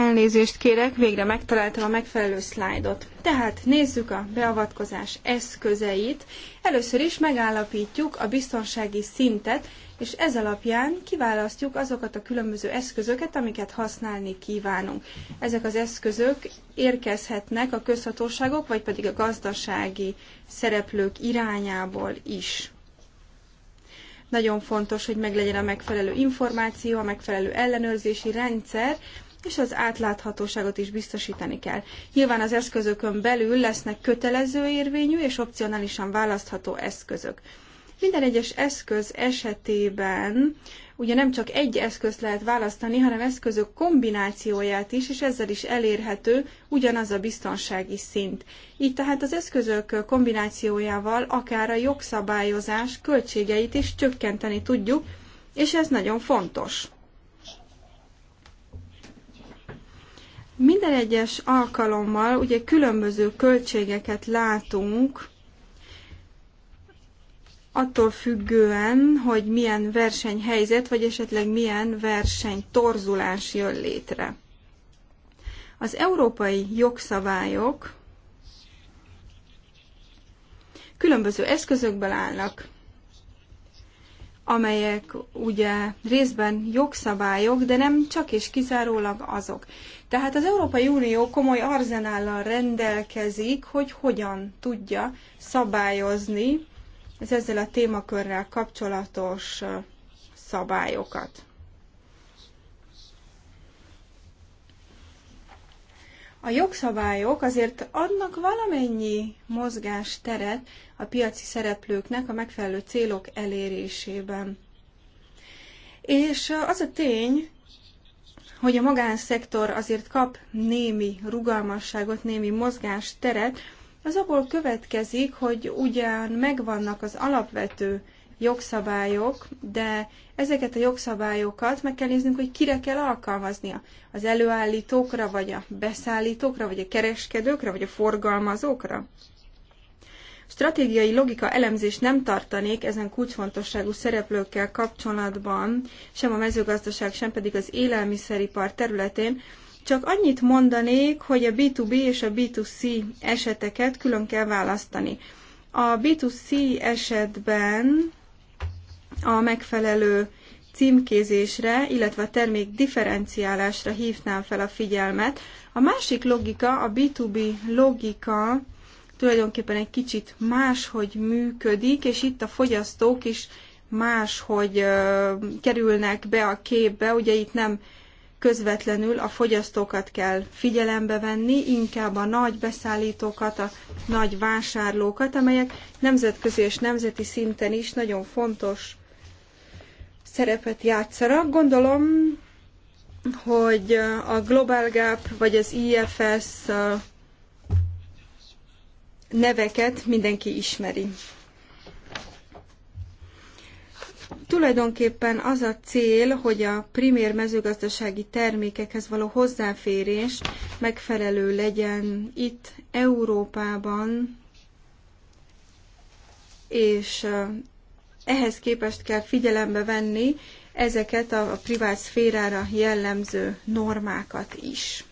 S2: Elnézést kérek, végre megtaláltam a megfelelő szlájdot. Tehát nézzük a beavatkozás eszközeit. Először is megállapítjuk a biztonsági szintet, és ez alapján kiválasztjuk azokat a különböző eszközöket, amiket használni kívánunk. Ezek az eszközök érkezhetnek a közhatóságok, vagy pedig a gazdasági szereplők irányából is nagyon fontos, hogy meglegyen a megfelelő információ, a megfelelő ellenőrzési rendszer, és az átláthatóságot is biztosítani kell. Nyilván az eszközökön belül lesznek kötelező érvényű és opcionálisan választható eszközök. Minden egyes eszköz esetében ugye nem csak egy eszközt lehet választani, hanem eszközök kombinációját is, és ezzel is elérhető ugyanaz a biztonsági szint. Így tehát az eszközök kombinációjával akár a jogszabályozás költségeit is csökkenteni tudjuk, és ez nagyon fontos. Minden egyes alkalommal ugye különböző költségeket látunk, attól függően, hogy milyen versenyhelyzet, vagy esetleg milyen versenytorzulás jön létre. Az európai jogszabályok különböző eszközökből állnak, amelyek ugye részben jogszabályok, de nem csak és kizárólag azok. Tehát az Európai Unió komoly arzenállal rendelkezik, hogy hogyan tudja szabályozni az ezzel a témakörrel kapcsolatos szabályokat. A jogszabályok azért adnak valamennyi mozgásteret a piaci szereplőknek a megfelelő célok elérésében. És az a tény, hogy a magánszektor azért kap némi rugalmasságot, némi mozgásteret, az abból következik, hogy ugyan megvannak az alapvető jogszabályok, de ezeket a jogszabályokat meg kell néznünk, hogy kire kell alkalmaznia. Az előállítókra, vagy a beszállítókra, vagy a kereskedőkre, vagy a forgalmazókra stratégiai logika elemzést nem tartanék ezen kulcsfontosságú szereplőkkel kapcsolatban, sem a mezőgazdaság, sem pedig az élelmiszeripar területén, csak annyit mondanék, hogy a B2B és a B2C eseteket külön kell választani. A B2C esetben a megfelelő címkézésre, illetve a termék differenciálásra hívnám fel a figyelmet. A másik logika, a B2B logika tulajdonképpen egy kicsit máshogy működik, és itt a fogyasztók is máshogy kerülnek be a képbe, ugye itt nem közvetlenül a fogyasztókat kell figyelembe venni, inkább a nagy beszállítókat, a nagy vásárlókat, amelyek nemzetközi és nemzeti szinten is nagyon fontos szerepet játszanak. Gondolom, hogy a Global Gap vagy az IFS neveket mindenki ismeri. Tulajdonképpen az a cél, hogy a primér mezőgazdasági termékekhez való hozzáférés megfelelő legyen itt Európában, és ehhez képest kell figyelembe venni ezeket a privát szférára jellemző normákat is.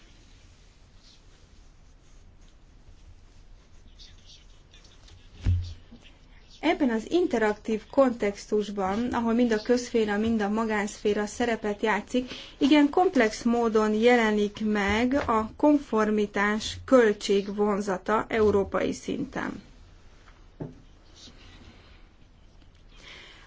S2: Ebben az interaktív kontextusban, ahol mind a közféra, mind a magánszféra szerepet játszik, igen komplex módon jelenik meg a konformitás költségvonzata európai szinten.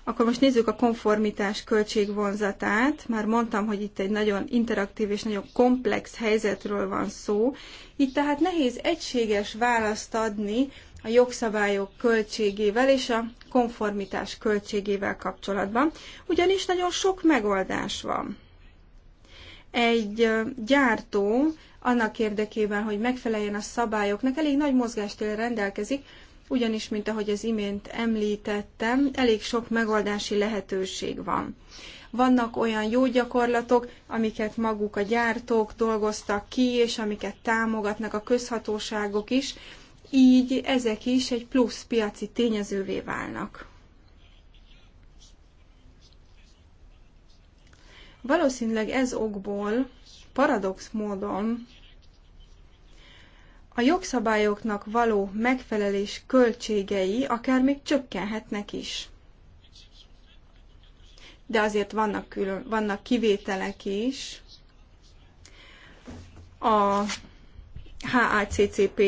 S2: Akkor most nézzük a konformitás költségvonzatát. Már mondtam, hogy itt egy nagyon interaktív és nagyon komplex helyzetről van szó. Itt tehát nehéz egységes választ adni a jogszabályok költségével és a konformitás költségével kapcsolatban, ugyanis nagyon sok megoldás van. Egy gyártó annak érdekében, hogy megfeleljen a szabályoknak, elég nagy mozgástérrel rendelkezik, ugyanis, mint ahogy az imént említettem, elég sok megoldási lehetőség van. Vannak olyan jó gyakorlatok, amiket maguk a gyártók dolgoztak ki, és amiket támogatnak a közhatóságok is, így ezek is egy plusz piaci tényezővé válnak. Valószínűleg ez okból paradox módon a jogszabályoknak való megfelelés költségei akár még csökkenhetnek is. De azért vannak, külön, vannak kivételek is. A HACCP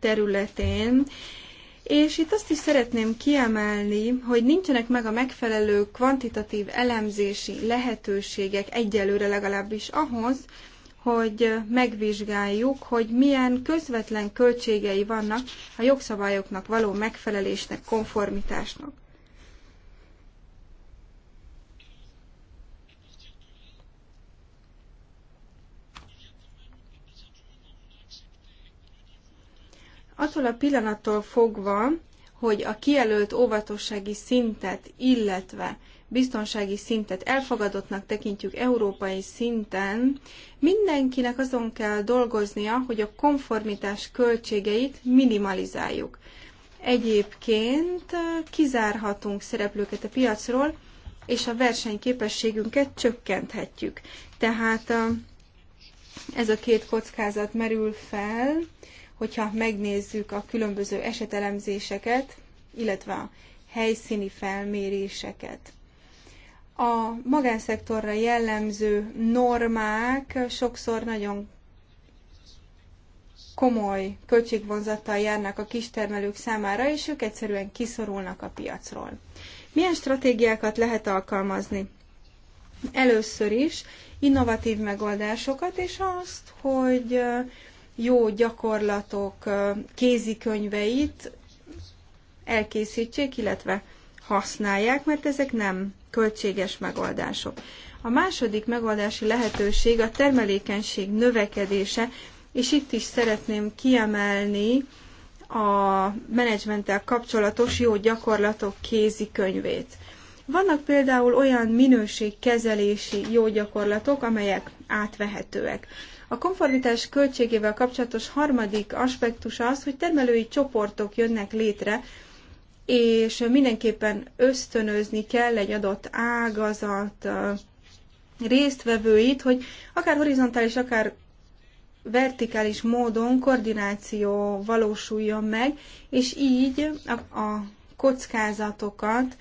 S2: területén, és itt azt is szeretném kiemelni, hogy nincsenek meg a megfelelő kvantitatív elemzési lehetőségek egyelőre legalábbis ahhoz, hogy megvizsgáljuk, hogy milyen közvetlen költségei vannak a jogszabályoknak való megfelelésnek, konformitásnak. Attól a pillanattól fogva, hogy a kijelölt óvatossági szintet, illetve biztonsági szintet elfogadottnak tekintjük európai szinten, mindenkinek azon kell dolgoznia, hogy a konformitás költségeit minimalizáljuk. Egyébként kizárhatunk szereplőket a piacról, és a versenyképességünket csökkenthetjük. Tehát ez a két kockázat merül fel, Hogyha megnézzük a különböző esetelemzéseket, illetve a helyszíni felméréseket. A magánszektorra jellemző normák sokszor nagyon komoly költségvonzattal járnak a kistermelők számára, és ők egyszerűen kiszorulnak a piacról. Milyen stratégiákat lehet alkalmazni? Először is innovatív megoldásokat, és azt, hogy jó gyakorlatok kézikönyveit elkészítsék, illetve használják, mert ezek nem költséges megoldások. A második megoldási lehetőség a termelékenység növekedése, és itt is szeretném kiemelni a menedzsmenttel kapcsolatos jó gyakorlatok kézikönyvét. Vannak például olyan minőségkezelési jó gyakorlatok, amelyek átvehetőek. A konformitás költségével kapcsolatos harmadik aspektus az, hogy termelői csoportok jönnek létre, és mindenképpen ösztönözni kell egy adott ágazat résztvevőit, hogy akár horizontális, akár vertikális módon koordináció valósuljon meg, és így a, kockázatokat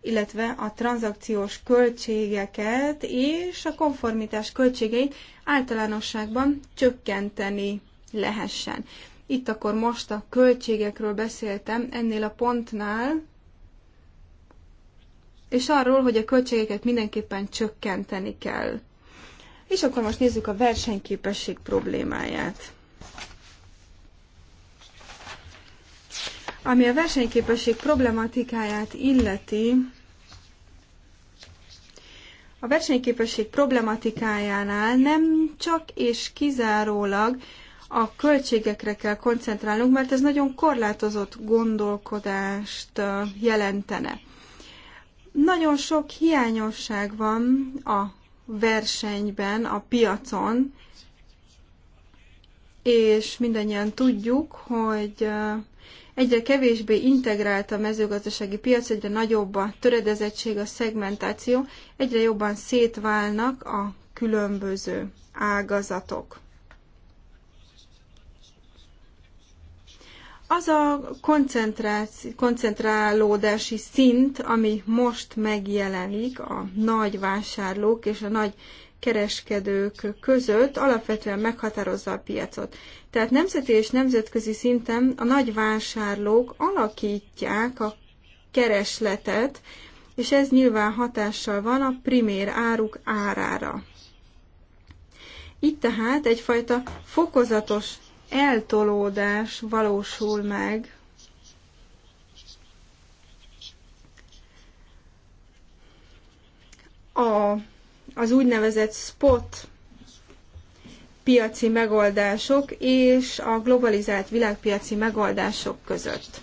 S2: illetve a tranzakciós költségeket és a konformitás költségeit általánosságban csökkenteni lehessen. Itt akkor most a költségekről beszéltem ennél a pontnál, és arról, hogy a költségeket mindenképpen csökkenteni kell. És akkor most nézzük a versenyképesség problémáját. Ami a versenyképesség problematikáját illeti, a versenyképesség problematikájánál nem csak és kizárólag a költségekre kell koncentrálnunk, mert ez nagyon korlátozott gondolkodást jelentene. Nagyon sok hiányosság van a versenyben, a piacon, és mindannyian tudjuk, hogy Egyre kevésbé integrált a mezőgazdasági piac, egyre nagyobb a töredezettség, a szegmentáció, egyre jobban szétválnak a különböző ágazatok. Az a koncentrálódási szint, ami most megjelenik a nagy vásárlók és a nagy kereskedők között alapvetően meghatározza a piacot. Tehát nemzeti és nemzetközi szinten a nagy vásárlók alakítják a keresletet, és ez nyilván hatással van a primér áruk árára. Itt tehát egyfajta fokozatos eltolódás valósul meg. A az úgynevezett spot piaci megoldások és a globalizált világpiaci megoldások között.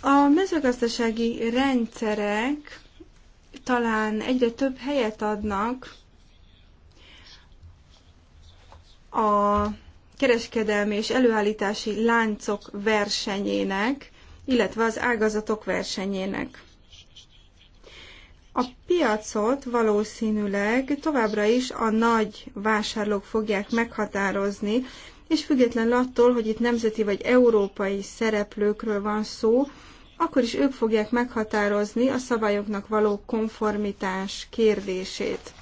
S2: A mezőgazdasági rendszerek talán egyre több helyet adnak a kereskedelmi és előállítási láncok versenyének, illetve az ágazatok versenyének. A piacot valószínűleg továbbra is a nagy vásárlók fogják meghatározni, és függetlenül attól, hogy itt nemzeti vagy európai szereplőkről van szó, akkor is ők fogják meghatározni a szabályoknak való konformitás kérdését.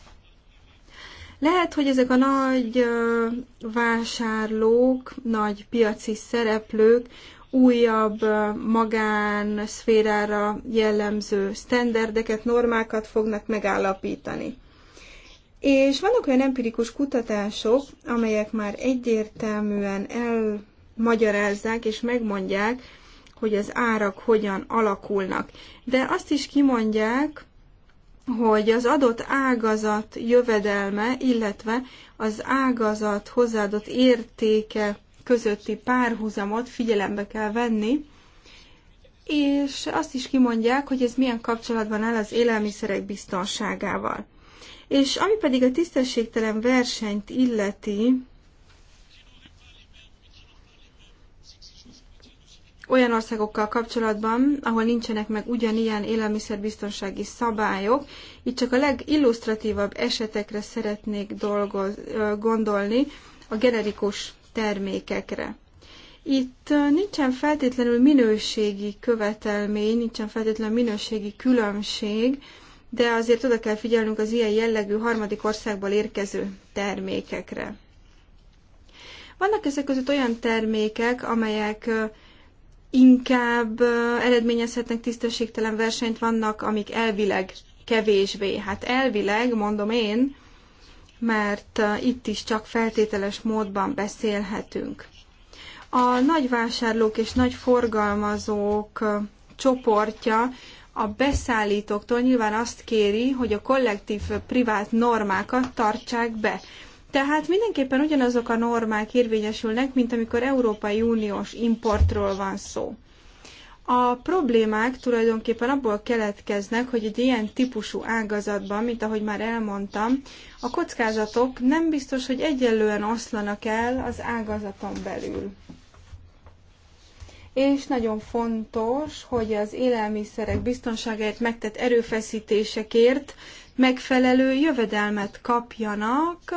S2: Lehet, hogy ezek a nagy vásárlók, nagy piaci szereplők újabb magán szférára jellemző sztenderdeket, normákat fognak megállapítani. És vannak olyan empirikus kutatások, amelyek már egyértelműen elmagyarázzák és megmondják, hogy az árak hogyan alakulnak. De azt is kimondják, hogy az adott ágazat jövedelme, illetve az ágazat hozzáadott értéke közötti párhuzamot figyelembe kell venni, és azt is kimondják, hogy ez milyen kapcsolatban áll az élelmiszerek biztonságával. És ami pedig a tisztességtelen versenyt illeti, olyan országokkal kapcsolatban, ahol nincsenek meg ugyanilyen élelmiszerbiztonsági szabályok. Itt csak a legillusztratívabb esetekre szeretnék dolgoz, gondolni, a generikus termékekre. Itt nincsen feltétlenül minőségi követelmény, nincsen feltétlenül minőségi különbség, de azért oda kell figyelnünk az ilyen jellegű harmadik országból érkező termékekre. Vannak ezek között olyan termékek, amelyek inkább eredményezhetnek tisztességtelen versenyt, vannak, amik elvileg kevésbé. Hát elvileg, mondom én, mert uh, itt is csak feltételes módban beszélhetünk. A nagy vásárlók és nagy forgalmazók uh, csoportja a beszállítóktól nyilván azt kéri, hogy a kollektív uh, privát normákat tartsák be. Tehát mindenképpen ugyanazok a normák érvényesülnek, mint amikor Európai Uniós importról van szó. A problémák tulajdonképpen abból keletkeznek, hogy egy ilyen típusú ágazatban, mint ahogy már elmondtam, a kockázatok nem biztos, hogy egyenlően oszlanak el az ágazaton belül. És nagyon fontos, hogy az élelmiszerek biztonságáért megtett erőfeszítésekért megfelelő jövedelmet kapjanak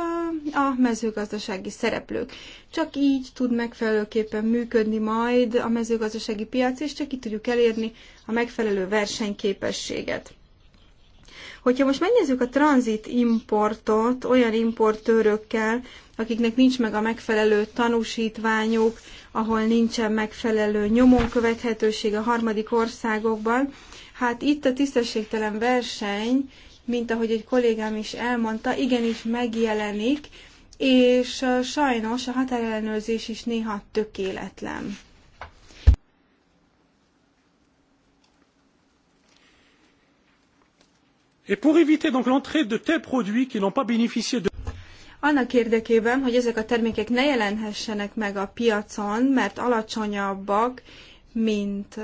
S2: a mezőgazdasági szereplők. Csak így tud megfelelőképpen működni majd a mezőgazdasági piac, és csak így tudjuk elérni a megfelelő versenyképességet. Hogyha most megnézzük a tranzit importot olyan importőrökkel, akiknek nincs meg a megfelelő tanúsítványuk, ahol nincsen megfelelő nyomon követhetőség a harmadik országokban, hát itt a tisztességtelen verseny mint ahogy egy kollégám is elmondta, igenis megjelenik, és sajnos a határellenőrzés is néha tökéletlen.
S1: Et pour éviter donc l'entrée de tels produits qui n'ont pas bénéficié de
S2: annak érdekében, hogy ezek a termékek ne jelenhessenek meg a piacon, mert alacsonyabbak, mint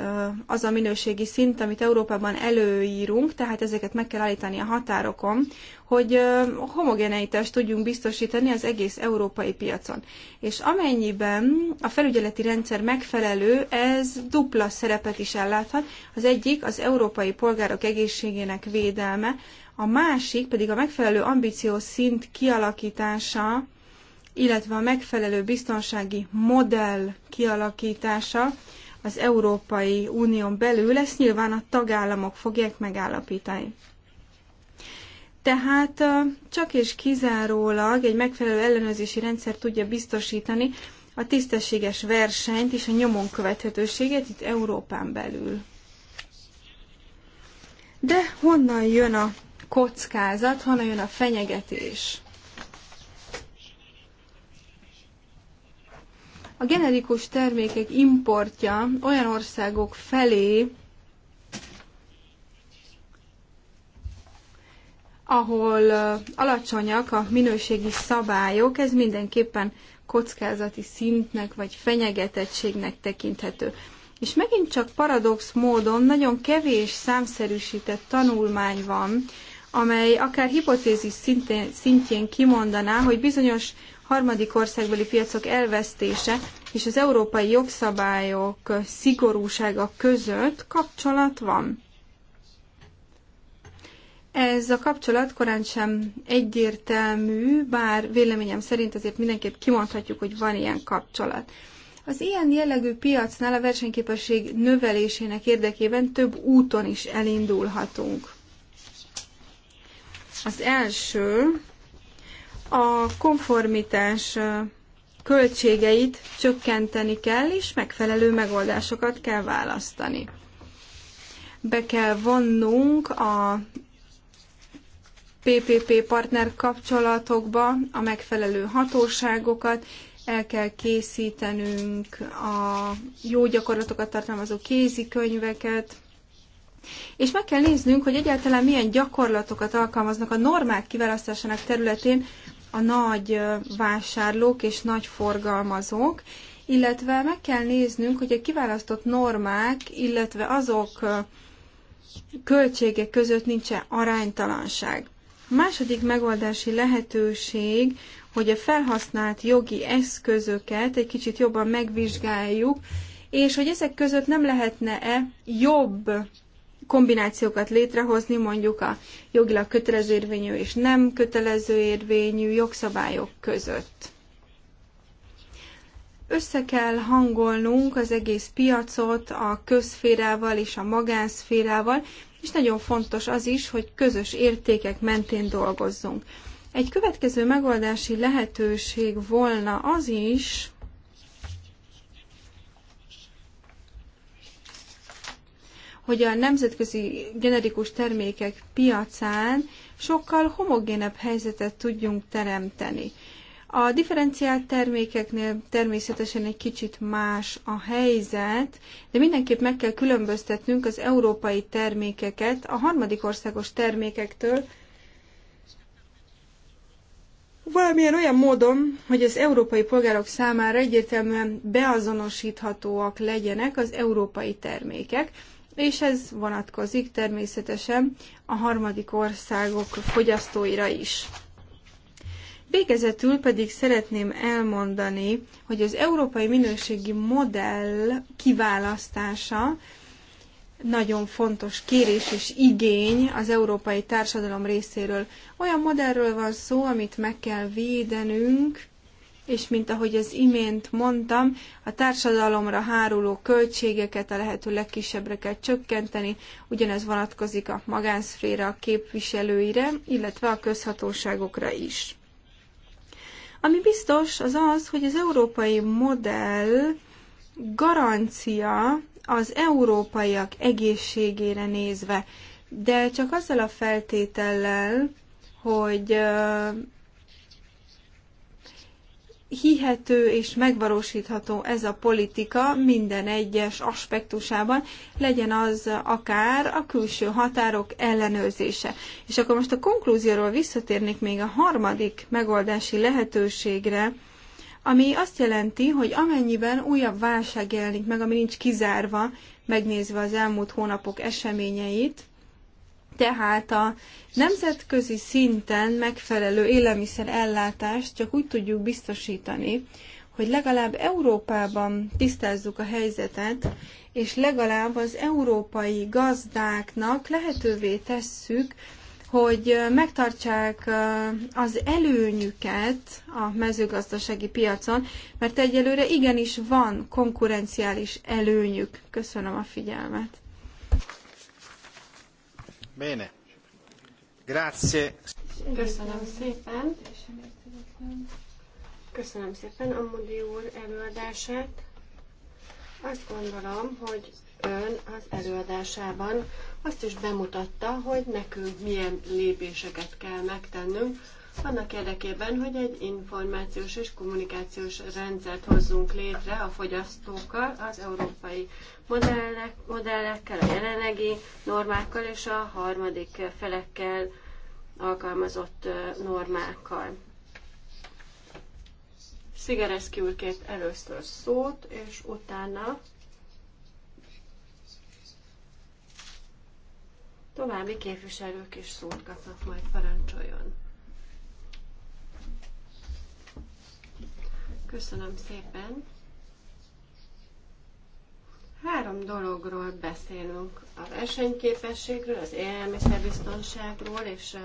S2: az a minőségi szint, amit Európában előírunk, tehát ezeket meg kell állítani a határokon, hogy homogeneitást tudjunk biztosítani az egész európai piacon. És amennyiben a felügyeleti rendszer megfelelő, ez dupla szerepet is elláthat. Az egyik az európai polgárok egészségének védelme, a másik pedig a megfelelő ambíciós szint kialakítása, illetve a megfelelő biztonsági modell kialakítása, az Európai Unión belül, ezt nyilván a tagállamok fogják megállapítani. Tehát csak és kizárólag egy megfelelő ellenőrzési rendszer tudja biztosítani a tisztességes versenyt és a nyomon követhetőséget itt Európán belül. De honnan jön a kockázat, honnan jön a fenyegetés? A generikus termékek importja olyan országok felé, ahol alacsonyak a minőségi szabályok, ez mindenképpen kockázati szintnek vagy fenyegetettségnek tekinthető. És megint csak paradox módon nagyon kevés számszerűsített tanulmány van, amely akár hipotézis szintén, szintjén kimondaná, hogy bizonyos harmadik országbeli piacok elvesztése és az európai jogszabályok szigorúsága között kapcsolat van. Ez a kapcsolat korán sem egyértelmű, bár véleményem szerint azért mindenképp kimondhatjuk, hogy van ilyen kapcsolat. Az ilyen jellegű piacnál a versenyképesség növelésének érdekében több úton is elindulhatunk. Az első a konformitás költségeit csökkenteni kell, és megfelelő megoldásokat kell választani. Be kell vonnunk a PPP partner kapcsolatokba a megfelelő hatóságokat, el kell készítenünk a jó gyakorlatokat tartalmazó kézikönyveket, és meg kell néznünk, hogy egyáltalán milyen gyakorlatokat alkalmaznak a normák kiválasztásának területén a nagy vásárlók és nagy forgalmazók, illetve meg kell néznünk, hogy a kiválasztott normák, illetve azok költségek között nincsen aránytalanság. A második megoldási lehetőség, hogy a felhasznált jogi eszközöket egy kicsit jobban megvizsgáljuk, és hogy ezek között nem lehetne-e jobb kombinációkat létrehozni, mondjuk a jogilag kötelező érvényű és nem kötelező érvényű jogszabályok között. Össze kell hangolnunk az egész piacot a közférával és a magánszférával, és nagyon fontos az is, hogy közös értékek mentén dolgozzunk. Egy következő megoldási lehetőség volna az is, hogy a nemzetközi generikus termékek piacán sokkal homogénebb helyzetet tudjunk teremteni. A differenciált termékeknél természetesen egy kicsit más a helyzet, de mindenképp meg kell különböztetnünk az európai termékeket a harmadik országos termékektől, valamilyen olyan módon, hogy az európai polgárok számára egyértelműen beazonosíthatóak legyenek az európai termékek, és ez vonatkozik természetesen a harmadik országok fogyasztóira is. Végezetül pedig szeretném elmondani, hogy az európai minőségi modell kiválasztása nagyon fontos kérés és igény az európai társadalom részéről. Olyan modellről van szó, amit meg kell védenünk, és mint ahogy az imént mondtam, a társadalomra háruló költségeket a lehető legkisebbre kell csökkenteni, ugyanez vonatkozik a magánszféra képviselőire, illetve a közhatóságokra is. Ami biztos az az, hogy az európai modell garancia az európaiak egészségére nézve, de csak azzal a feltétellel, hogy hihető és megvalósítható ez a politika minden egyes aspektusában, legyen az akár a külső határok ellenőrzése. És akkor most a konklúzióról visszatérnék még a harmadik megoldási lehetőségre, ami azt jelenti, hogy amennyiben újabb válság jelenik meg, ami nincs kizárva, megnézve az elmúlt hónapok eseményeit, tehát a nemzetközi szinten megfelelő élelmiszerellátást csak úgy tudjuk biztosítani, hogy legalább Európában tisztázzuk a helyzetet, és legalább az európai gazdáknak lehetővé tesszük, hogy megtartsák az előnyüket a mezőgazdasági piacon, mert egyelőre igenis van konkurenciális előnyük. Köszönöm a figyelmet.
S1: Bene. Grazie. Köszönöm szépen.
S3: Köszönöm szépen Ammodi úr előadását. Azt gondolom, hogy ön az előadásában azt is bemutatta, hogy nekünk milyen lépéseket kell megtennünk annak érdekében, hogy egy információs és kommunikációs rendszert hozzunk létre a fogyasztókkal, az európai modellek, modellekkel, a jelenlegi normákkal és a harmadik felekkel alkalmazott normákkal. Szigereszki úrként először szót, és utána további képviselők is szót kapnak, majd parancsoljon. Köszönöm szépen. Három dologról beszélünk. A versenyképességről, az élelmiszerbiztonságról és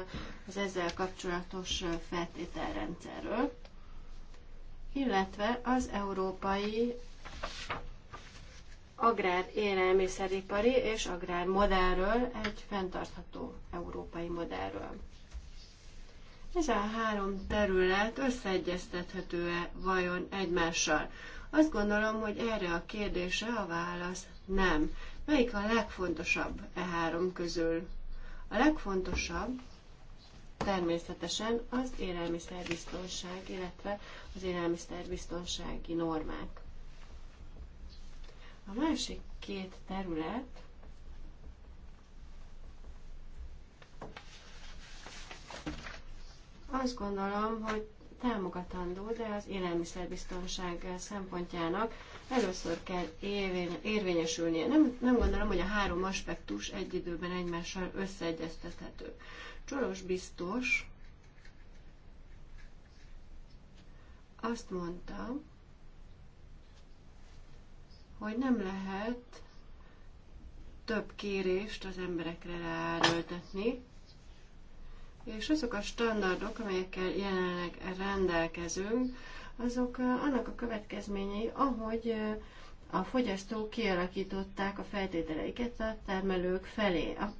S3: az ezzel kapcsolatos feltételrendszerről, illetve az európai agrár élelmiszeripari és agrár modellről, egy fenntartható európai modellről. Ez a három terület összeegyeztethető-e vajon egymással? Azt gondolom, hogy erre a kérdésre a válasz nem. Melyik a legfontosabb e három közül? A legfontosabb természetesen az élelmiszerbiztonság, illetve az élelmiszerbiztonsági normák. A másik két terület Azt gondolom, hogy támogatandó, de az élelmiszerbiztonság szempontjának először kell érvényesülnie. Nem, nem gondolom, hogy a három aspektus egy időben egymással összeegyeztethető. Csoros biztos azt mondta, hogy nem lehet több kérést az emberekre ráöltetni, és azok a standardok, amelyekkel jelenleg rendelkezünk, azok annak a következményei, ahogy a fogyasztók kialakították a feltételeiket a termelők felé. A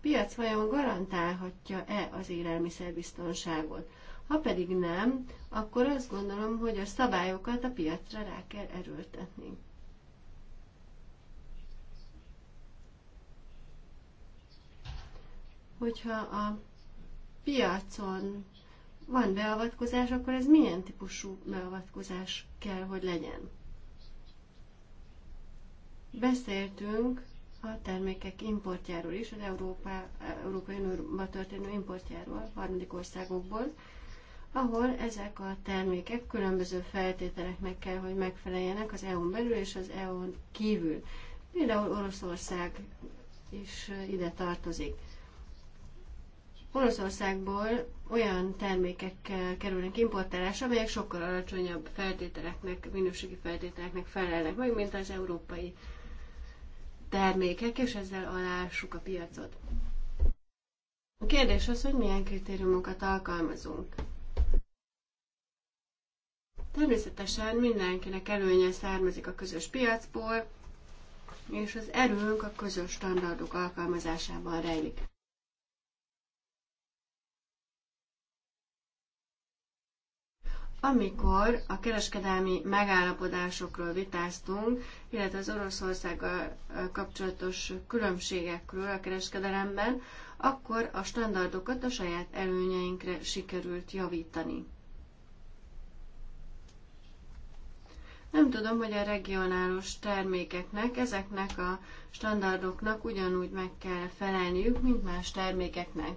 S3: piac vajon garantálhatja-e az élelmiszerbiztonságot? Ha pedig nem, akkor azt gondolom, hogy a szabályokat a piacra rá kell erőltetni. Hogyha a piacon van beavatkozás, akkor ez milyen típusú beavatkozás kell, hogy legyen? Beszéltünk a termékek importjáról is, az Európa, Európai Unióban történő importjáról, harmadik országokból, ahol ezek a termékek különböző feltételeknek kell, hogy megfeleljenek az EU-n belül és az EU-n kívül. Például Oroszország is ide tartozik. Oroszországból olyan termékek kerülnek importálásra, amelyek sokkal alacsonyabb feltételeknek, minőségi feltételeknek felelnek meg, mint az európai termékek, és ezzel alássuk a piacot. A kérdés az, hogy milyen kritériumokat alkalmazunk. Természetesen mindenkinek előnye származik a közös piacból, és az erőnk a közös standardok alkalmazásában rejlik. Amikor a kereskedelmi megállapodásokról vitáztunk, illetve az Oroszországgal kapcsolatos különbségekről a kereskedelemben, akkor a standardokat a saját előnyeinkre sikerült javítani. Nem tudom, hogy a regionális termékeknek, ezeknek a standardoknak ugyanúgy meg kell felelniük, mint más termékeknek.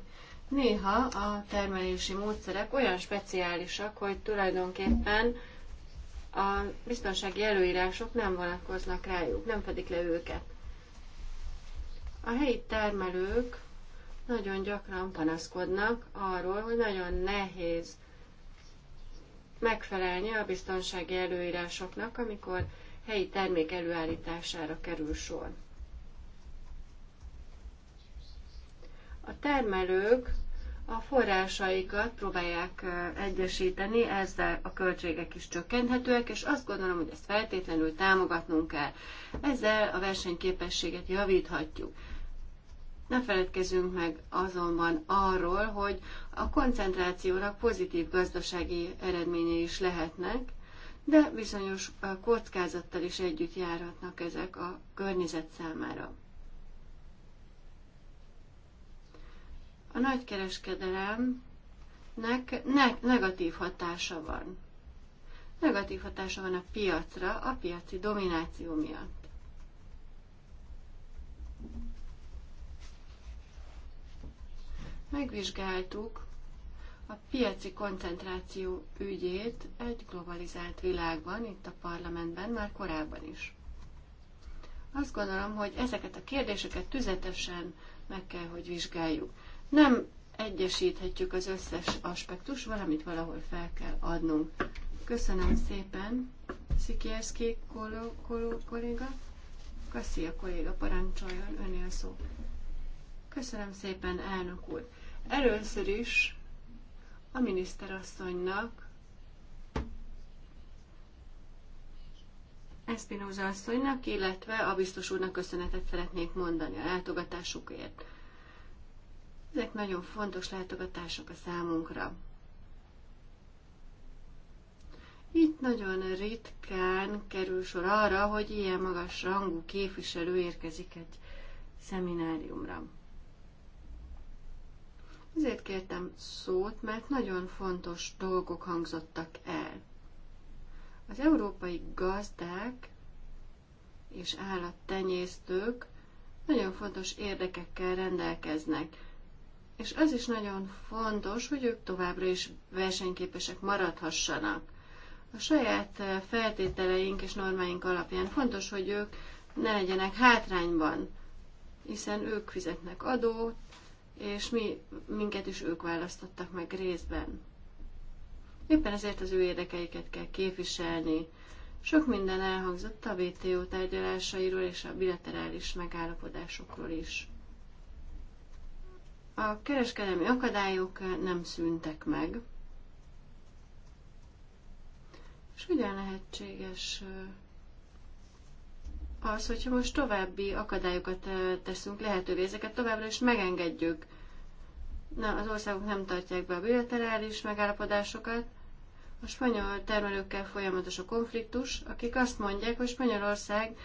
S3: Néha a termelési módszerek olyan speciálisak, hogy tulajdonképpen a biztonsági előírások nem vonatkoznak rájuk, nem fedik le őket. A helyi termelők nagyon gyakran panaszkodnak arról, hogy nagyon nehéz megfelelni a biztonsági előírásoknak, amikor helyi termék előállítására kerül sor. A termelők a forrásaikat próbálják egyesíteni, ezzel a költségek is csökkenthetőek, és azt gondolom, hogy ezt feltétlenül támogatnunk kell. Ezzel a versenyképességet javíthatjuk. Ne feledkezzünk meg azonban arról, hogy a koncentrációnak pozitív gazdasági eredményei is lehetnek, de bizonyos kockázattal is együtt járhatnak ezek a környezet számára. a nagykereskedelemnek ne- negatív hatása van. Negatív hatása van a piacra, a piaci domináció miatt. Megvizsgáltuk a piaci koncentráció ügyét egy globalizált világban, itt a parlamentben, már korábban is. Azt gondolom, hogy ezeket a kérdéseket tüzetesen meg kell, hogy vizsgáljuk nem egyesíthetjük az összes aspektus, valamit valahol fel kell adnunk. Köszönöm szépen, Szikierszki koló, koló, kolléga. Kasszia kolléga, parancsoljon, önél szó. Köszönöm szépen, elnök úr. Először is a miniszterasszonynak, Espinoza asszonynak, illetve a biztos úrnak köszönetet szeretnék mondani a látogatásukért. Ezek nagyon fontos látogatások a számunkra. Itt nagyon ritkán kerül sor arra, hogy ilyen magas rangú képviselő érkezik egy szemináriumra. Ezért kértem szót, mert nagyon fontos dolgok hangzottak el. Az európai gazdák és állattenyésztők nagyon fontos érdekekkel rendelkeznek és az is nagyon fontos, hogy ők továbbra is versenyképesek maradhassanak. A saját eh, feltételeink és normáink alapján fontos, hogy ők ne legyenek hátrányban, hiszen ők fizetnek adót, és mi, minket is ők választottak meg részben. Éppen ezért az ő érdekeiket kell képviselni. Sok minden elhangzott a WTO tárgyalásairól és a bilaterális megállapodásokról is. A kereskedelmi akadályok nem szűntek meg. És ugyan lehetséges az, hogyha most további akadályokat teszünk lehetővé, ezeket továbbra is megengedjük. Na, az országok nem tartják be a bilaterális megállapodásokat. A spanyol termelőkkel folyamatos a konfliktus, akik azt mondják, hogy Spanyolország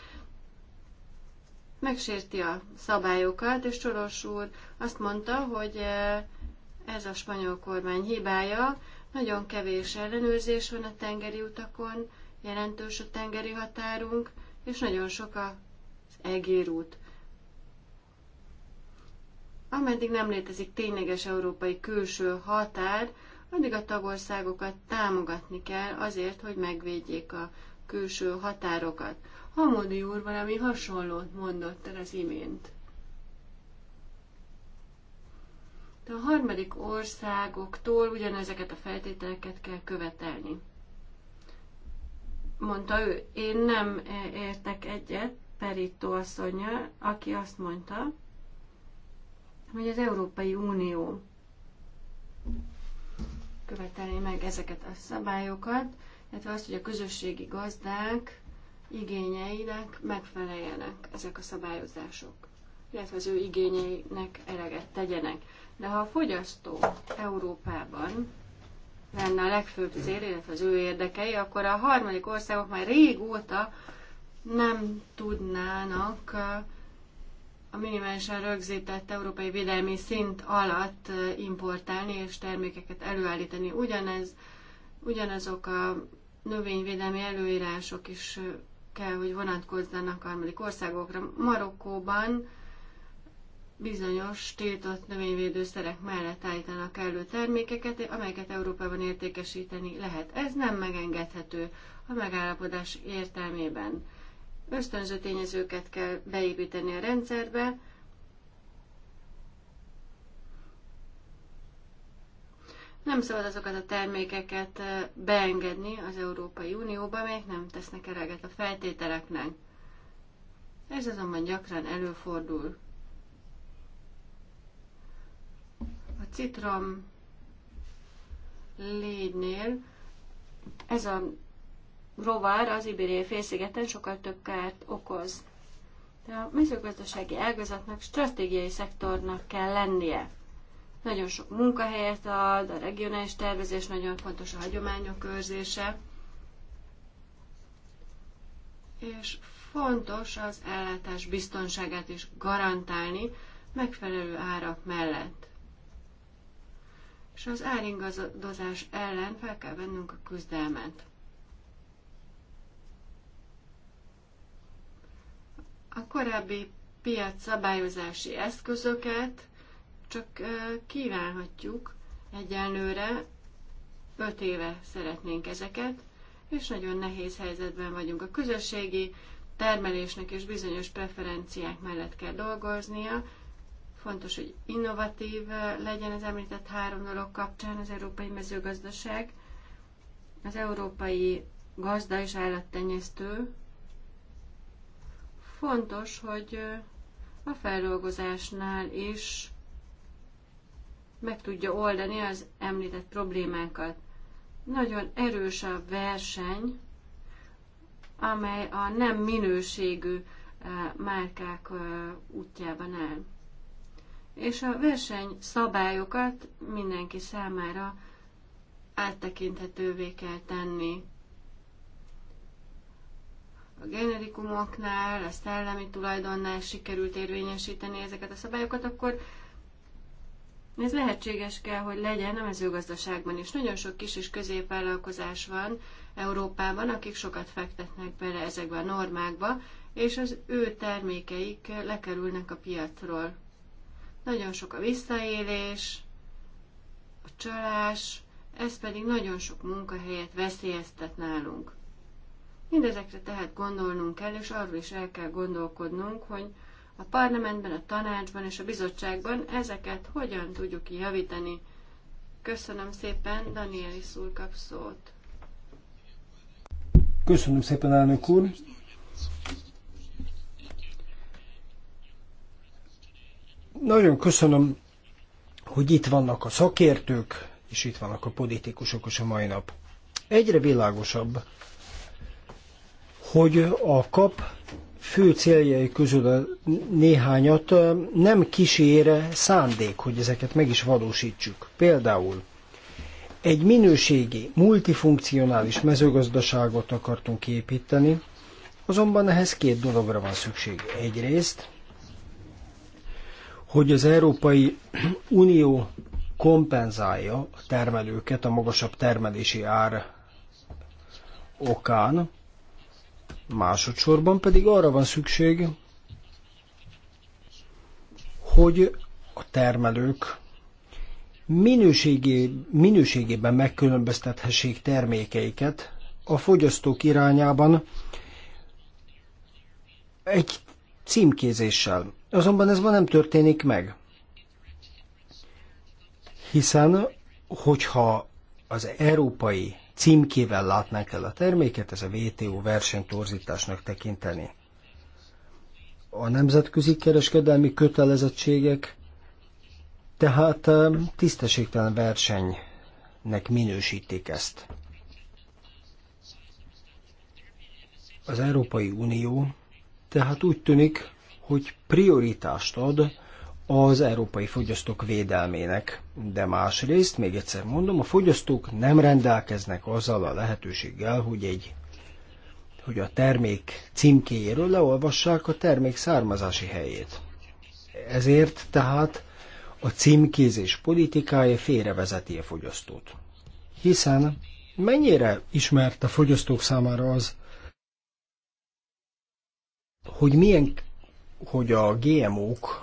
S3: megsérti a szabályokat, és Soros úr azt mondta, hogy eh, ez a spanyol kormány hibája, nagyon kevés ellenőrzés van a tengeri utakon, jelentős a tengeri határunk, és nagyon sok az egérút. Ameddig nem létezik tényleges európai külső határ, addig a tagországokat támogatni kell azért, hogy megvédjék a külső határokat. Hamodi úr valami hasonlót mondott el az imént. De a harmadik országoktól ugyanezeket a feltételeket kell követelni. Mondta ő, én nem e- értek egyet Perito asszonya, aki azt mondta, hogy az Európai Unió követelni meg ezeket a szabályokat, illetve azt, hogy a közösségi gazdák igényeinek megfeleljenek ezek a szabályozások, illetve az ő igényeinek eleget tegyenek. De ha a fogyasztó Európában lenne a legfőbb cél, illetve az ő érdekei, akkor a harmadik országok már régóta nem tudnának uh, a minimálisan rögzített európai védelmi szint alatt uh, importálni és termékeket előállítani. Ugyanez, ugyanazok a növényvédelmi előírások is uh, kell, hogy vonatkozzanak harmadik országokra. Marokkóban bizonyos tiltott növényvédőszerek mellett állítanak elő termékeket, amelyeket Európában értékesíteni lehet. Ez nem megengedhető a megállapodás értelmében. Ösztönző tényezőket kell beépíteni a rendszerbe, Nem szabad azokat a termékeket beengedni az Európai Unióba, amelyek nem tesznek eleget a feltételeknek. Ez azonban gyakran előfordul. A citrom légynél ez a rovár az Ibériai félszigeten sokkal több kárt okoz. De a mezőgazdasági ágazatnak stratégiai szektornak kell lennie. Nagyon sok munkahelyet ad, a regionális tervezés nagyon fontos, a hagyományok őrzése. És fontos az ellátás biztonságát is garantálni megfelelő árak mellett. És az áringadozás ellen fel kell vennünk a küzdelmet. A korábbi piac szabályozási eszközöket csak kívánhatjuk egyenlőre, öt éve szeretnénk ezeket, és nagyon nehéz helyzetben vagyunk. A közösségi termelésnek és bizonyos preferenciák mellett kell dolgoznia. Fontos, hogy innovatív legyen az említett három dolog kapcsán az európai mezőgazdaság. Az európai gazda és állattenyésztő fontos, hogy a feldolgozásnál is meg tudja oldani az említett problémákat. Nagyon erős a verseny, amely a nem minőségű eh, márkák eh, útjában áll. És a verseny szabályokat mindenki számára áttekinthetővé kell tenni. A generikumoknál, a szellemi tulajdonnál sikerült érvényesíteni ezeket a szabályokat, akkor ez lehetséges kell, hogy legyen a mezőgazdaságban is. Nagyon sok kis és középvállalkozás van Európában, akik sokat fektetnek bele ezekbe a normákba, és az ő termékeik lekerülnek a piacról. Nagyon sok a visszaélés, a csalás, ez pedig nagyon sok munkahelyet veszélyeztet nálunk. Mindezekre tehát gondolnunk kell, és arról is el kell gondolkodnunk, hogy a parlamentben, a tanácsban és a bizottságban ezeket hogyan tudjuk javítani. Köszönöm szépen, Danielis úr kap szót.
S1: Köszönöm szépen, elnök úr. Nagyon köszönöm, hogy itt vannak a szakértők, és itt vannak a politikusok is a mai nap. Egyre világosabb, hogy a kap fő céljai közül a néhányat nem kísére szándék, hogy ezeket meg is valósítsuk. Például egy minőségi, multifunkcionális mezőgazdaságot akartunk építeni, azonban ehhez két dologra van szükség. Egyrészt, hogy az Európai Unió kompenzálja a termelőket a magasabb termelési ár okán, Másodszorban pedig arra van szükség, hogy a termelők minőségé, minőségében megkülönböztethessék termékeiket a fogyasztók irányában egy címkézéssel. Azonban ez ma nem történik meg. Hiszen, hogyha az európai címkével látnánk el a terméket, ez a WTO versenytorzításnak tekinteni. A nemzetközi kereskedelmi kötelezettségek tehát tisztességtelen versenynek minősítik ezt. Az Európai Unió tehát úgy tűnik, hogy prioritást ad az európai fogyasztók védelmének. De másrészt, még egyszer mondom, a fogyasztók nem rendelkeznek azzal a lehetőséggel, hogy egy hogy a termék címkéjéről leolvassák a termék származási helyét. Ezért tehát a címkézés politikája félrevezeti a fogyasztót. Hiszen mennyire ismert a fogyasztók számára az, hogy milyen, hogy a GMO-k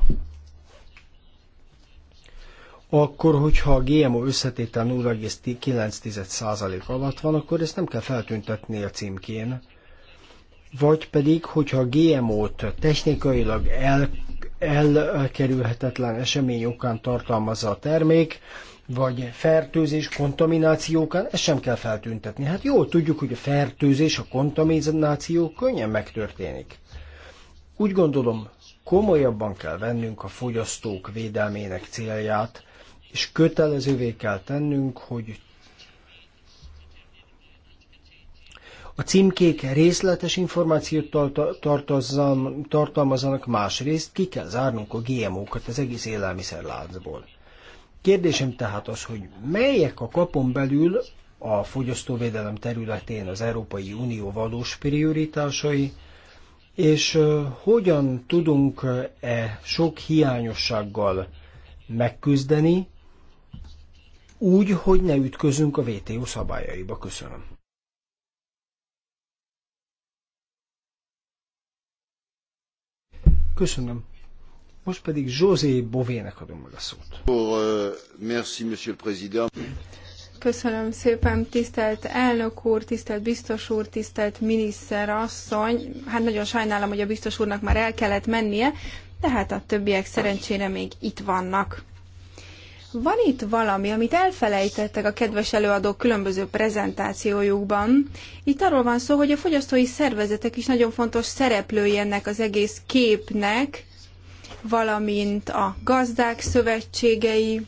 S1: akkor, hogyha a GMO összetétel 0,9% alatt van, akkor ezt nem kell feltüntetni a címkén. Vagy pedig, hogyha a GMO-t technikailag el, elkerülhetetlen esemény okán tartalmazza a termék, vagy fertőzés, kontaminációkán, ezt sem kell feltüntetni. Hát jól tudjuk, hogy a fertőzés, a kontamináció könnyen megtörténik. Úgy gondolom, komolyabban kell vennünk a fogyasztók védelmének célját, és kötelezővé kell tennünk, hogy A címkék részletes információt tartalmazzanak, másrészt ki kell zárnunk a GMO-kat az egész élelmiszerláncból. Kérdésem tehát az, hogy melyek a kapon belül a fogyasztóvédelem területén az Európai Unió valós prioritásai, és hogyan tudunk e sok hiányossággal megküzdeni, úgy, hogy ne ütközünk a VTO szabályaiba. Köszönöm. Köszönöm. Most pedig José Bovének adom meg a szót. Euh, merci, monsieur le président. Köszönöm
S2: szépen, tisztelt elnök úr, tisztelt biztos úr, tisztelt miniszter asszony. Hát nagyon sajnálom, hogy a biztos úrnak már el kellett mennie, de hát a többiek szerencsére még itt vannak. Van itt valami, amit elfelejtettek a kedves előadók különböző prezentációjukban. Itt arról van szó, hogy a fogyasztói szervezetek is nagyon fontos szereplői ennek az egész képnek, valamint a gazdák szövetségei,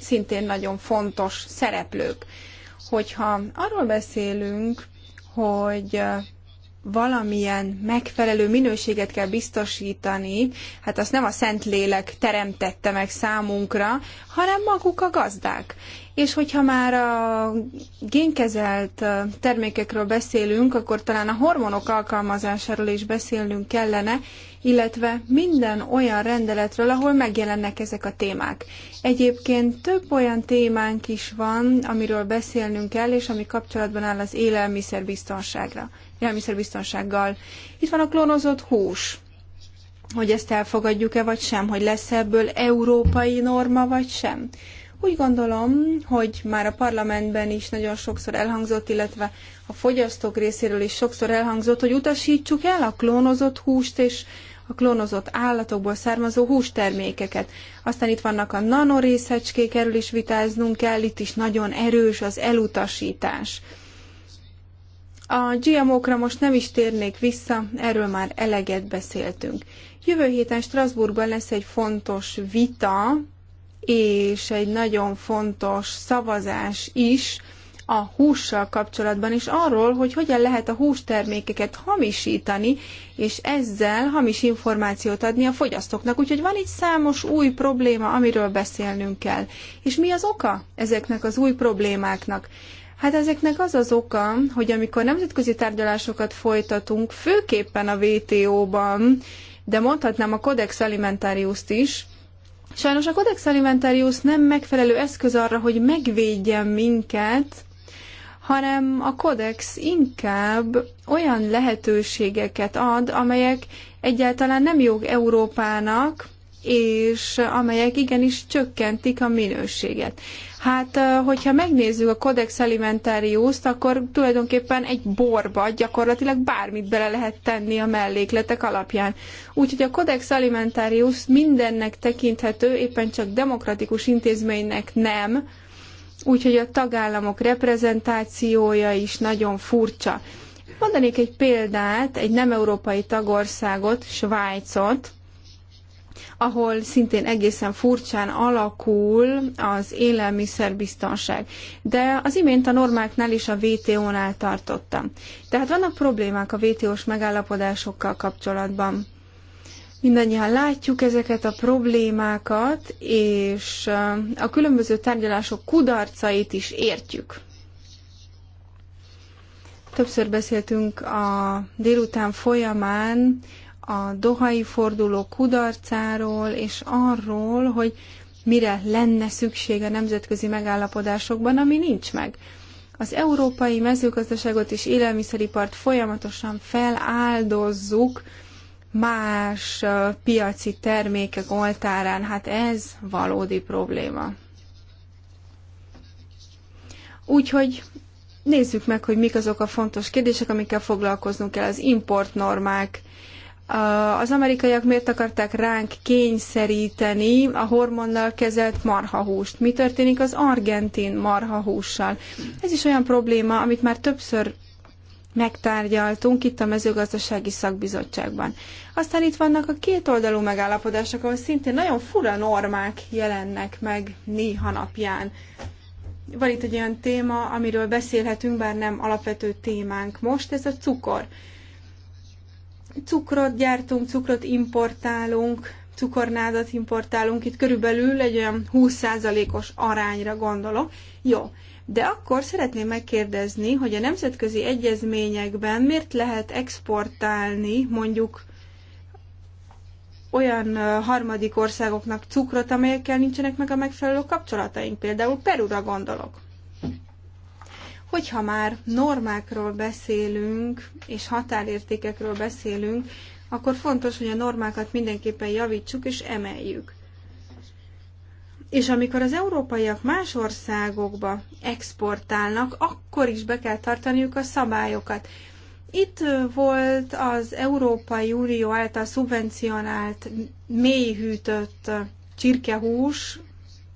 S2: szintén nagyon fontos szereplők. Hogyha arról beszélünk, hogy valamilyen megfelelő minőséget kell biztosítani, hát azt nem a Szentlélek teremtette meg számunkra, hanem maguk a gazdák. És hogyha már a génkezelt termékekről beszélünk, akkor talán a hormonok alkalmazásáról is beszélnünk kellene, illetve minden olyan rendeletről, ahol megjelennek ezek a témák. Egyébként több olyan témánk is van, amiről beszélnünk kell, és ami kapcsolatban áll az élelmiszerbiztonságra, élelmiszerbiztonsággal. Itt van a klónozott hús, hogy ezt elfogadjuk-e vagy sem, hogy lesz ebből európai norma vagy sem. Úgy gondolom, hogy már a parlamentben is nagyon sokszor elhangzott, illetve a fogyasztók részéről is sokszor elhangzott, hogy utasítsuk el a klónozott húst, és a klónozott állatokból származó hústermékeket. Aztán itt vannak a nanorészecskék, erről is vitáznunk kell, itt is nagyon erős az elutasítás. A GMO-kra most nem is térnék vissza, erről már eleget beszéltünk. Jövő héten Strasbourgban lesz egy fontos vita, és egy nagyon fontos szavazás is a hússal kapcsolatban is arról, hogy hogyan lehet a hústermékeket hamisítani, és ezzel hamis információt adni a fogyasztóknak. Úgyhogy van itt számos új probléma, amiről beszélnünk kell. És mi az oka ezeknek az új problémáknak? Hát ezeknek az az oka, hogy amikor nemzetközi tárgyalásokat folytatunk, főképpen a WTO-ban, de mondhatnám a Codex alimentarius is, Sajnos a Codex Alimentarius nem megfelelő eszköz arra, hogy megvédjen minket hanem a kodex inkább olyan lehetőségeket ad, amelyek egyáltalán nem jók Európának, és amelyek igenis csökkentik a minőséget. Hát, hogyha megnézzük a Codex Alimentarius-t, akkor tulajdonképpen egy borba gyakorlatilag bármit bele lehet tenni a mellékletek alapján. Úgyhogy a Codex Alimentarius mindennek tekinthető, éppen csak demokratikus intézménynek nem, úgyhogy a tagállamok reprezentációja is nagyon furcsa. Mondanék egy példát, egy nem európai tagországot, Svájcot, ahol szintén egészen furcsán alakul az élelmiszerbiztonság. De az imént a normáknál is a WTO-nál tartottam. Tehát vannak problémák a WTO-s megállapodásokkal kapcsolatban. Mindannyian látjuk ezeket a problémákat, és a különböző tárgyalások kudarcait is értjük. Többször beszéltünk a délután folyamán a dohai forduló kudarcáról, és arról, hogy mire lenne szükség a nemzetközi megállapodásokban, ami nincs meg. Az európai mezőgazdaságot és élelmiszeripart folyamatosan feláldozzuk más piaci termékek oltárán, hát ez valódi probléma. Úgyhogy nézzük meg, hogy mik azok a fontos kérdések, amikkel foglalkoznunk kell. Az importnormák, az amerikaiak miért akarták ránk kényszeríteni a hormonnal kezelt marhahúst? Mi történik az argentin marhahússal? Ez is olyan probléma, amit már többször megtárgyaltunk itt a mezőgazdasági szakbizottságban. Aztán itt vannak a kétoldalú megállapodások, ahol szintén nagyon fura normák jelennek meg néha napján. Van itt egy olyan téma, amiről beszélhetünk, bár nem alapvető témánk most, ez a cukor. Cukrot gyártunk, cukrot importálunk, cukornádat importálunk, itt körülbelül egy olyan 20%-os arányra gondolok. Jó, de akkor szeretném megkérdezni, hogy a nemzetközi egyezményekben miért lehet exportálni mondjuk olyan harmadik országoknak cukrot, amelyekkel nincsenek meg a megfelelő kapcsolataink, például Perúra gondolok. Hogyha már normákról beszélünk, és határértékekről beszélünk, akkor fontos, hogy a normákat mindenképpen javítsuk és emeljük. És amikor az európaiak más országokba exportálnak, akkor is be kell tartaniuk a szabályokat. Itt volt az Európai Unió által szubvencionált mélyhűtött csirkehús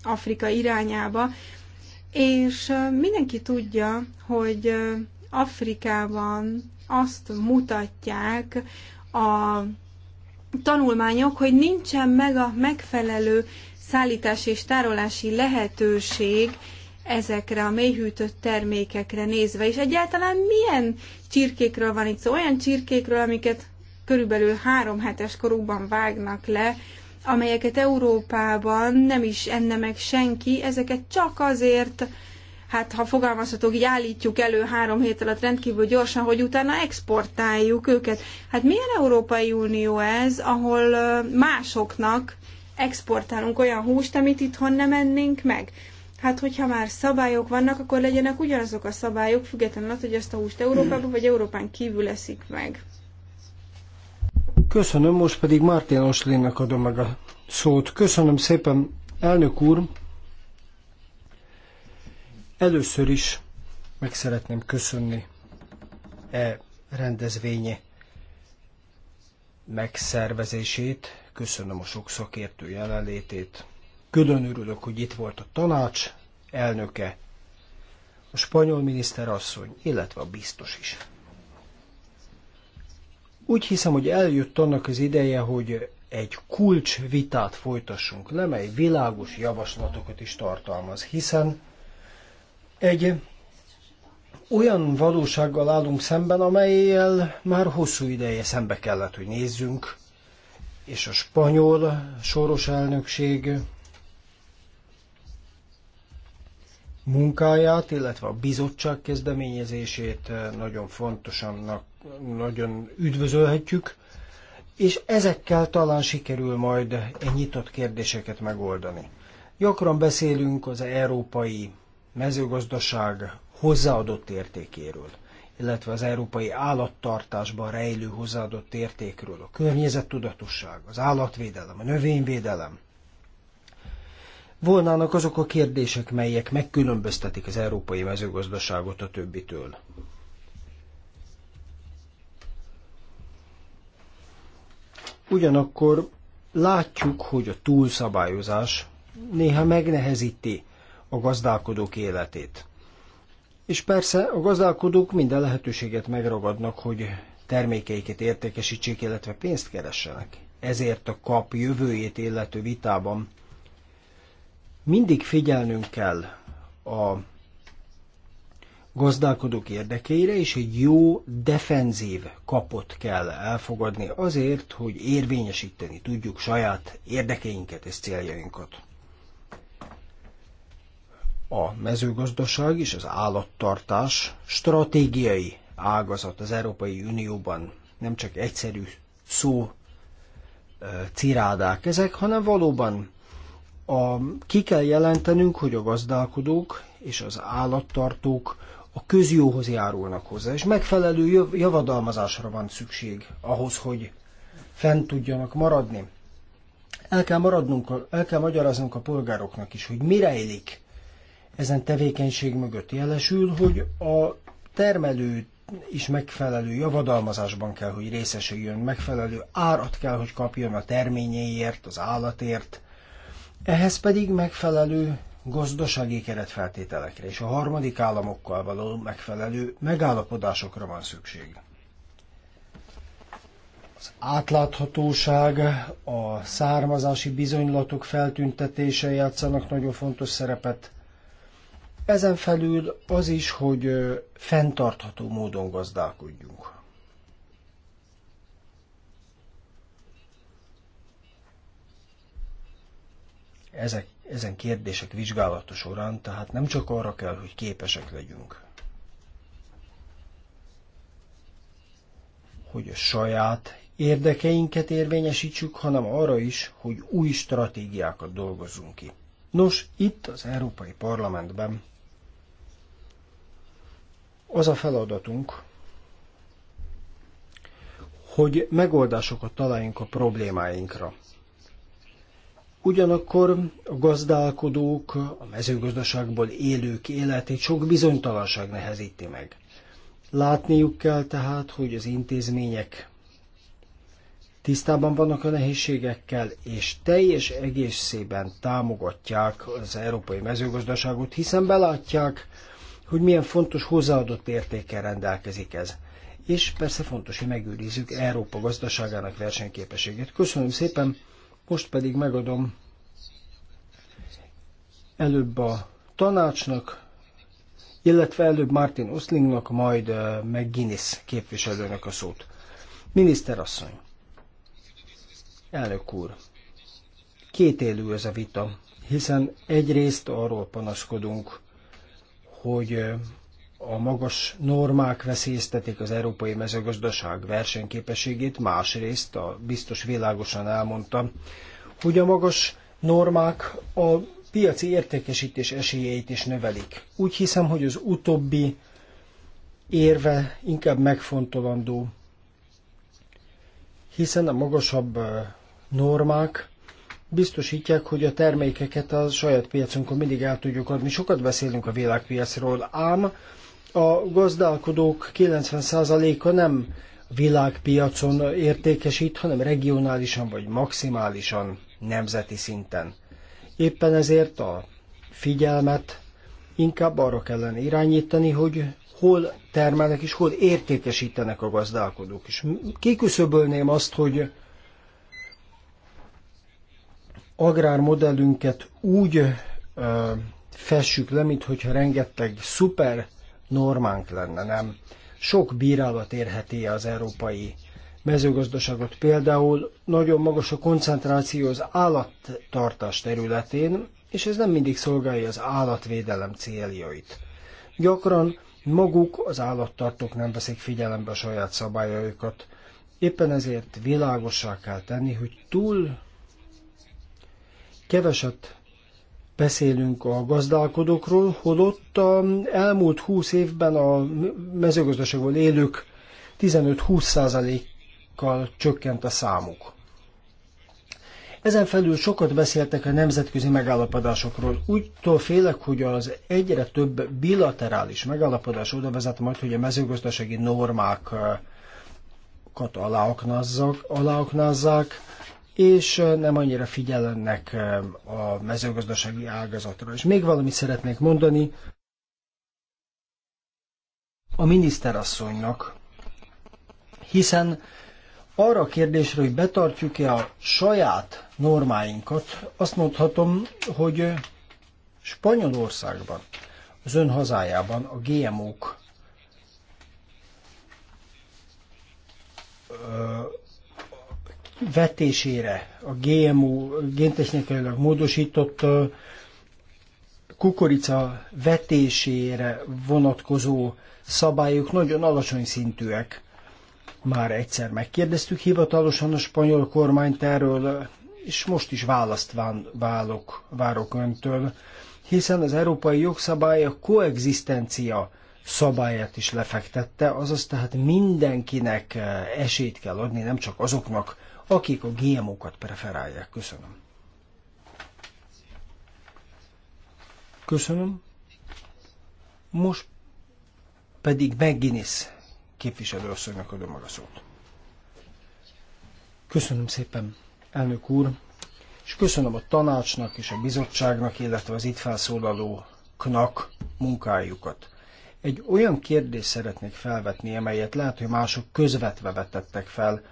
S2: Afrika irányába, és mindenki tudja, hogy Afrikában azt mutatják a tanulmányok, hogy nincsen meg a megfelelő szállítási és tárolási lehetőség ezekre a mélyhűtött termékekre nézve, és egyáltalán milyen csirkékről van itt szó, olyan csirkékről, amiket körülbelül három hetes korukban vágnak le, amelyeket Európában nem is enne meg senki, ezeket csak azért, hát ha fogalmazhatok, így állítjuk elő három hét alatt rendkívül gyorsan, hogy utána exportáljuk őket. Hát milyen Európai Unió ez, ahol másoknak exportálunk olyan húst, amit itthon nem ennénk meg. Hát, hogyha már szabályok vannak, akkor legyenek ugyanazok a szabályok, függetlenül attól, hogy ezt a húst Európában vagy Európán kívül eszik meg.
S1: Köszönöm, most pedig Mártén Oslinnak adom meg a szót. Köszönöm szépen, elnök úr. Először is meg szeretném köszönni e rendezvénye megszervezését köszönöm a sok szakértő jelenlétét. Külön örülök, hogy itt volt a tanács elnöke, a spanyol miniszterasszony, illetve a biztos is. Úgy hiszem, hogy eljött annak az ideje, hogy egy kulcsvitát folytassunk le, mely világos javaslatokat is tartalmaz, hiszen egy olyan valósággal állunk szemben, amelyel már hosszú ideje szembe kellett, hogy nézzünk, és a spanyol soros elnökség munkáját, illetve a bizottság kezdeményezését nagyon fontosan, nagyon üdvözölhetjük, és ezekkel talán sikerül majd egy nyitott kérdéseket megoldani. Gyakran beszélünk az európai mezőgazdaság hozzáadott értékéről illetve az európai állattartásban rejlő hozzáadott értékről, a környezettudatosság, az állatvédelem, a növényvédelem. Volnának azok a kérdések, melyek megkülönböztetik az európai mezőgazdaságot a többitől. Ugyanakkor látjuk, hogy a túlszabályozás néha megnehezíti a gazdálkodók életét és persze a gazdálkodók minden lehetőséget megragadnak, hogy termékeiket értékesítsék, illetve pénzt keressenek. Ezért a kap jövőjét illető vitában mindig figyelnünk kell a gazdálkodók érdekeire, és egy jó defenzív kapot kell elfogadni azért, hogy érvényesíteni tudjuk saját érdekeinket és céljainkat a mezőgazdaság és az állattartás stratégiai ágazat az Európai Unióban nem csak egyszerű szó cirádák ezek, hanem valóban a, ki kell jelentenünk, hogy a gazdálkodók és az állattartók a közjóhoz járulnak hozzá, és megfelelő javadalmazásra van szükség ahhoz, hogy fent tudjanak maradni. El kell, maradnunk, el kell magyaráznunk a polgároknak is, hogy mire élik ezen tevékenység mögött jelesül, hogy a termelő is megfelelő javadalmazásban kell, hogy részesüljön, megfelelő árat kell, hogy kapjon a terményeiért, az állatért, ehhez pedig megfelelő gazdasági keretfeltételekre és a harmadik államokkal való megfelelő megállapodásokra van szükség. Az átláthatóság, a származási bizonylatok feltüntetése játszanak nagyon fontos szerepet, ezen felül az is, hogy fenntartható módon gazdálkodjunk. Ezek, ezen kérdések vizsgálata során, tehát nem csak arra kell, hogy képesek legyünk, hogy a saját érdekeinket érvényesítsük, hanem arra is, hogy új stratégiákat dolgozzunk ki. Nos, itt az Európai Parlamentben az a feladatunk, hogy megoldásokat találjunk a problémáinkra. Ugyanakkor a gazdálkodók, a mezőgazdaságból élők életét sok bizonytalanság nehezíti meg. Látniuk kell tehát, hogy az intézmények tisztában vannak a nehézségekkel, és teljes egészében támogatják az európai mezőgazdaságot, hiszen belátják, hogy milyen fontos hozzáadott értékkel rendelkezik ez. És persze fontos, hogy megőrizzük Európa gazdaságának versenyképességét. Köszönöm szépen, most pedig megadom előbb a tanácsnak, illetve előbb Martin O'Slingnak, majd meg Guinness képviselőnek a szót. Miniszterasszony, elnök úr, élő ez a vita, hiszen egyrészt arról panaszkodunk, hogy a magas normák veszélyeztetik az európai mezőgazdaság versenyképességét, másrészt a biztos világosan elmondta, hogy a magas normák a piaci értékesítés esélyeit is növelik. Úgy hiszem, hogy az utóbbi érve inkább megfontolandó, hiszen a magasabb normák biztosítják, hogy a termékeket a saját piacunkon mindig el tudjuk adni. Sokat beszélünk a világpiacról, ám a gazdálkodók 90%-a nem világpiacon értékesít, hanem regionálisan vagy maximálisan nemzeti szinten. Éppen ezért a figyelmet inkább arra kellene irányítani, hogy hol termelnek és hol értékesítenek a gazdálkodók. És kiküszöbölném azt, hogy agrármodellünket úgy ö, fessük le, mintha rengeteg szuper normánk lenne, nem? Sok bírálat érheti az európai mezőgazdaságot. Például nagyon magas a koncentráció az állattartás területén, és ez nem mindig szolgálja az állatvédelem céljait. Gyakran maguk az állattartók nem veszik figyelembe a saját szabályaikat. Éppen ezért világossá kell tenni, hogy túl Keveset beszélünk a gazdálkodókról, holott a elmúlt 20 évben a mezőgazdaságból élők 15-20%-kal csökkent a számuk. Ezen felül sokat beszéltek a nemzetközi megállapodásokról. Úgytól félek, hogy az egyre több bilaterális megállapodás oda vezet majd, hogy a mezőgazdasági normákat aláoknázzák, aláaknázzák és nem annyira figyelnek a mezőgazdasági ágazatra. És még valamit szeretnék mondani a miniszterasszonynak, hiszen arra a kérdésre, hogy betartjuk-e a saját normáinkat, azt mondhatom, hogy Spanyolországban, az ön hazájában a GMO-k vetésére a GMO, géntechnikailag módosított kukorica vetésére vonatkozó szabályok nagyon alacsony szintűek. Már egyszer megkérdeztük hivatalosan a spanyol kormányt erről, és most is választ ván, válok, várok öntől, hiszen az európai jogszabály a koexisztencia szabályát is lefektette, azaz tehát mindenkinek esélyt kell adni, nem csak azoknak, akik a GMO-kat preferálják. Köszönöm. Köszönöm. Most pedig McGuinness képviselőasszonynak adom a szót. Köszönöm szépen, elnök úr, és köszönöm a tanácsnak és a bizottságnak, illetve az itt felszólalóknak munkájukat. Egy olyan kérdést szeretnék felvetni, amelyet lehet, hogy mások közvetve vetettek fel,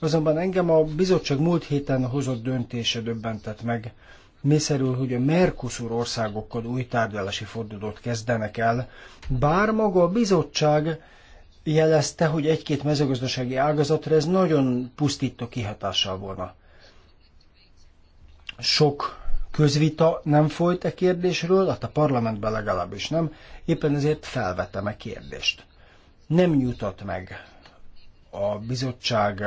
S1: Azonban engem a bizottság múlt héten hozott döntése döbbentett meg, miszerül, hogy a Mercosur országokkal új tárgyalási fordulót kezdenek el, bár maga a bizottság jelezte, hogy egy-két mezőgazdasági ágazatra ez nagyon pusztító kihatással volna. Sok közvita nem folyt a e kérdésről, hát a parlamentben legalábbis nem, éppen ezért felvettem a e kérdést. Nem nyújtott meg a bizottság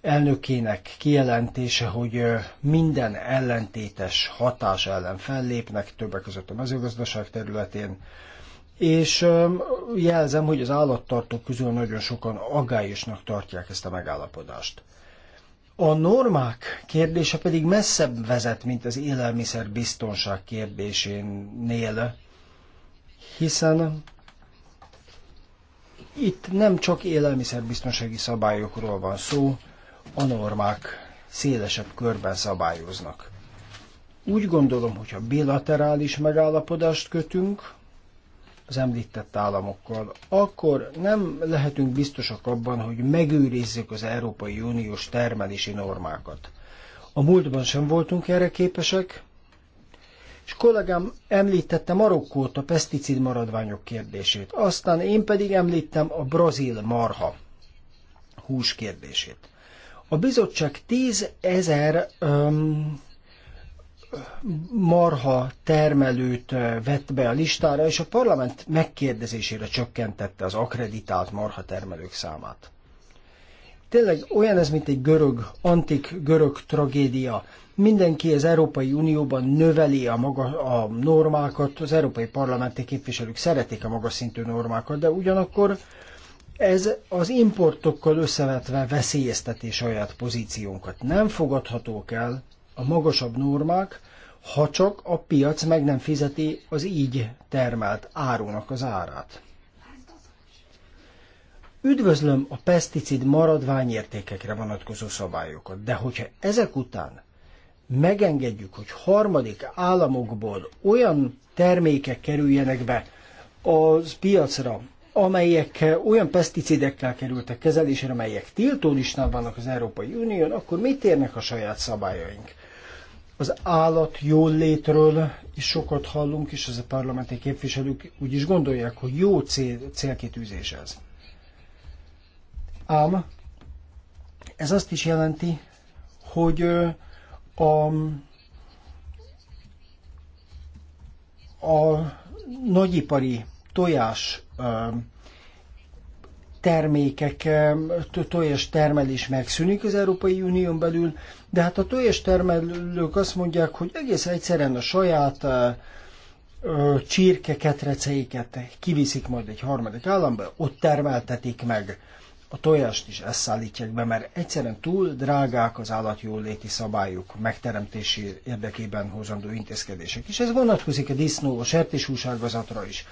S1: elnökének kijelentése, hogy minden ellentétes hatás ellen fellépnek, többek között a mezőgazdaság területén, és jelzem, hogy az állattartók közül nagyon sokan agályosnak tartják ezt a megállapodást. A normák kérdése pedig messzebb vezet, mint az élelmiszer biztonság kérdésénél, hiszen itt nem csak élelmiszerbiztonsági szabályokról van szó, a normák szélesebb körben szabályoznak. Úgy gondolom, hogyha bilaterális megállapodást kötünk az említett államokkal, akkor nem lehetünk biztosak abban, hogy megőrizzük az Európai Uniós termelési normákat. A múltban sem voltunk erre képesek, és kollégám említette Marokkót, a peszticid maradványok kérdését. Aztán én pedig említem a brazil marha hús kérdését. A bizottság 10 ezer um, marha termelőt vett be a listára, és a parlament megkérdezésére csökkentette az akreditált marha termelők számát. Tényleg olyan ez, mint egy görög, antik görög tragédia. Mindenki az Európai Unióban növeli a, maga, a normákat, az Európai Parlamenti képviselők szeretik a magas szintű normákat, de ugyanakkor ez az importokkal összevetve veszélyezteti saját pozíciónkat. Nem fogadhatók el a magasabb normák, ha csak a piac meg nem fizeti az így termelt árónak az árát. Üdvözlöm a peszticid maradványértékekre vonatkozó szabályokat, de hogyha ezek után megengedjük, hogy harmadik államokból olyan termékek kerüljenek be az piacra, amelyek olyan peszticidekkel kerültek kezelésre, amelyek tiltó listán vannak az Európai Unión, akkor mit érnek a saját szabályaink? Az állat jól létről is sokat hallunk, és az a parlamenti képviselők úgy is gondolják, hogy jó cél, célkitűzés ez. Ám ez azt is jelenti, hogy a, a nagyipari tojás termékek, tojás termelés megszűnik az Európai Unión belül, de hát a tojás termelők azt mondják, hogy egész egyszerűen a saját csirke ketreceiket kiviszik majd egy harmadik államba, ott termeltetik meg a tojást is ezt szállítják be, mert egyszerűen túl drágák az állatjóléti szabályok megteremtési érdekében hozandó intézkedések. És ez vonatkozik a disznó, a sertéshús ágazatra is.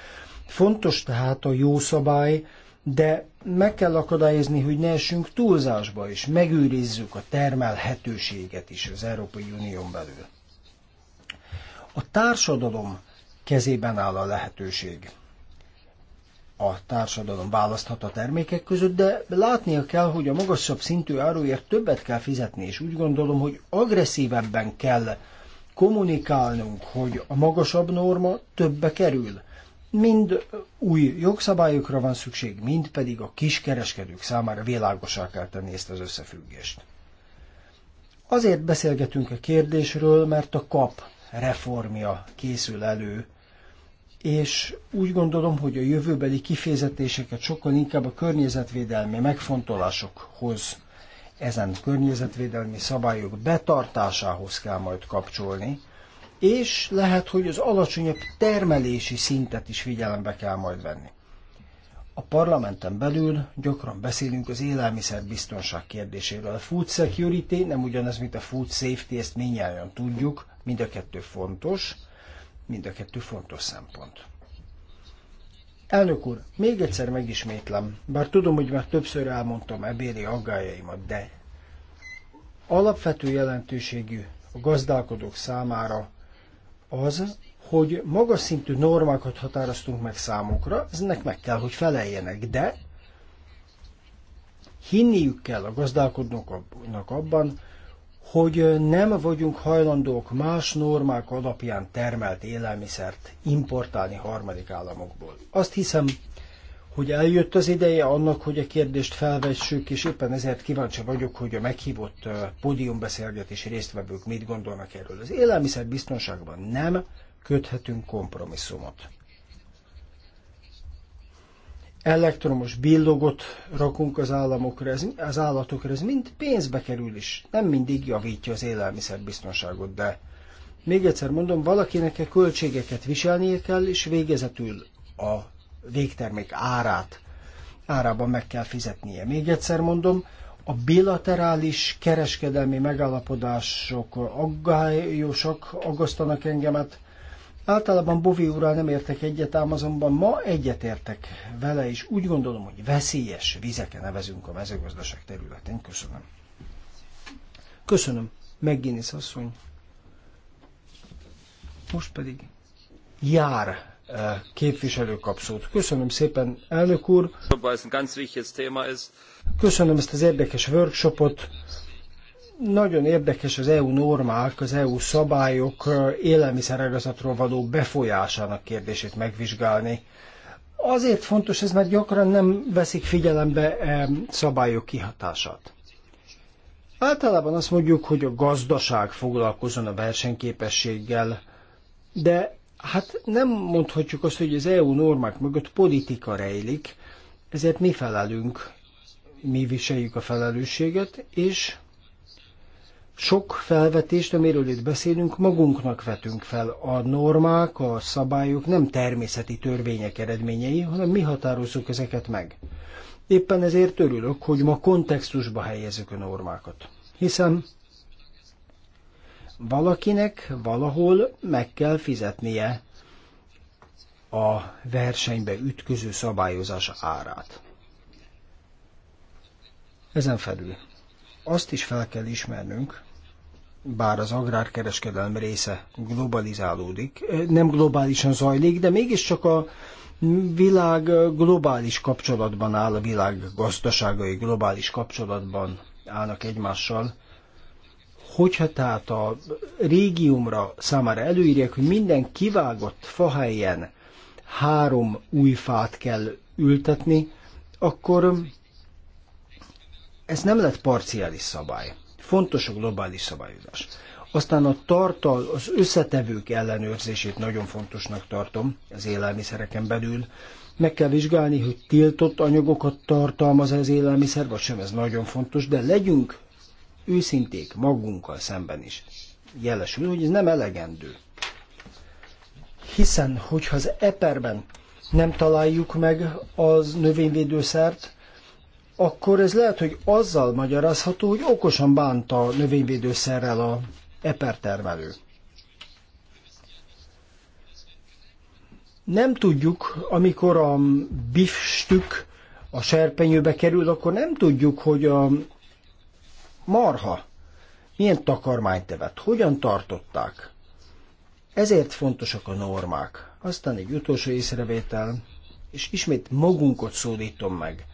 S1: Fontos tehát a jó szabály, de meg kell akadályozni, hogy ne essünk túlzásba, és megőrizzük a termelhetőséget is az Európai Unión belül. A társadalom kezében áll a lehetőség a társadalom választhat a termékek között, de látnia kell, hogy a magasabb szintű áruért többet kell fizetni, és úgy gondolom, hogy agresszívebben kell kommunikálnunk, hogy a magasabb norma többe kerül. Mind új jogszabályokra van szükség, mind pedig a kiskereskedők számára világosá kell tenni ezt az összefüggést. Azért beszélgetünk a kérdésről, mert a kap reformja készül elő és úgy gondolom, hogy a jövőbeli kifejezetéseket sokkal inkább a környezetvédelmi megfontolásokhoz, ezen környezetvédelmi szabályok betartásához kell majd kapcsolni, és lehet, hogy az alacsonyabb termelési szintet is figyelembe kell majd venni. A parlamenten belül gyakran beszélünk az élelmiszerbiztonság kérdéséről. A food security nem ugyanaz, mint a food safety, ezt mindjárt tudjuk, mind a kettő fontos – Mind a kettő fontos szempont. Elnök úr, még egyszer megismétlem, bár tudom, hogy már többször elmondtam ebéri aggájaimat, de alapvető jelentőségű a gazdálkodók számára az, hogy magas szintű normákat határoztunk meg számukra, eznek meg kell, hogy feleljenek, de hinniük kell a gazdálkodóknak abban, hogy nem vagyunk hajlandók más normák alapján termelt élelmiszert importálni harmadik államokból. Azt hiszem, hogy eljött az ideje annak, hogy a kérdést felvessük, és éppen ezért kíváncsi vagyok, hogy a meghívott pódiumbeszélgetési résztvevők mit gondolnak erről. Az élelmiszer biztonságban nem köthetünk kompromisszumot elektromos billogot rakunk az, államokra, ez, az állatokra, ez mind pénzbe kerül is. Nem mindig javítja az élelmiszerbiztonságot, de még egyszer mondom, valakinek a e költségeket viselnie kell, és végezetül a végtermék árát árában meg kell fizetnie. Még egyszer mondom, a bilaterális kereskedelmi megállapodások aggályosak, aggasztanak engemet, hát Általában Bovi úrral nem értek egyet, ám azonban ma egyetértek vele, és úgy gondolom, hogy veszélyes vizeken nevezünk a mezőgazdaság területén. Köszönöm. Köszönöm, Megginis asszony. Most pedig jár eh, képviselő kapszót. Köszönöm szépen, elnök úr. Köszönöm ezt az érdekes workshopot nagyon érdekes az EU normák, az EU szabályok élelmiszerágazatról való befolyásának kérdését megvizsgálni. Azért fontos ez, mert gyakran nem veszik figyelembe szabályok kihatását. Általában azt mondjuk, hogy a gazdaság foglalkozon a versenyképességgel, de hát nem mondhatjuk azt, hogy az EU normák mögött politika rejlik, ezért mi felelünk, mi viseljük a felelősséget, és sok felvetést, amiről itt beszélünk, magunknak vetünk fel. A normák, a szabályok nem természeti törvények eredményei, hanem mi határozzuk ezeket meg. Éppen ezért örülök, hogy ma kontextusba helyezzük a normákat. Hiszen valakinek valahol meg kell fizetnie a versenybe ütköző szabályozás árát. Ezen felül azt is fel kell ismernünk, bár az agrárkereskedelem része globalizálódik, eh, nem globálisan zajlik, de mégiscsak a világ globális kapcsolatban áll, a világ gazdaságai globális kapcsolatban állnak egymással. Hogyha tehát a régiumra számára előírják, hogy minden kivágott fahelyen három új fát kell ültetni, akkor ez nem lett parciális szabály. Fontos a globális szabályozás. Aztán a tartal, az összetevők ellenőrzését nagyon fontosnak tartom az élelmiszereken belül. Meg kell vizsgálni, hogy tiltott anyagokat tartalmaz az élelmiszer, vagy sem, ez nagyon fontos, de legyünk őszinték magunkkal szemben is. Jelesül, hogy ez nem elegendő. Hiszen, hogyha az eperben nem találjuk meg az növényvédőszert, akkor ez lehet, hogy azzal magyarázható, hogy okosan bánta a növényvédőszerrel a epertermelő. Nem tudjuk, amikor a bifstük a serpenyőbe kerül, akkor nem tudjuk, hogy a marha milyen takarmányt evett, hogyan tartották. Ezért fontosak a normák. Aztán egy utolsó észrevétel, és ismét magunkat szólítom meg –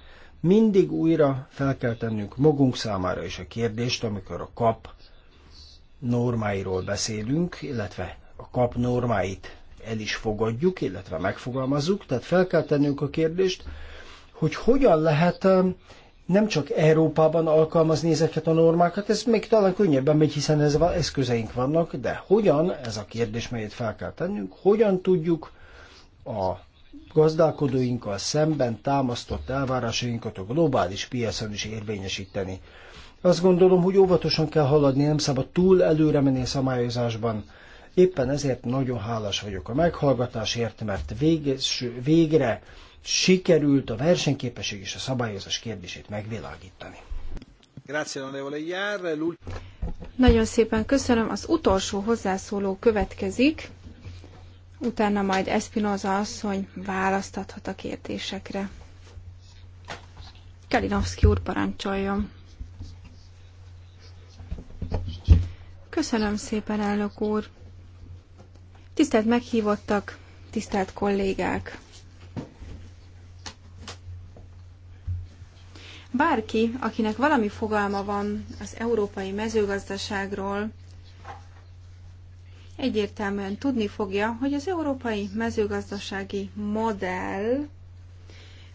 S1: mindig újra fel kell tennünk magunk számára is a kérdést, amikor a kap normáiról beszélünk, illetve a kap normáit el is fogadjuk, illetve megfogalmazzuk, tehát fel kell tennünk a kérdést, hogy hogyan lehet um, nem csak Európában alkalmazni ezeket a normákat, ez még talán könnyebben megy, hiszen ez van, eszközeink vannak, de hogyan, ez a kérdés, melyet fel kell tennünk, hogyan tudjuk a gazdálkodóinkkal szemben támasztott elvárásainkat a globális piacon is érvényesíteni. Azt gondolom, hogy óvatosan kell haladni, nem szabad túl előre menni a szabályozásban. Éppen ezért nagyon hálás vagyok a meghallgatásért, mert véges, végre sikerült a versenyképesség és a szabályozás kérdését megvilágítani.
S2: Nagyon szépen köszönöm. Az utolsó hozzászóló következik utána majd Espinoza asszony választathat a kérdésekre. Kalinowski úr parancsoljon. Köszönöm szépen, elnök úr. Tisztelt meghívottak, tisztelt kollégák. Bárki, akinek valami fogalma van az európai mezőgazdaságról, egyértelműen tudni fogja, hogy az európai mezőgazdasági modell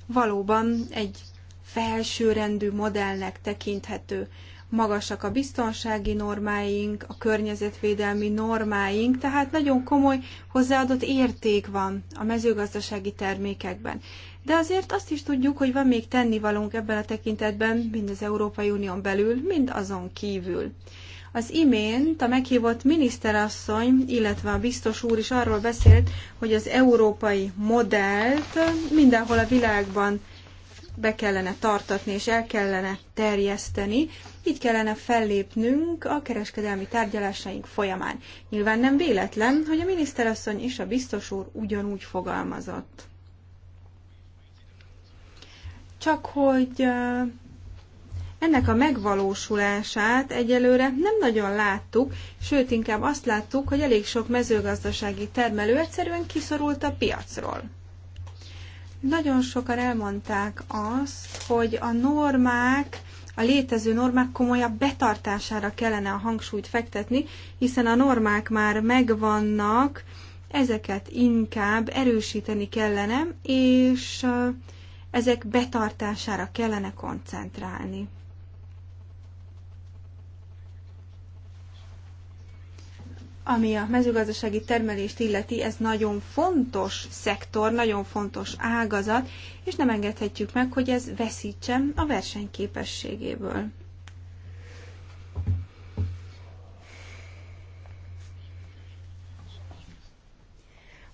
S2: valóban egy felsőrendű modellnek tekinthető. Magasak a biztonsági normáink, a környezetvédelmi normáink, tehát nagyon komoly hozzáadott érték van a mezőgazdasági termékekben. De azért azt is tudjuk, hogy van még tennivalónk ebben a tekintetben, mind az Európai Unión belül, mind azon kívül. Az imént a meghívott miniszterasszony, illetve a biztos úr is arról beszélt, hogy az európai modellt mindenhol a világban be kellene tartatni és el kellene terjeszteni, így kellene fellépnünk a kereskedelmi tárgyalásaink folyamán. Nyilván nem véletlen, hogy a miniszterasszony és a biztos úr ugyanúgy fogalmazott. Csak hogy ennek a megvalósulását egyelőre nem nagyon láttuk, sőt inkább azt láttuk, hogy elég sok mezőgazdasági termelő egyszerűen kiszorult a piacról. Nagyon sokan elmondták azt, hogy a normák, a létező normák komolyabb betartására kellene a hangsúlyt fektetni, hiszen a normák már megvannak, ezeket inkább erősíteni kellene, és ezek betartására kellene koncentrálni. Ami a mezőgazdasági termelést illeti, ez nagyon fontos szektor, nagyon fontos ágazat, és nem engedhetjük meg, hogy ez veszítsen a versenyképességéből.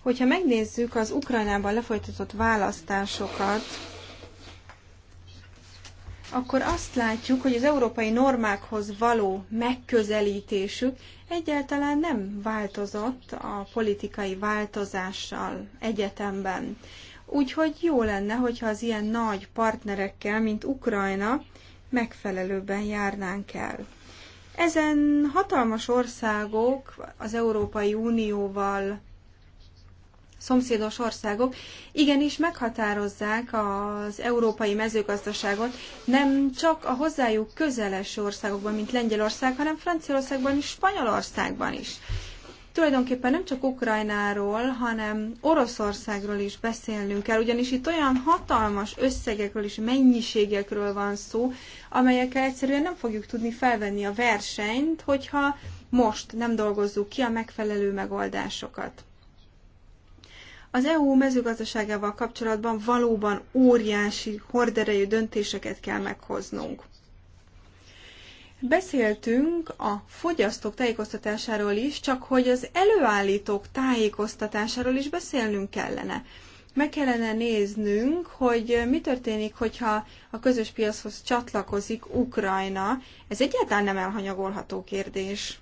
S2: Hogyha megnézzük az Ukrajnában lefolytatott választásokat, akkor azt látjuk, hogy az európai normákhoz való megközelítésük egyáltalán nem változott a politikai változással egyetemben. Úgyhogy jó lenne, hogyha az ilyen nagy partnerekkel, mint Ukrajna, megfelelőben járnánk el. Ezen hatalmas országok az Európai Unióval szomszédos országok igenis meghatározzák az európai mezőgazdaságot nem csak a hozzájuk közeles országokban, mint Lengyelország, hanem Franciaországban és Spanyolországban is. Tulajdonképpen nem csak Ukrajnáról, hanem Oroszországról is beszélnünk kell, ugyanis itt olyan hatalmas összegekről és mennyiségekről van szó, amelyekkel egyszerűen nem fogjuk tudni felvenni a versenyt, hogyha most nem dolgozzuk ki a megfelelő megoldásokat. Az EU mezőgazdaságával kapcsolatban valóban óriási horderejű döntéseket kell meghoznunk. Beszéltünk a fogyasztók tájékoztatásáról is, csak hogy az előállítók tájékoztatásáról is beszélnünk kellene. Meg kellene néznünk, hogy mi történik, hogyha a közös piachoz csatlakozik Ukrajna. Ez egyáltalán nem elhanyagolható kérdés.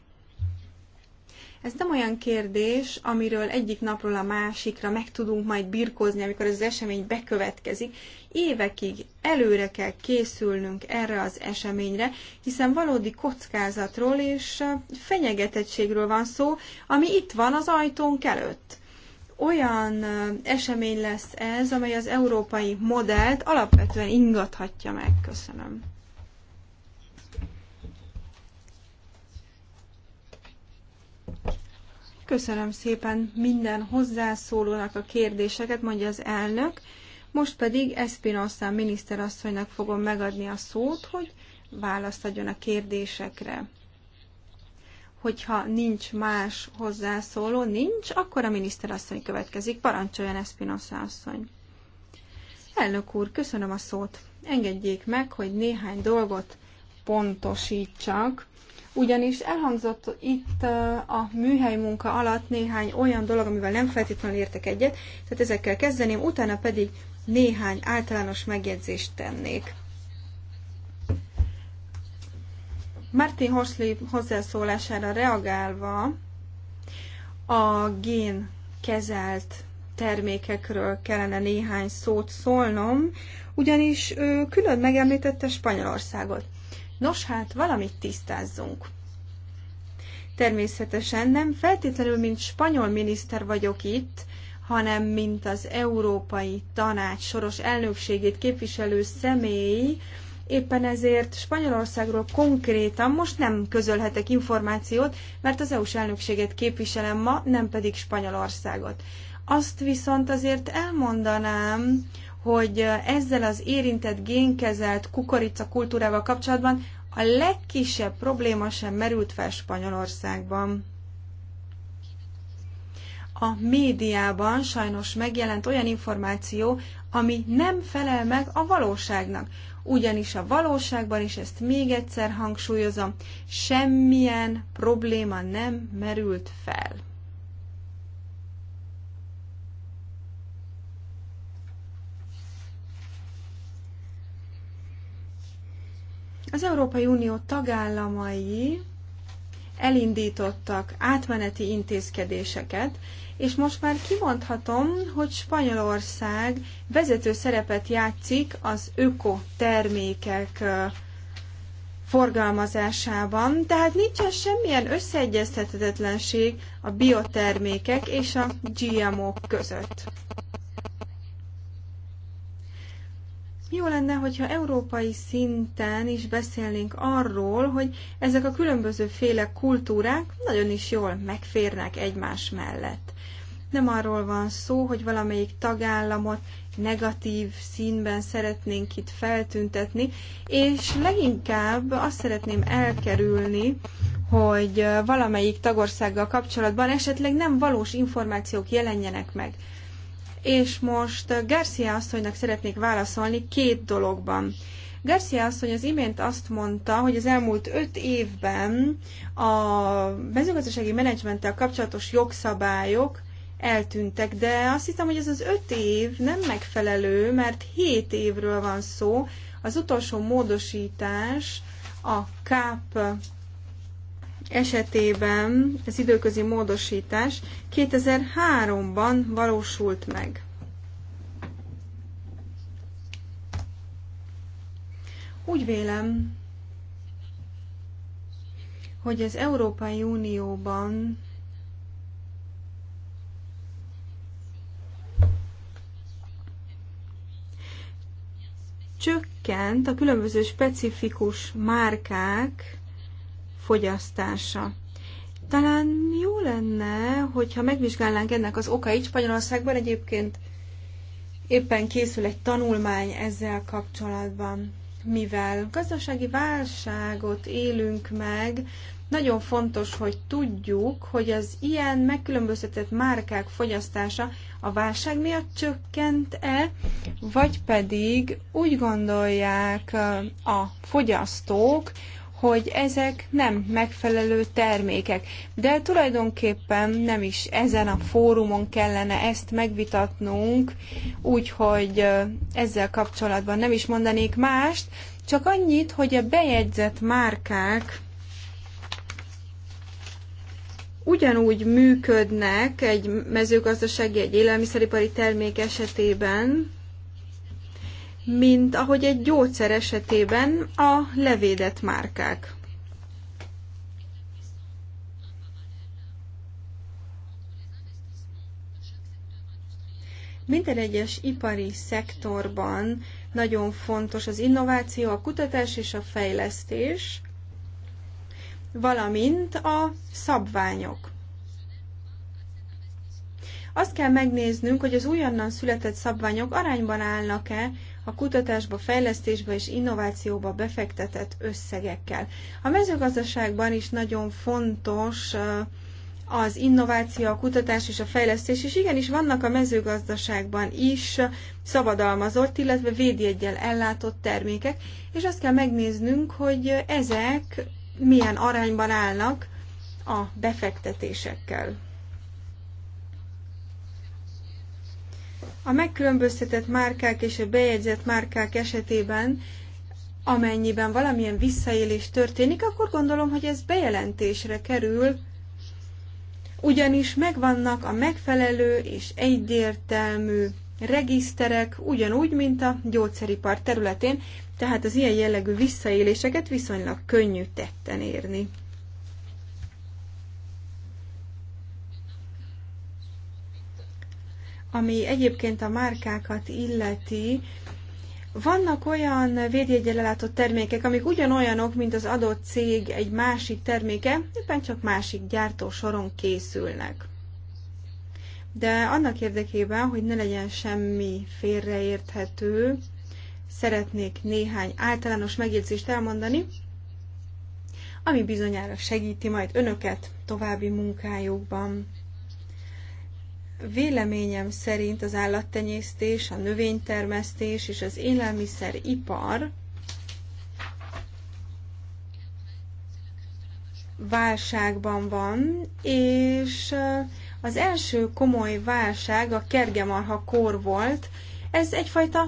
S2: Ez nem olyan kérdés, amiről egyik napról a másikra meg tudunk majd birkózni, amikor az esemény bekövetkezik. Évekig előre kell készülnünk erre az eseményre, hiszen valódi kockázatról és fenyegetettségről van szó, ami itt van az ajtónk előtt olyan esemény lesz ez, amely az európai modellt alapvetően ingathatja meg. Köszönöm. Köszönöm szépen minden hozzászólónak a kérdéseket, mondja az elnök. Most pedig Espinosa miniszterasszonynak fogom megadni a szót, hogy választ adjon a kérdésekre. Hogyha nincs más hozzászóló, nincs, akkor a miniszterasszony következik. Parancsoljon Espinosa asszony. Elnök úr, köszönöm a szót. Engedjék meg, hogy néhány dolgot pontosítsak ugyanis elhangzott itt a műhely munka alatt néhány olyan dolog, amivel nem feltétlenül értek egyet, tehát ezekkel kezdeném, utána pedig néhány általános megjegyzést tennék. Martin Horsley hozzászólására reagálva a gén kezelt termékekről kellene néhány szót szólnom, ugyanis ő külön megemlítette Spanyolországot. Nos hát, valamit tisztázzunk. Természetesen nem feltétlenül, mint spanyol miniszter vagyok itt, hanem mint az Európai Tanács soros elnökségét képviselő személy, éppen ezért Spanyolországról konkrétan most nem közölhetek információt, mert az EU-s elnökséget képviselem ma, nem pedig Spanyolországot. Azt viszont azért elmondanám, hogy ezzel az érintett génkezelt kukorica kultúrával kapcsolatban a legkisebb probléma sem merült fel Spanyolországban. A médiában sajnos megjelent olyan információ, ami nem felel meg a valóságnak. Ugyanis a valóságban, és ezt még egyszer hangsúlyozom, semmilyen probléma nem merült fel. Az Európai Unió tagállamai elindítottak átmeneti intézkedéseket, és most már kimondhatom, hogy Spanyolország vezető szerepet játszik az ökotermékek forgalmazásában, tehát nincsen semmilyen összeegyeztethetetlenség a biotermékek és a GMO-k között. Jó lenne, hogyha európai szinten is beszélnénk arról, hogy ezek a különböző féle kultúrák nagyon is jól megférnek egymás mellett. Nem arról van szó, hogy valamelyik tagállamot negatív színben szeretnénk itt feltüntetni, és leginkább azt szeretném elkerülni, hogy valamelyik tagországgal kapcsolatban esetleg nem valós információk jelenjenek meg és most Garcia asszonynak szeretnék válaszolni két dologban. Garcia asszony az imént azt mondta, hogy az elmúlt öt évben a mezőgazdasági menedzsmenttel kapcsolatos jogszabályok eltűntek, de azt hiszem, hogy ez az öt év nem megfelelő, mert hét évről van szó. Az utolsó módosítás a KAP esetében az időközi módosítás 2003-ban valósult meg. Úgy vélem, hogy az Európai Unióban csökkent a különböző specifikus márkák fogyasztása. Talán jó lenne, hogyha megvizsgálnánk ennek az okait. Spanyolországban egyébként éppen készül egy tanulmány ezzel kapcsolatban. Mivel gazdasági válságot élünk meg, nagyon fontos, hogy tudjuk, hogy az ilyen megkülönböztetett márkák fogyasztása a válság miatt csökkent-e, vagy pedig úgy gondolják a fogyasztók, hogy ezek nem megfelelő termékek. De tulajdonképpen nem is ezen a fórumon kellene ezt megvitatnunk, úgyhogy ezzel kapcsolatban nem is mondanék mást, csak annyit, hogy a bejegyzett márkák ugyanúgy működnek egy mezőgazdasági, egy élelmiszeripari termék esetében, mint ahogy egy gyógyszer esetében a levédett márkák. Minden egyes ipari szektorban nagyon fontos az innováció, a kutatás és a fejlesztés, valamint a szabványok. Azt kell megnéznünk, hogy az újonnan született szabványok arányban állnak-e a kutatásba, fejlesztésbe és innovációba befektetett összegekkel. A mezőgazdaságban is nagyon fontos az innováció, a kutatás és a fejlesztés, és igenis vannak a mezőgazdaságban is szabadalmazott, illetve védjegyel ellátott termékek, és azt kell megnéznünk, hogy ezek milyen arányban állnak a befektetésekkel. A megkülönböztetett márkák és a bejegyzett márkák esetében, amennyiben valamilyen visszaélés történik, akkor gondolom, hogy ez bejelentésre kerül, ugyanis megvannak a megfelelő és egyértelmű regiszterek, ugyanúgy, mint a gyógyszeripar területén, tehát az ilyen jellegű visszaéléseket viszonylag könnyű tetten érni. ami egyébként a márkákat illeti, vannak olyan védjegyel ellátott termékek, amik ugyanolyanok, mint az adott cég egy másik terméke, éppen csak másik gyártó készülnek. De annak érdekében, hogy ne legyen semmi félreérthető, szeretnék néhány általános megjegyzést elmondani, ami bizonyára segíti majd önöket további munkájukban. Véleményem szerint az állattenyésztés, a növénytermesztés és az élelmiszeripar válságban van, és uh, az első komoly válság a kergemarha kor volt. Ez egyfajta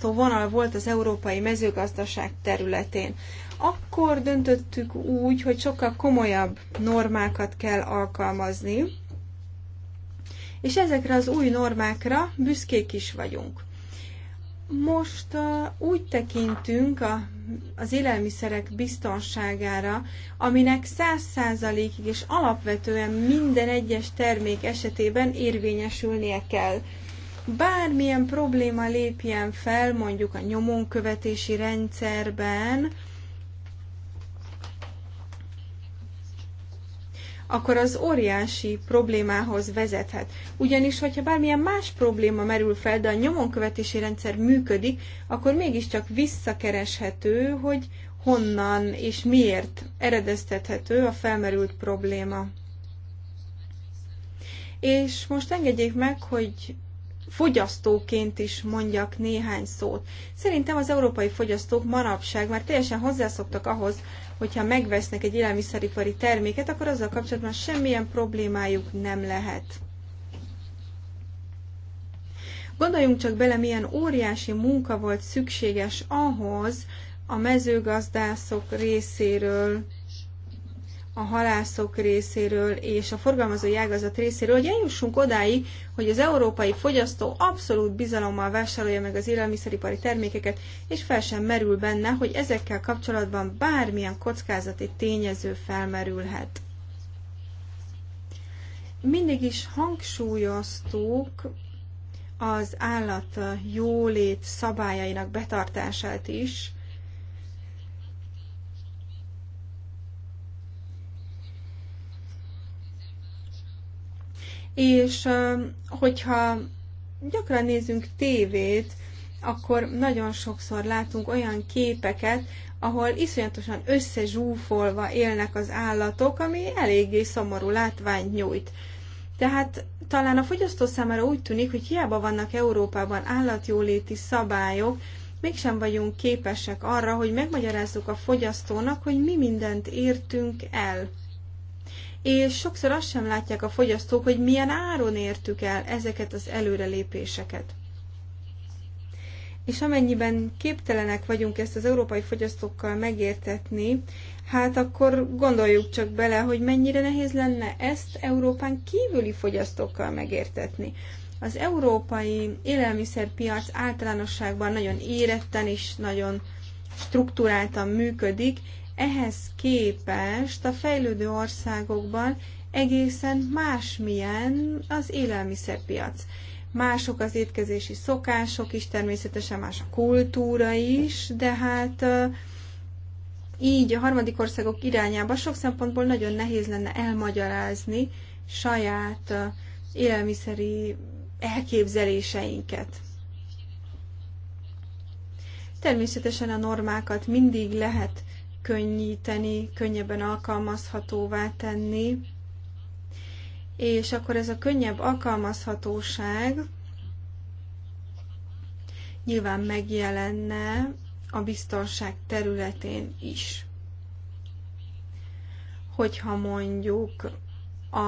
S2: vonal volt az európai mezőgazdaság területén. Akkor döntöttük úgy, hogy sokkal komolyabb normákat kell alkalmazni, és ezekre az új normákra büszkék is vagyunk. Most úgy tekintünk a, az élelmiszerek biztonságára, aminek száz százalékig és alapvetően minden egyes termék esetében érvényesülnie kell. Bármilyen probléma lépjen fel, mondjuk a nyomonkövetési rendszerben, akkor az óriási problémához vezethet. Ugyanis, hogyha bármilyen más probléma merül fel, de a nyomonkövetési rendszer működik, akkor mégiscsak visszakereshető, hogy honnan és miért eredeztethető a felmerült probléma. És most engedjék meg, hogy fogyasztóként is mondjak néhány szót. Szerintem az európai fogyasztók manapság már teljesen hozzászoktak ahhoz, hogyha megvesznek egy élelmiszeripari terméket, akkor azzal kapcsolatban semmilyen problémájuk nem lehet. Gondoljunk csak bele, milyen óriási munka volt szükséges ahhoz a mezőgazdászok részéről, a halászok részéről és a forgalmazói ágazat részéről, hogy eljussunk odáig, hogy az európai fogyasztó abszolút bizalommal vásárolja meg az élelmiszeripari termékeket, és fel sem merül benne, hogy ezekkel kapcsolatban bármilyen kockázati tényező felmerülhet. Mindig is hangsúlyoztuk az állat jólét szabályainak betartását is, és hogyha gyakran nézünk tévét, akkor nagyon sokszor látunk olyan képeket, ahol iszonyatosan összezsúfolva élnek az állatok, ami eléggé szomorú látványt nyújt. Tehát talán a fogyasztó számára úgy tűnik, hogy hiába vannak Európában állatjóléti szabályok, mégsem vagyunk képesek arra, hogy megmagyarázzuk a fogyasztónak, hogy mi mindent értünk el és sokszor azt sem látják a fogyasztók, hogy milyen áron értük el ezeket az előrelépéseket. És amennyiben képtelenek vagyunk ezt az európai fogyasztókkal megértetni, hát akkor gondoljuk csak bele, hogy mennyire nehéz lenne ezt Európán kívüli fogyasztókkal megértetni. Az európai élelmiszerpiac általánosságban nagyon éretten és nagyon struktúráltan működik, ehhez képest a fejlődő országokban egészen másmilyen az élelmiszerpiac. Mások az étkezési szokások is, természetesen más a kultúra is, de hát így a harmadik országok irányába sok szempontból nagyon nehéz lenne elmagyarázni saját élelmiszeri elképzeléseinket. Természetesen a normákat mindig lehet könnyíteni, könnyebben alkalmazhatóvá tenni, és akkor ez a könnyebb alkalmazhatóság nyilván megjelenne a biztonság területén is. Hogyha mondjuk a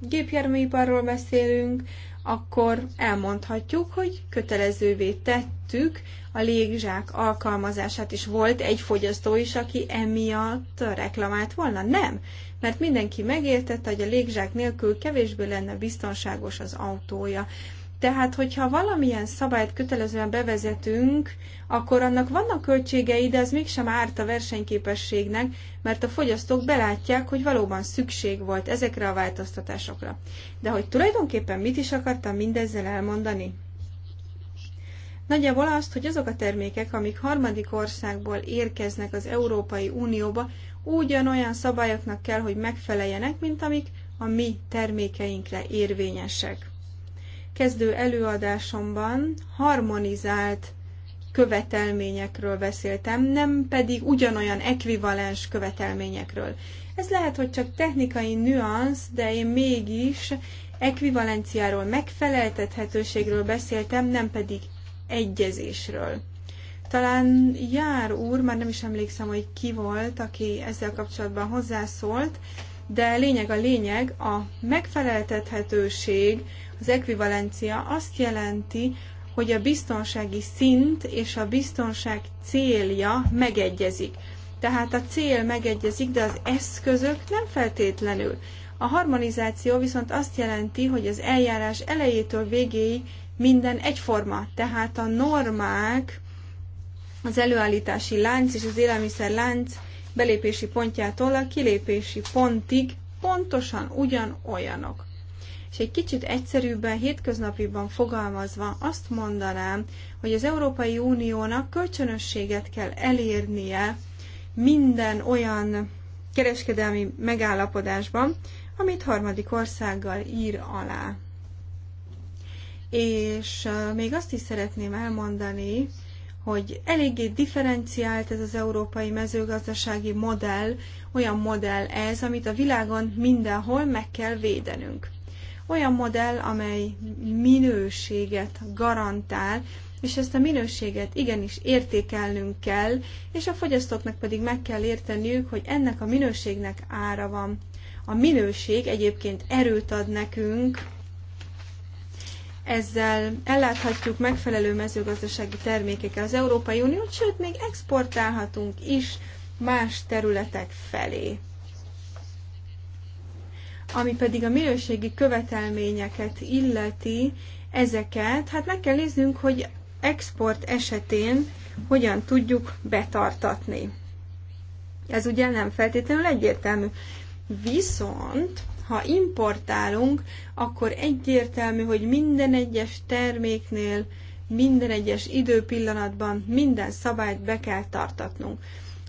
S2: gépjárműiparról beszélünk, akkor elmondhatjuk, hogy kötelezővé tettük a légzsák alkalmazását, és volt egy fogyasztó is, aki emiatt reklamált volna. Nem, mert mindenki megértette, hogy a légzsák nélkül kevésbé lenne biztonságos az autója. Tehát, hogyha valamilyen szabályt kötelezően bevezetünk, akkor annak vannak költségei, de ez mégsem árt a versenyképességnek, mert a fogyasztók belátják, hogy valóban szükség volt ezekre a változtatásokra. De hogy tulajdonképpen mit is akartam mindezzel elmondani? Nagyjából azt, hogy azok a termékek, amik harmadik országból érkeznek az Európai Unióba, ugyanolyan szabályoknak kell, hogy megfeleljenek, mint amik a mi termékeinkre érvényesek kezdő előadásomban harmonizált követelményekről beszéltem, nem pedig ugyanolyan ekvivalens követelményekről. Ez lehet, hogy csak technikai nüansz, de én mégis ekvivalenciáról, megfeleltethetőségről beszéltem, nem pedig egyezésről. Talán Jár úr, már nem is emlékszem, hogy ki volt, aki ezzel kapcsolatban hozzászólt, de lényeg a lényeg, a megfeleltethetőség az ekvivalencia azt jelenti, hogy a biztonsági szint és a biztonság célja megegyezik. Tehát a cél megegyezik, de az eszközök nem feltétlenül. A harmonizáció viszont azt jelenti, hogy az eljárás elejétől végéig minden egyforma, tehát a normák, az előállítási lánc és az élelmiszer lánc belépési pontjától a kilépési pontig pontosan ugyanolyanok és egy kicsit egyszerűbben, hétköznapiban fogalmazva azt mondanám, hogy az Európai Uniónak kölcsönösséget kell elérnie minden olyan kereskedelmi megállapodásban, amit harmadik országgal ír alá. És még azt is szeretném elmondani, hogy eléggé differenciált ez az európai mezőgazdasági modell, olyan modell ez, amit a világon mindenhol meg kell védenünk olyan modell, amely minőséget garantál, és ezt a minőséget igenis értékelnünk kell, és a fogyasztóknak pedig meg kell érteniük, hogy ennek a minőségnek ára van. A minőség egyébként erőt ad nekünk, ezzel elláthatjuk megfelelő mezőgazdasági termékekkel az Európai Uniót, sőt, még exportálhatunk is más területek felé. Ami pedig a minőségi követelményeket illeti, ezeket, hát meg kell néznünk, hogy export esetén hogyan tudjuk betartatni. Ez ugye nem feltétlenül egyértelmű. Viszont, ha importálunk, akkor egyértelmű, hogy minden egyes terméknél, minden egyes időpillanatban minden szabályt be kell tartatnunk.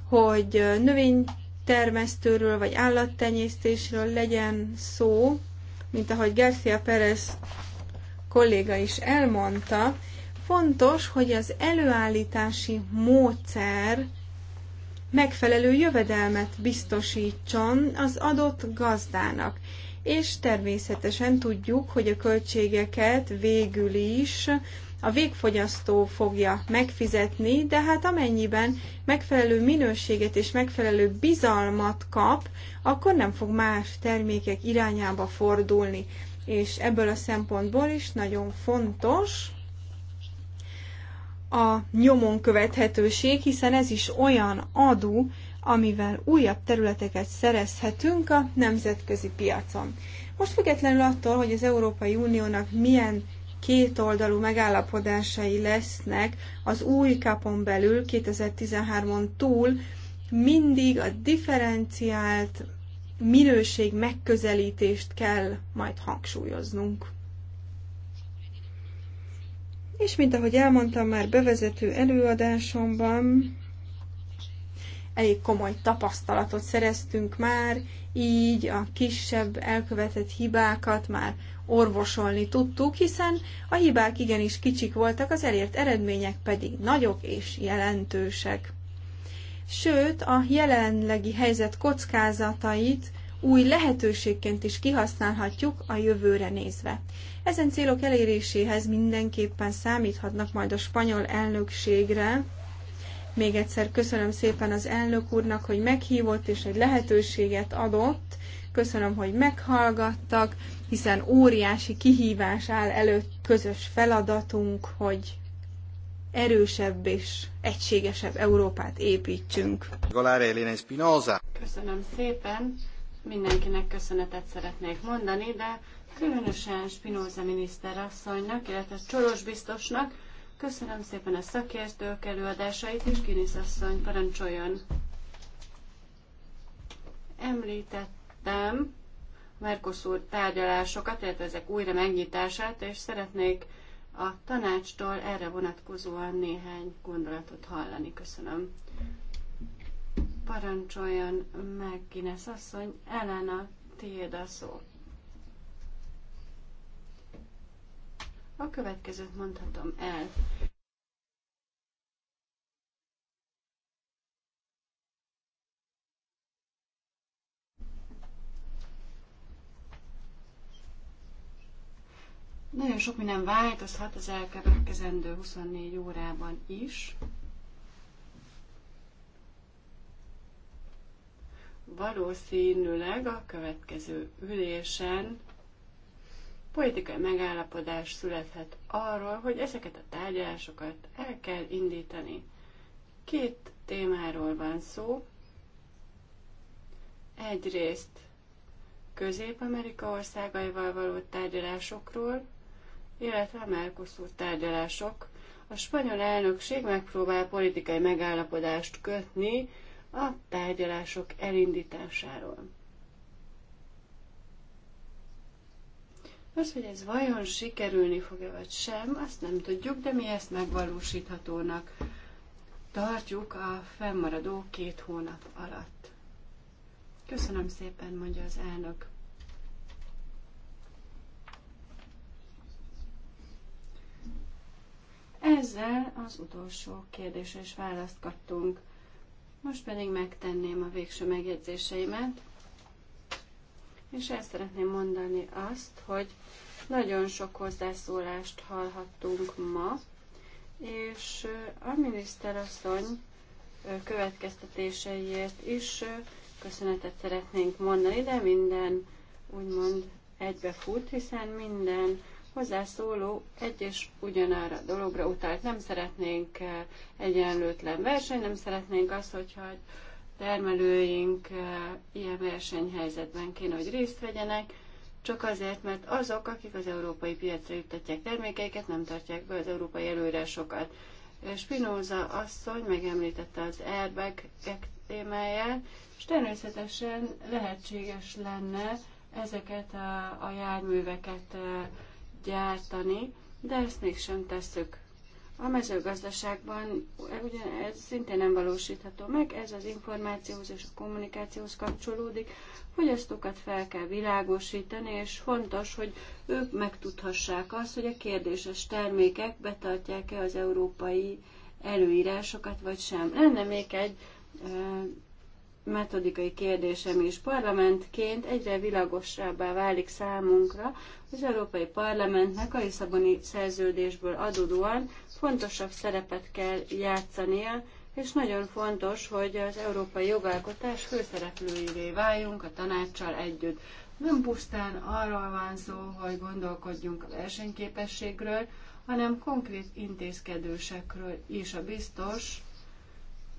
S2: Hogy növény termesztőről vagy állattenyésztésről legyen szó, mint ahogy Garcia Perez kolléga is elmondta, fontos, hogy az előállítási módszer megfelelő jövedelmet biztosítson az adott gazdának. És természetesen tudjuk, hogy a költségeket végül is a végfogyasztó fogja megfizetni, de hát amennyiben megfelelő minőséget és megfelelő bizalmat kap, akkor nem fog más termékek irányába fordulni. És ebből a szempontból is nagyon fontos a nyomon követhetőség, hiszen ez is olyan adó, amivel újabb területeket szerezhetünk a nemzetközi piacon. Most függetlenül attól, hogy az Európai Uniónak milyen kétoldalú megállapodásai lesznek az új kapon belül 2013-on túl, mindig a differenciált minőség megközelítést kell majd hangsúlyoznunk. És mint ahogy elmondtam már bevezető előadásomban, elég komoly tapasztalatot szereztünk már, így a kisebb elkövetett hibákat már orvosolni tudtuk, hiszen a hibák igenis kicsik voltak, az elért eredmények pedig nagyok és jelentősek. Sőt, a jelenlegi helyzet kockázatait új lehetőségként is kihasználhatjuk a jövőre nézve. Ezen célok eléréséhez mindenképpen számíthatnak majd a spanyol elnökségre. Még egyszer köszönöm szépen az elnök úrnak, hogy meghívott és egy lehetőséget adott, köszönöm, hogy meghallgattak, hiszen óriási kihívás áll előtt közös feladatunk, hogy erősebb és egységesebb Európát építsünk.
S3: Köszönöm szépen, mindenkinek köszönetet szeretnék mondani, de különösen Spinoza asszonynak illetve Csoros biztosnak, Köszönöm szépen a szakértők előadásait, és Kinisz asszony, parancsoljon! Említett követtem a Mercosur tárgyalásokat, illetve ezek újra megnyitását, és szeretnék a tanácstól erre vonatkozóan néhány gondolatot hallani. Köszönöm. Parancsoljon meg, Kinesz asszony, Elena, tiéd a szó. A következőt mondhatom el. Nagyon sok minden változhat az elkövetkezendő 24 órában is. Valószínűleg a következő ülésen politikai megállapodás születhet arról, hogy ezeket a tárgyalásokat el kell indítani. Két témáról van szó. Egyrészt Közép-Amerika országaival való tárgyalásokról, illetve a Mercosur tárgyalások. A spanyol elnökség megpróbál politikai megállapodást kötni a tárgyalások elindításáról. Az, hogy ez vajon sikerülni fog-e vagy sem, azt nem tudjuk, de mi ezt megvalósíthatónak tartjuk a fennmaradó két hónap alatt. Köszönöm szépen, mondja az elnök. Ezzel az utolsó kérdésre is választ kaptunk. Most pedig megtenném a végső megjegyzéseimet, és el szeretném mondani azt, hogy nagyon sok hozzászólást hallhattunk ma, és a miniszterasszony következtetéseiért is köszönetet szeretnénk mondani, de minden úgymond egybefut, hiszen minden hozzászóló egy és ugyanára dologra utalt. Nem szeretnénk eh, egyenlőtlen versenyt, nem szeretnénk azt, hogyha termelőink eh, ilyen versenyhelyzetben kéne, hogy részt vegyenek, csak azért, mert azok, akik az európai piacra juttatják termékeiket, nem tartják be az európai előírásokat. Eh, Spinoza asszony megemlítette az airbag témáját, és természetesen lehetséges lenne ezeket a, a járműveket gyártani, de ezt mégsem tesszük. A mezőgazdaságban ugyan ez szintén nem valósítható meg, ez az információhoz és a kommunikációhoz kapcsolódik, hogy eztokat fel kell világosítani, és fontos, hogy ők megtudhassák azt, hogy a kérdéses termékek betartják-e az európai előírásokat, vagy sem. Lenne még egy metodikai kérdésem is. Parlamentként egyre világosabbá válik számunkra, az Európai Parlamentnek a Lisszaboni szerződésből adódóan fontosabb szerepet kell játszania, és nagyon fontos, hogy az európai jogalkotás főszereplőivé váljunk a tanácssal együtt. Nem pusztán arról van szó, hogy gondolkodjunk a versenyképességről, hanem konkrét intézkedésekről is a biztos,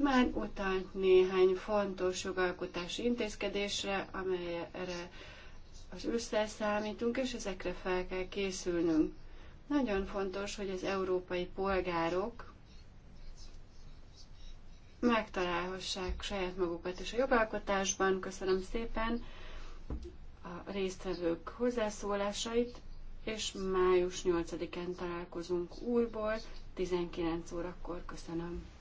S3: már utalt néhány fontos jogalkotási intézkedésre, amelyre az ősszel számítunk, és ezekre fel kell készülnünk. Nagyon fontos, hogy az európai polgárok megtalálhassák saját magukat is a jogalkotásban. Köszönöm szépen a résztvevők hozzászólásait, és május 8-án találkozunk újból, 19 órakor. Köszönöm.